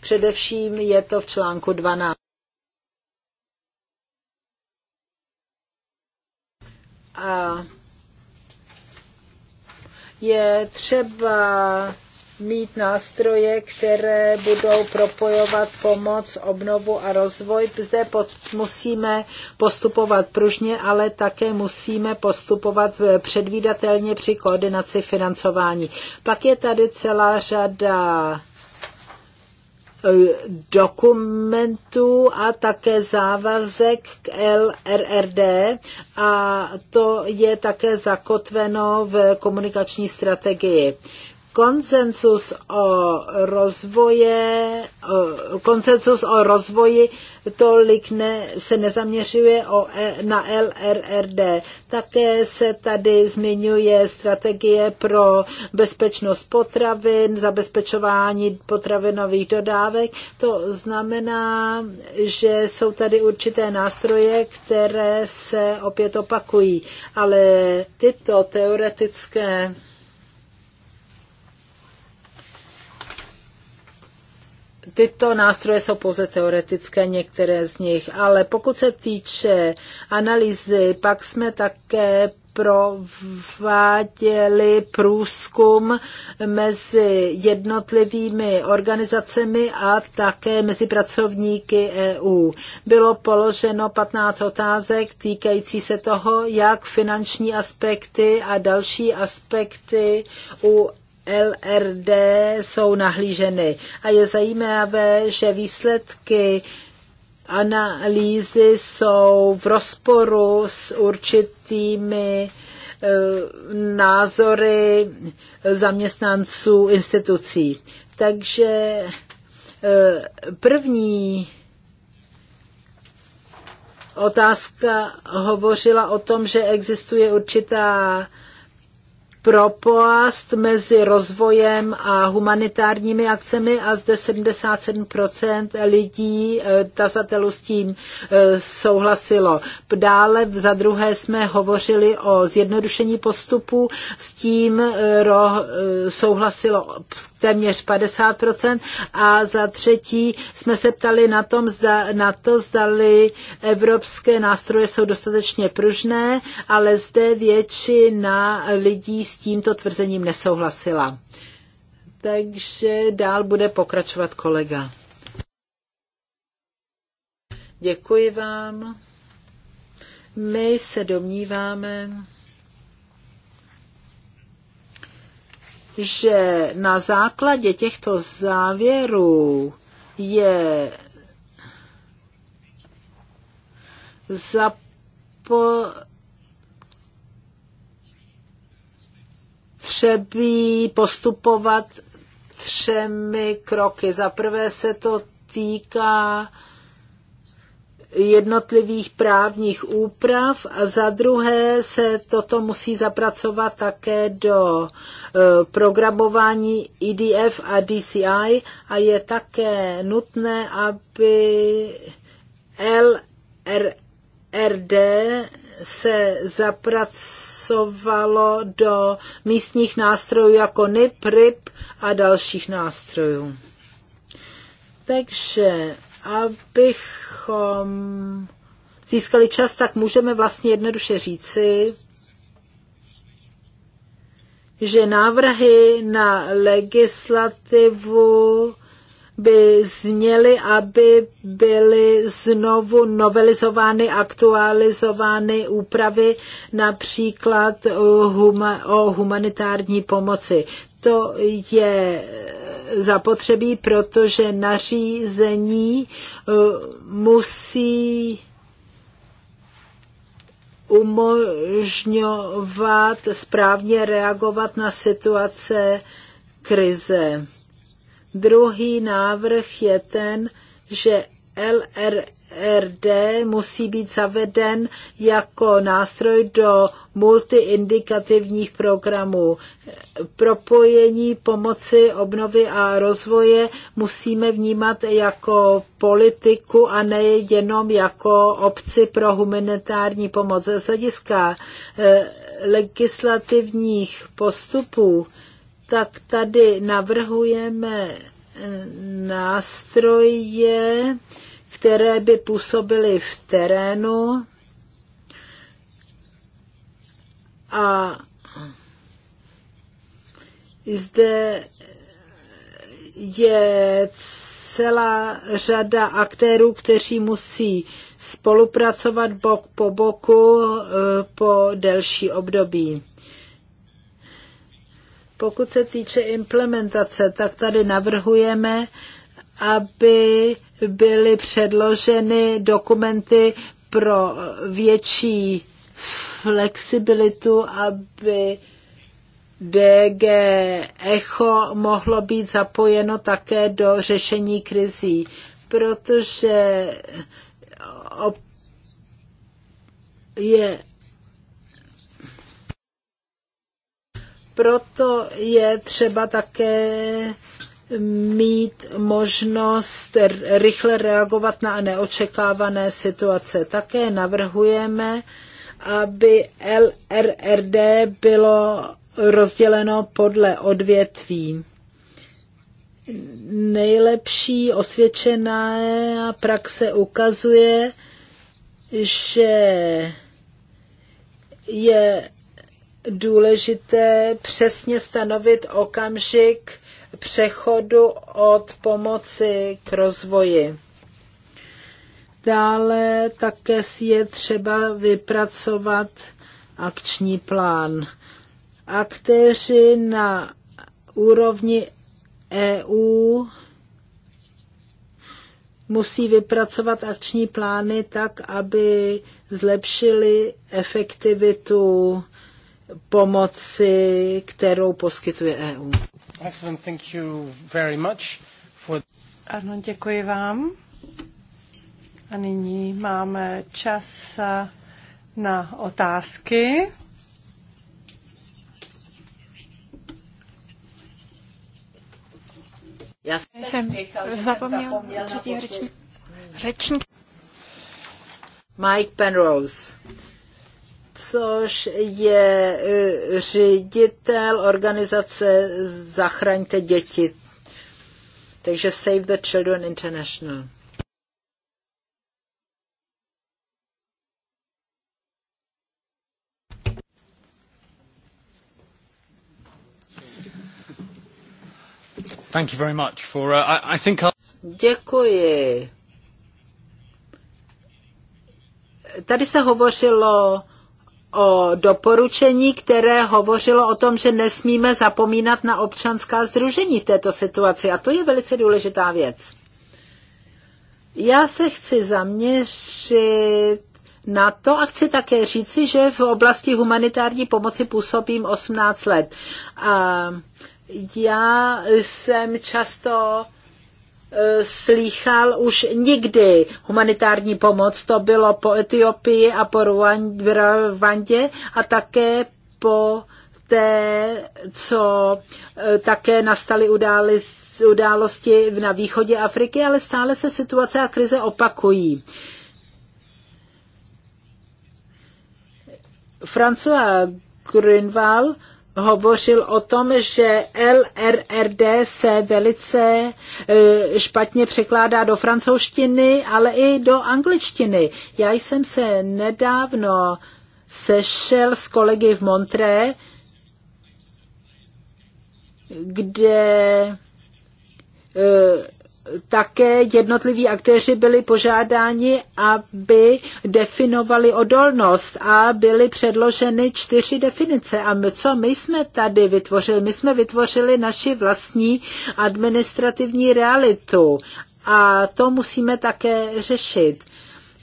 Především je to v článku 12. A je třeba mít nástroje, které budou propojovat pomoc, obnovu a rozvoj. Zde pod, musíme postupovat pružně, ale také musíme postupovat eh, předvídatelně při koordinaci financování. Pak je tady celá řada eh, dokumentů a také závazek k LRRD a to je také zakotveno v komunikační strategii koncensus o rozvoje, konsensus o rozvoji tolik ne, se nezaměřuje o, e, na LRRD. Také se tady zmiňuje strategie pro bezpečnost potravin, zabezpečování potravinových dodávek. To znamená, že jsou tady určité nástroje, které se opět opakují, ale tyto teoretické tyto nástroje jsou pouze teoretické, některé z nich, ale pokud se týče analýzy, pak jsme také prováděli průzkum mezi jednotlivými organizacemi a také mezi pracovníky EU. Bylo položeno 15 otázek týkající se toho, jak finanční aspekty a další aspekty u LRD jsou nahlíženy. A je zajímavé, že výsledky analýzy jsou v rozporu s určitými eh, názory zaměstnanců institucí. Takže eh, první otázka hovořila o tom, že existuje určitá propast mezi rozvojem a humanitárními akcemi a zde 77% lidí eh, tazatelů s tím eh, souhlasilo. Dále za druhé jsme hovořili o zjednodušení postupu, s tím eh, souhlasilo téměř 50% a za třetí jsme se ptali na, tom, zda, na to, zdali evropské nástroje jsou dostatečně pružné, ale zde většina lidí s tímto tvrzením nesouhlasila. Takže dál bude pokračovat kolega. Děkuji vám. My se domníváme, že na základě těchto závěrů je zapo zapotřebí postupovat třemi kroky. Za prvé se to týká jednotlivých právních úprav a za druhé se toto musí zapracovat také do e, programování EDF a DCI a je také nutné, aby LRRD se zapracovalo do místních nástrojů jako NIP, RIP a dalších nástrojů. Takže abychom získali čas, tak můžeme vlastně jednoduše říci, že návrhy na legislativu by zněly, aby byly znovu novelizovány, aktualizovány úpravy například o humanitární pomoci. To je zapotřebí, protože nařízení eh, musí umožňovat správně reagovat na situace krize. Druhý návrh je ten, že LRRD musí být zaveden jako nástroj do multiindikativních programů. Propojení pomoci obnovy a rozvoje musíme vnímat jako politiku a ne jenom jako obci pro humanitární pomoc. Z hlediska eh, legislativních postupů tak tady navrhujeme nástroje, které by působily v terénu a zde je celá řada aktérů, kteří musí spolupracovat bok po boku eh, po delší období. Pokud se týče implementace, tak tady navrhujeme, aby byly předloženy dokumenty pro větší flexibilitu, aby DG Echo mohlo být zapojeno také do řešení krizí, protože je Proto je třeba také mít možnost rychle reagovat na neočekávané situace. Také navrhujeme, aby LRRD bylo rozděleno podle odvětví. Nejlepší osvědčená praxe ukazuje, že je důležité přesně stanovit okamžik přechodu od pomoci k rozvoji. Dále také si je třeba vypracovat akční plán. Aktéři na úrovni EU musí vypracovat akční plány tak, aby zlepšili efektivitu pomoci, kterou poskytuje EU. thank you very much for... Ano, děkuji vám. A nyní máme čas eh, na otázky. Já jsem zapomněl zapomněl třetí řečník. Mike Penrose což je e, ředitel organizace Zachraňte děti. Takže Save the Children International. Thank you very much for, uh, I, I think I'll... Děkuji. Tady se hovořilo o doporučení, které hovořilo o tom, že nesmíme zapomínat na občanská združení v této situaci. A to je velice důležitá věc. Já se chci zaměřit na to a chci také říci, že v oblasti humanitární pomoci působím 18 let. A já jsem často Eh, slýchal už nikdy humanitární pomoc. To bylo po Etiopii a po Rwandě a také po té, co eh, také nastaly udály události na východě Afriky, ale stále se situace a krize opakují. François Grinval hovořil o tom, že LRRD se velice e, špatně překládá do francouzštiny, ale i do angličtiny. Já jsem se nedávno sešel s kolegy v Montré, kde e, také jednotliví aktéři byli požádáni, aby definovali odolnost a byly předloženy čtyři definice. A my, co my jsme tady vytvořili? My jsme vytvořili naši vlastní administrativní realitu a to musíme také řešit.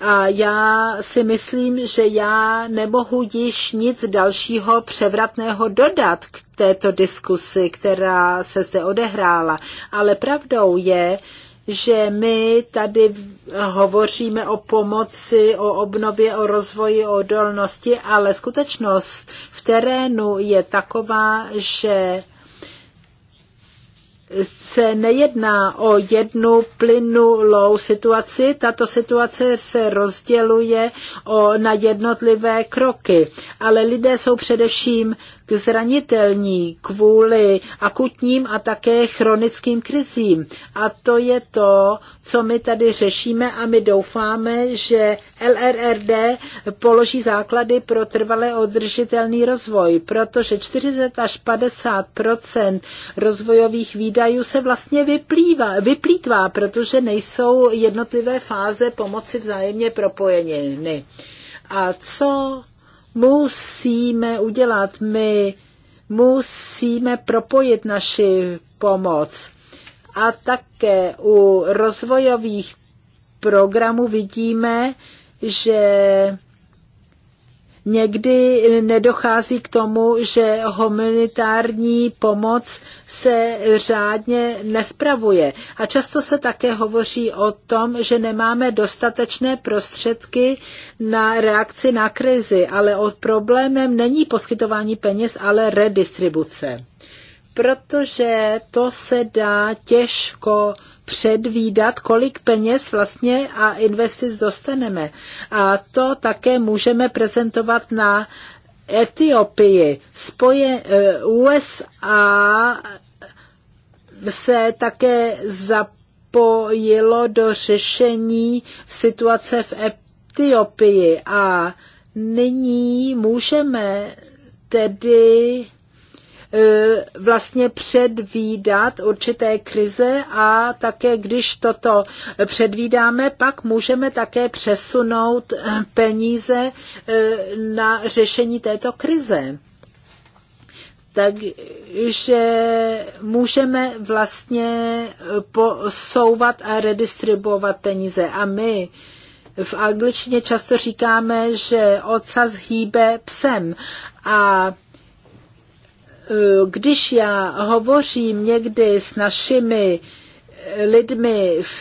A já si myslím, že já nemohu již nic dalšího převratného dodat k této diskusi, která se zde odehrála. Ale pravdou je, že my tady hovoříme o pomoci, o obnově, o rozvoji, o odolnosti, ale skutečnost v terénu je taková, že se nejedná o jednu plynulou situaci. Tato situace se rozděluje o, na jednotlivé kroky, ale lidé jsou především zranitelní kvůli akutním a také chronickým krizím. A to je to, co my tady řešíme a my doufáme, že LRRD položí základy pro trvalé održitelný rozvoj, protože 40 až 50 rozvojových výdajů výdajů se vlastně vyplývá, vyplýtvá, protože nejsou jednotlivé fáze pomoci vzájemně propojeny. A co musíme udělat? My musíme propojit naši pomoc. A také u rozvojových programů vidíme, že Někdy nedochází k tomu, že humanitární pomoc se řádně nespravuje. A často se také hovoří o tom, že nemáme dostatečné prostředky na reakci na krizi, ale od problémem není poskytování peněz, ale redistribuce protože to se dá těžko předvídat, kolik peněz vlastně a investic dostaneme. A to také můžeme prezentovat na Etiopii. Spoje, eh, USA se také zapojilo do řešení situace v Etiopii a nyní můžeme tedy E, vlastně předvídat určité krize a také když toto předvídáme, pak můžeme také přesunout peníze e, na řešení této krize. Takže můžeme vlastně posouvat a redistribuovat peníze. A my v angličtině často říkáme, že ocas hýbe psem. A Eh, když já hovořím někdy s našimi eh, lidmi v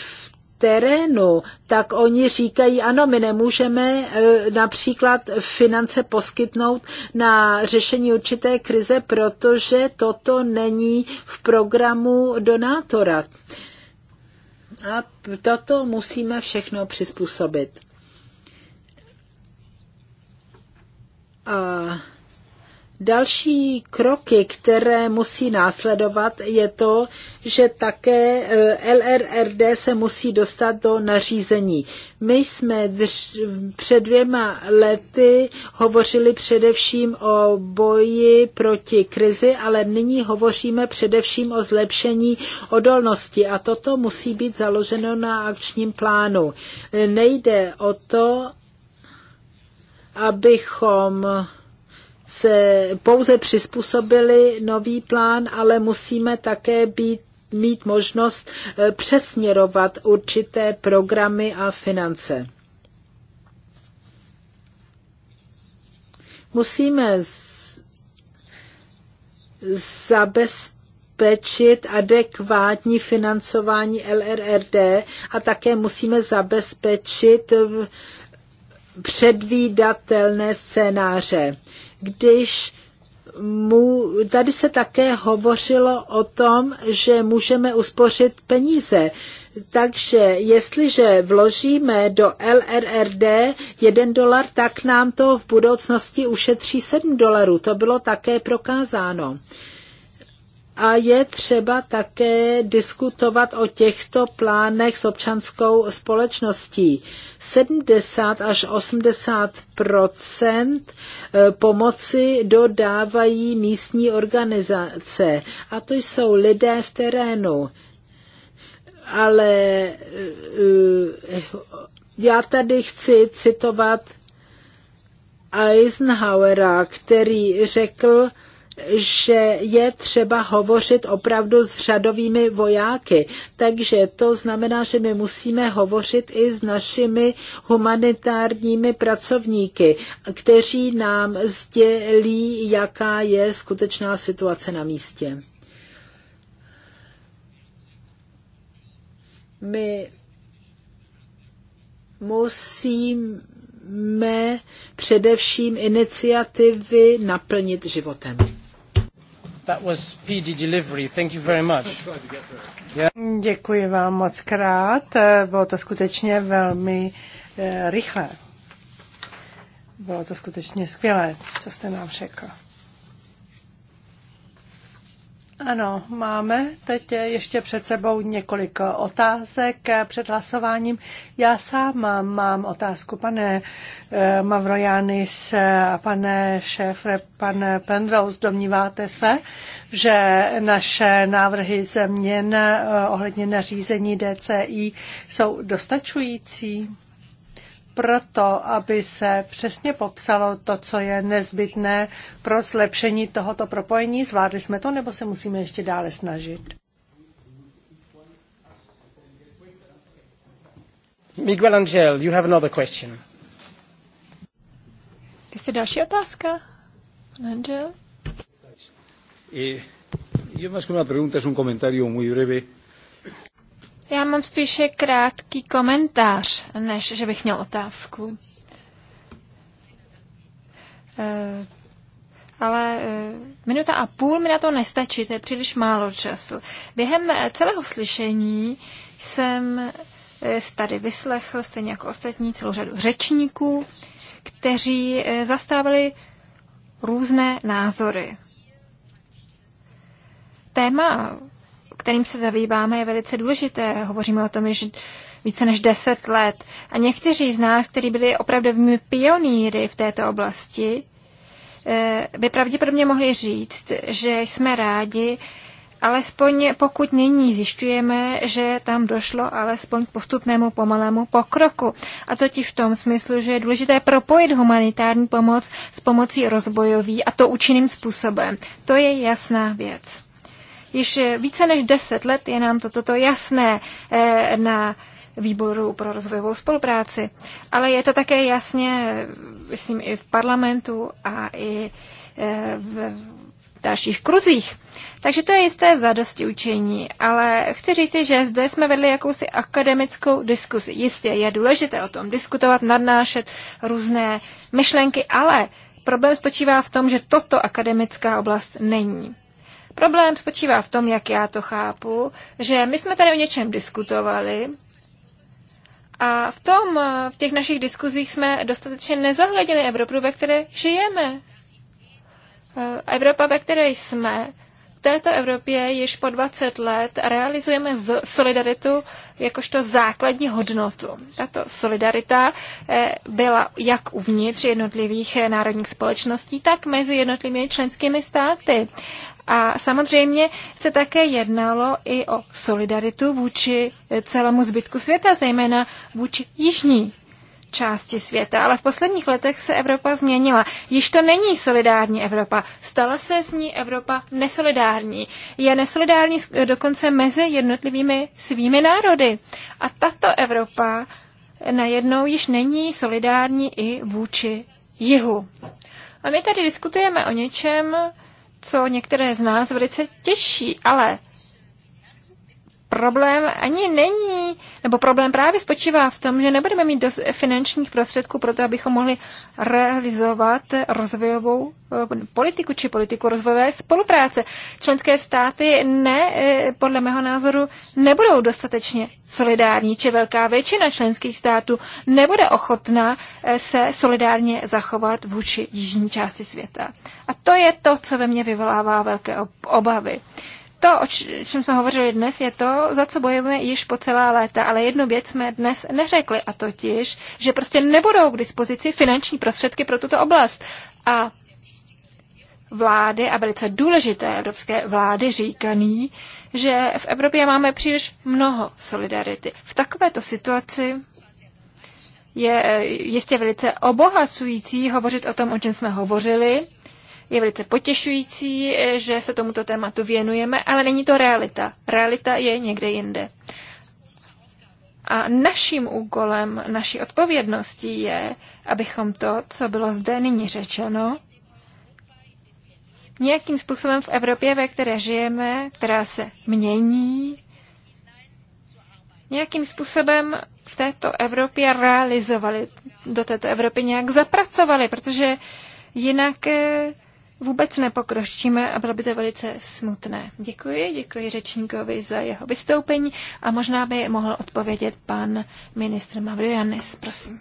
terénu, tak oni říkají, ano, my nemůžeme eh, například finance poskytnout na řešení určité krize, protože toto není v programu donátora. A toto musíme všechno přizpůsobit. A Další kroky, které musí následovat, je to, že také eh, LRRD se musí dostat do nařízení. My jsme před dvěma lety hovořili především o boji proti krizi, ale nyní hovoříme především o zlepšení odolnosti a toto musí být založeno na akčním plánu. Nejde o to, abychom se pouze přizpůsobili nový plán, ale musíme také být mít možnost eh, přesměrovat určité programy a finance. Musíme zabezpečit adekvátní financování LRRD a také musíme zabezpečit eh, předvídatelné scénáře když mu, tady se také hovořilo o tom, že můžeme uspořit peníze. Takže jestliže vložíme do LRRD 1 dolar, tak nám to v budoucnosti ušetří 7 dolarů. To bylo také prokázáno. Uh, a je třeba také diskutovat o těchto plánech s občanskou společností. 70 až 80 e, pomoci dodávají místní organizace a to jsou lidé v terénu. Ale e, e, já tady chci citovat Eisenhowera, který řekl, že je třeba hovořit opravdu s řadovými vojáky. Takže to znamená, že my musíme hovořit i s našimi humanitárními pracovníky, kteří nám sdělí, jaká je skutečná situace na místě. My musíme především iniciativy naplnit životem. That was speedy delivery. Thank you very much. Yeah. Děkuji vám moc krát. Bylo to skutečně velmi eh, rychle. Bylo to skutečně skvělé, co jste nám řekl. Ano, máme teď ještě před sebou několik otázek před hlasováním. Já sám mám otázku, pane eh, Mavrojanis a pane šéf, pane Penrose, domníváte se, že naše návrhy změn eh, ohledně nařízení DCI jsou dostačující? proto, aby se přesně popsalo to, co je nezbytné pro zlepšení tohoto propojení. Zvládli jsme to, nebo se musíme ještě dále snažit? Miguel Angel, you have another question. Ještě další otázka? Angel? Eh, yo más que una pregunta es un comentario muy breve já mám spíše krátký komentář, než že bych měl otázku. Eh, ale e, minuta a půl mi na to nestačí, to je příliš málo času. Během celého slyšení jsem eh, tady vyslechl, stejně jako ostatní, celou řadu řečníků, kteří zastávali různé názory. Téma kterým se zabýváme, je velice důležité. Hovoříme o tom již více než deset let. A někteří z nás, kteří byli opravdovými pionýry v této oblasti, eh, by pravděpodobně mohli říct, že jsme rádi, alespoň pokud nyní zjišťujeme, že tam došlo alespoň k postupnému pomalému pokroku. A totiž v tom smyslu, že je důležité propojit humanitární pomoc s pomocí rozbojový a to účinným způsobem. To je jasná věc. Již eh, více než deset let je nám to, toto jasné eh, na výboru pro rozvojovou spolupráci. Ale je to také jasně, eh, myslím, i v parlamentu a i v dalších kruzích. Takže to je jisté zadosti učení, ale chci říci, že zde jsme vedli jakousi akademickou diskusi. Jistě je důležité o tom diskutovat, nadnášet různé myšlenky, ale problém spočívá v tom, že toto akademická oblast není. Problém spočívá v tom, jak já to chápu, že my jsme tady o něčem diskutovali a v tom, v těch našich diskuzích jsme dostatečně nezahledili Evropu, ve které žijeme. Eh, Evropa, ve které jsme, v této Evropě již po 20 let realizujeme solidaritu jakožto základní hodnotu. Tato solidarita eh, byla jak uvnitř jednotlivých eh, národních společností, tak mezi jednotlivými členskými státy. A samozřejmě se také jednalo i o solidaritu vůči celému zbytku světa, zejména vůči jižní části světa, ale v posledních letech se Evropa změnila. Již to není solidární Evropa. Stala se z ní Evropa nesolidární. Je nesolidární dokonce mezi jednotlivými svými národy. A tato Evropa najednou již není solidární i vůči jihu. A my tady diskutujeme o něčem, co některé z nás velice těší, ale problém ani není, nebo problém právě spočívá v tom, že nebudeme mít dost finančních prostředků pro to, abychom mohli realizovat rozvojovou eh, politiku či politiku rozvojové spolupráce. Členské státy ne, eh, podle mého názoru, nebudou dostatečně solidární, či velká většina členských států nebude ochotná eh, se solidárně zachovat vůči jižní části světa. A to je to, co ve mně vyvolává velké obavy. To, o čem jsme hovořili dnes, je to, za co bojujeme již po celá léta, ale jednu věc jsme dnes neřekli, a totiž, že prostě nebudou k dispozici finanční prostředky pro tuto oblast. A vlády a velice důležité evropské vlády říkaný, že v Evropě máme příliš mnoho solidarity. V takovéto situaci je e, jistě velice obohacující hovořit o tom, o čem jsme hovořili, je velice potěšující, eh, že se tomuto tématu věnujeme, ale není to realita. Realita je někde jinde. A naším úkolem, naší odpovědností je, abychom to, co bylo zde nyní řečeno, nějakým způsobem v Evropě, ve které žijeme, která se mění, nějakým způsobem v této Evropě realizovali, do této Evropy nějak zapracovali, protože jinak eh, vůbec nepokročíme a bylo by to velice smutné. Děkuji, děkuji řečníkovi za jeho vystoupení a možná by mohl odpovědět pan ministr Mavrojanis, prosím.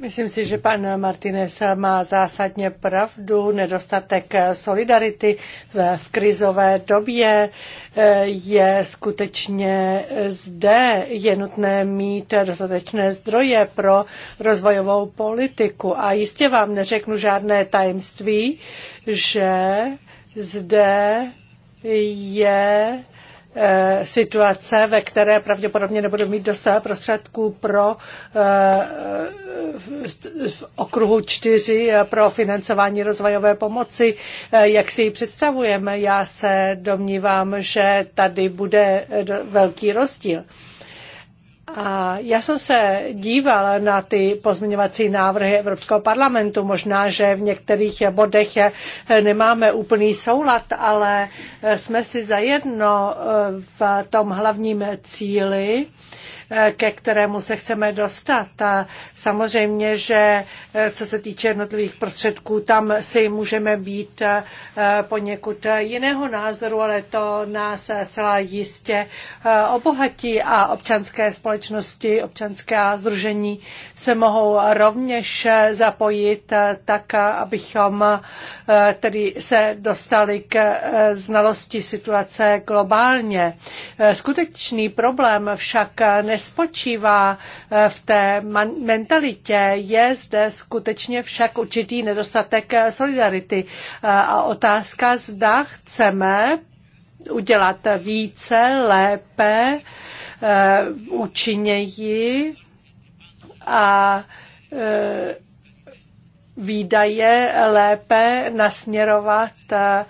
Myslím si, že pan Martinez má zásadně pravdu. Nedostatek solidarity v krizové době eh, je skutečně zde. Je nutné mít dostatečné zdroje pro rozvojovou politiku. A jistě vám neřeknu žádné tajemství, že zde je Eh, situace, ve které pravděpodobně nebudu mít dost prostředků pro eh, v okruhu čtyři pro financování rozvojové pomoci, eh, jak si ji představujeme. Já se domnívám, že tady bude velký rozdíl. A já jsem se díval na ty pozměňovací návrhy Evropského parlamentu. Možná, že v některých bodech nemáme úplný soulad, ale jsme si zajedno v tom hlavním cíli Eh, ke kterému se chceme dostat. A samozřejmě, že eh, co se týče jednotlivých prostředků, tam si můžeme být eh, poněkud jiného názoru, ale to nás celá jistě obohatí a občanské společnosti, občanská združení se mohou rovněž zapojit tak, abychom tedy se dostali k znalosti situace globálně. Skutečný problém však ne nespočívá eh, v té mentalitě. Je zde skutečně však určitý nedostatek eh, solidarity. Eh, a otázka, zda chceme udělat více, lépe, účinněji a výdaje lépe nasměrovat eh,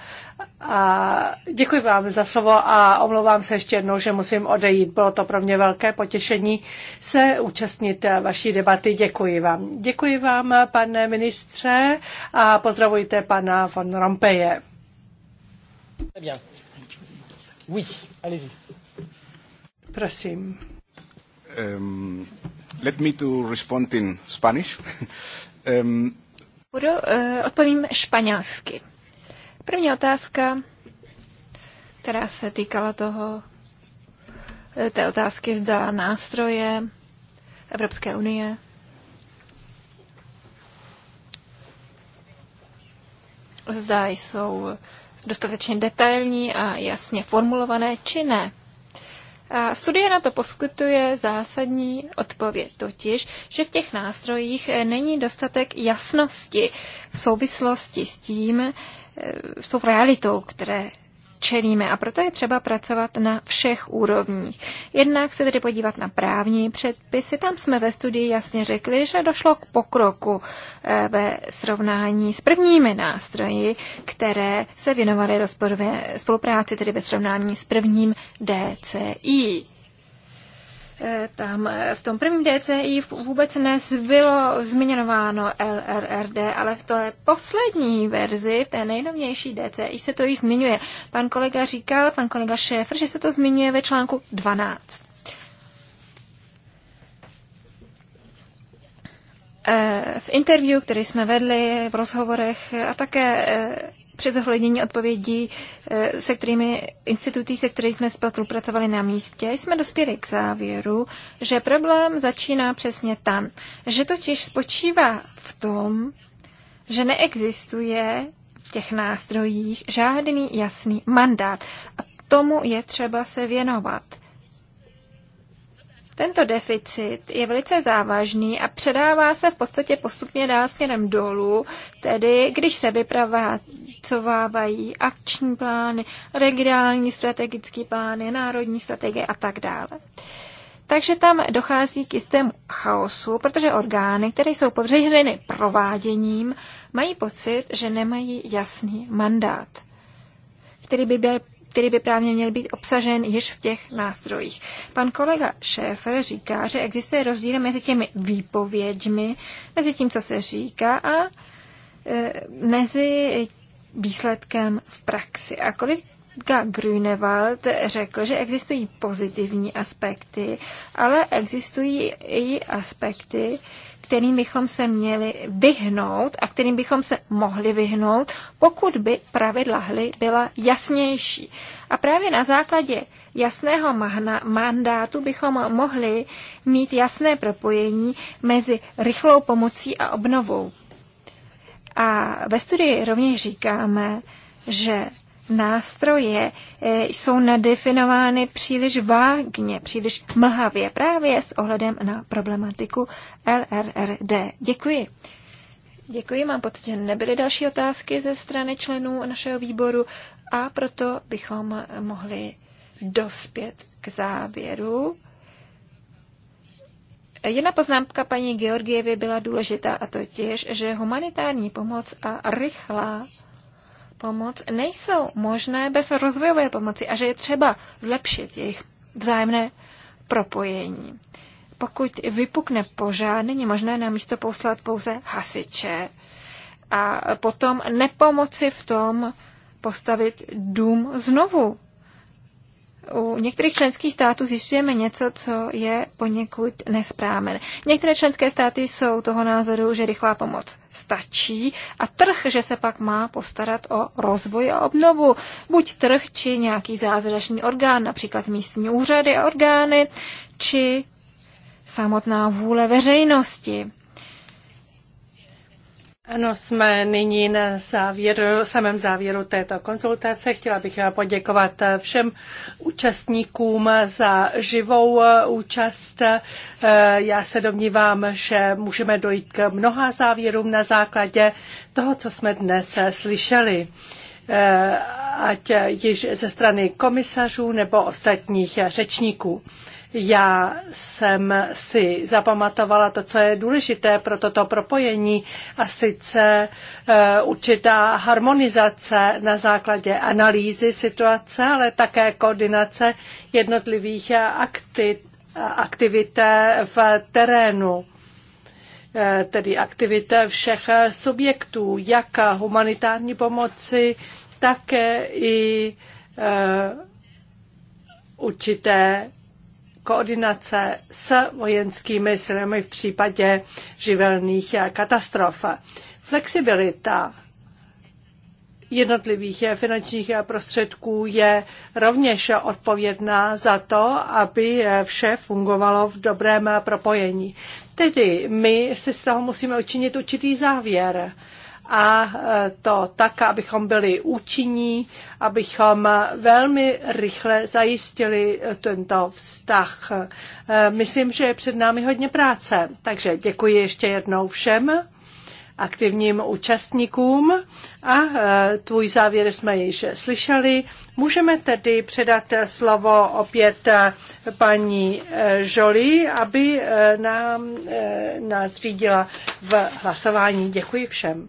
a děkuji vám za slovo a omlouvám se ještě jednou, že musím odejít. Bylo to pro mě velké potěšení se účastnit vaší debaty. Děkuji vám. Děkuji vám, pane ministře, a pozdravujte pana von Rompeje. allez-y. Prosím. Um, let me to respond in Spanish. (laughs) um, Budu, uh, odpovím španělsky. První otázka, která se týkala toho, eh, té otázky zda nástroje Evropské unie. Zda jsou dostatečně detailní a jasně formulované, či ne. A studie na to poskytuje zásadní odpověď, totiž, že v těch nástrojích eh, není dostatek jasnosti v souvislosti s tím, eh, s tou realitou, které čelíme a proto je třeba pracovat na všech úrovních. Jednak se tedy podívat na právní předpisy. Tam jsme ve studii jasně řekli, že došlo k pokroku eh, ve srovnání s prvními nástroji, které se věnovaly rozporové spolupráci, tedy ve srovnání s prvním DCI. Eh, tam eh, v tom prvním DCI vůbec nezbylo zmiňováno LRRD, ale v té poslední verzi, v té nejnovější DCI se to již zmiňuje. Pan kolega říkal, pan kolega Šéfr, že se to zmiňuje ve článku 12. Eh, v interview, který jsme vedli, v rozhovorech a také při zohlednění odpovědí, eh, se kterými institutí, se kterými jsme spolupracovali na místě, jsme dospěli k závěru, že problém začíná přesně tam. Že totiž spočívá v tom, že neexistuje v těch nástrojích žádný jasný mandát. A tomu je třeba se věnovat. Tento deficit je velice závažný a předává se v podstatě postupně dál směrem dolů, tedy když se vypracovávají akční plány, regionální strategické plány, národní strategie a tak dále. Takže tam dochází k jistému chaosu, protože orgány, které jsou podřízeny prováděním, mají pocit, že nemají jasný mandát, který by byl který by právě měl být obsažen již v těch nástrojích. Pan kolega Šéfer říká, že existuje rozdíl mezi těmi výpověďmi, mezi tím, co se říká a e, mezi výsledkem v praxi. A kolik kolega Grünewald řekl, že existují pozitivní aspekty, ale existují i aspekty, kterým bychom se měli vyhnout a kterým bychom se mohli vyhnout, pokud by pravidla hry byla jasnější. A právě na základě jasného mandátu bychom mohli mít jasné propojení mezi rychlou pomocí a obnovou. A ve studii rovněž říkáme, že nástroje eh, jsou nadefinovány příliš vágně, příliš mlhavě, právě s ohledem na problematiku LRRD. Děkuji. Děkuji, mám pocit, že nebyly další otázky ze strany členů našeho výboru a proto bychom mohli dospět k závěru. Jedna poznámka paní Georgievy byla důležitá a totiž, že humanitární pomoc a rychlá pomoc nejsou možné bez rozvojové pomoci a že je třeba zlepšit jejich vzájemné propojení. Pokud vypukne požár, není možné na místo poslat pouze hasiče a potom nepomoci v tom postavit dům znovu u některých členských států zjišťujeme něco, co je poněkud nesprámen. Některé členské státy jsou toho názoru, že rychlá pomoc stačí a trh, že se pak má postarat o rozvoj a obnovu. Buď trh, či nějaký zázračný orgán, například místní úřady a orgány, či samotná vůle veřejnosti. Ano, jsme nyní na závěru, samém závěru této konzultace. Chtěla bych poděkovat všem účastníkům za živou účast. Já se domnívám, že můžeme dojít k mnoha závěrům na základě toho, co jsme dnes slyšeli ať již ze strany komisařů nebo ostatních řečníků. Já jsem si zapamatovala to, co je důležité pro toto propojení, a sice eh, určitá harmonizace na základě analýzy situace, ale také koordinace jednotlivých aktivit, aktivité v terénu eh, tedy aktivit všech subjektů, jak humanitární pomoci, tak i eh, určité koordinace s vojenskými silami v případě živelných katastrof. Flexibilita jednotlivých finančních prostředků je rovněž odpovědná za to, aby vše fungovalo v dobrém propojení. Tedy my si z toho musíme učinit určitý závěr a e, to tak, abychom byli účinní, abychom velmi rychle zajistili e, tento vztah. E, myslím, že je před námi hodně práce, takže děkuji ještě jednou všem aktivním účastníkům a tvůj závěr jsme již slyšeli. Můžeme tedy předat slovo opět paní Žoli, aby nám nás řídila v hlasování. Děkuji všem.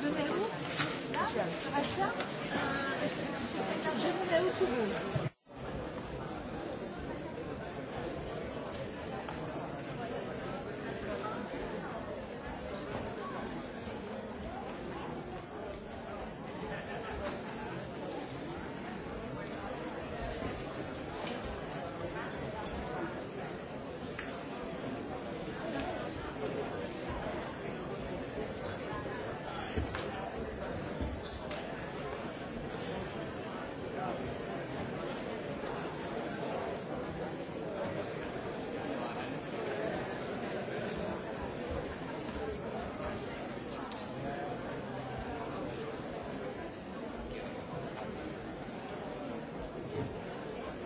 venez où Là, je reste là. Je venais où tout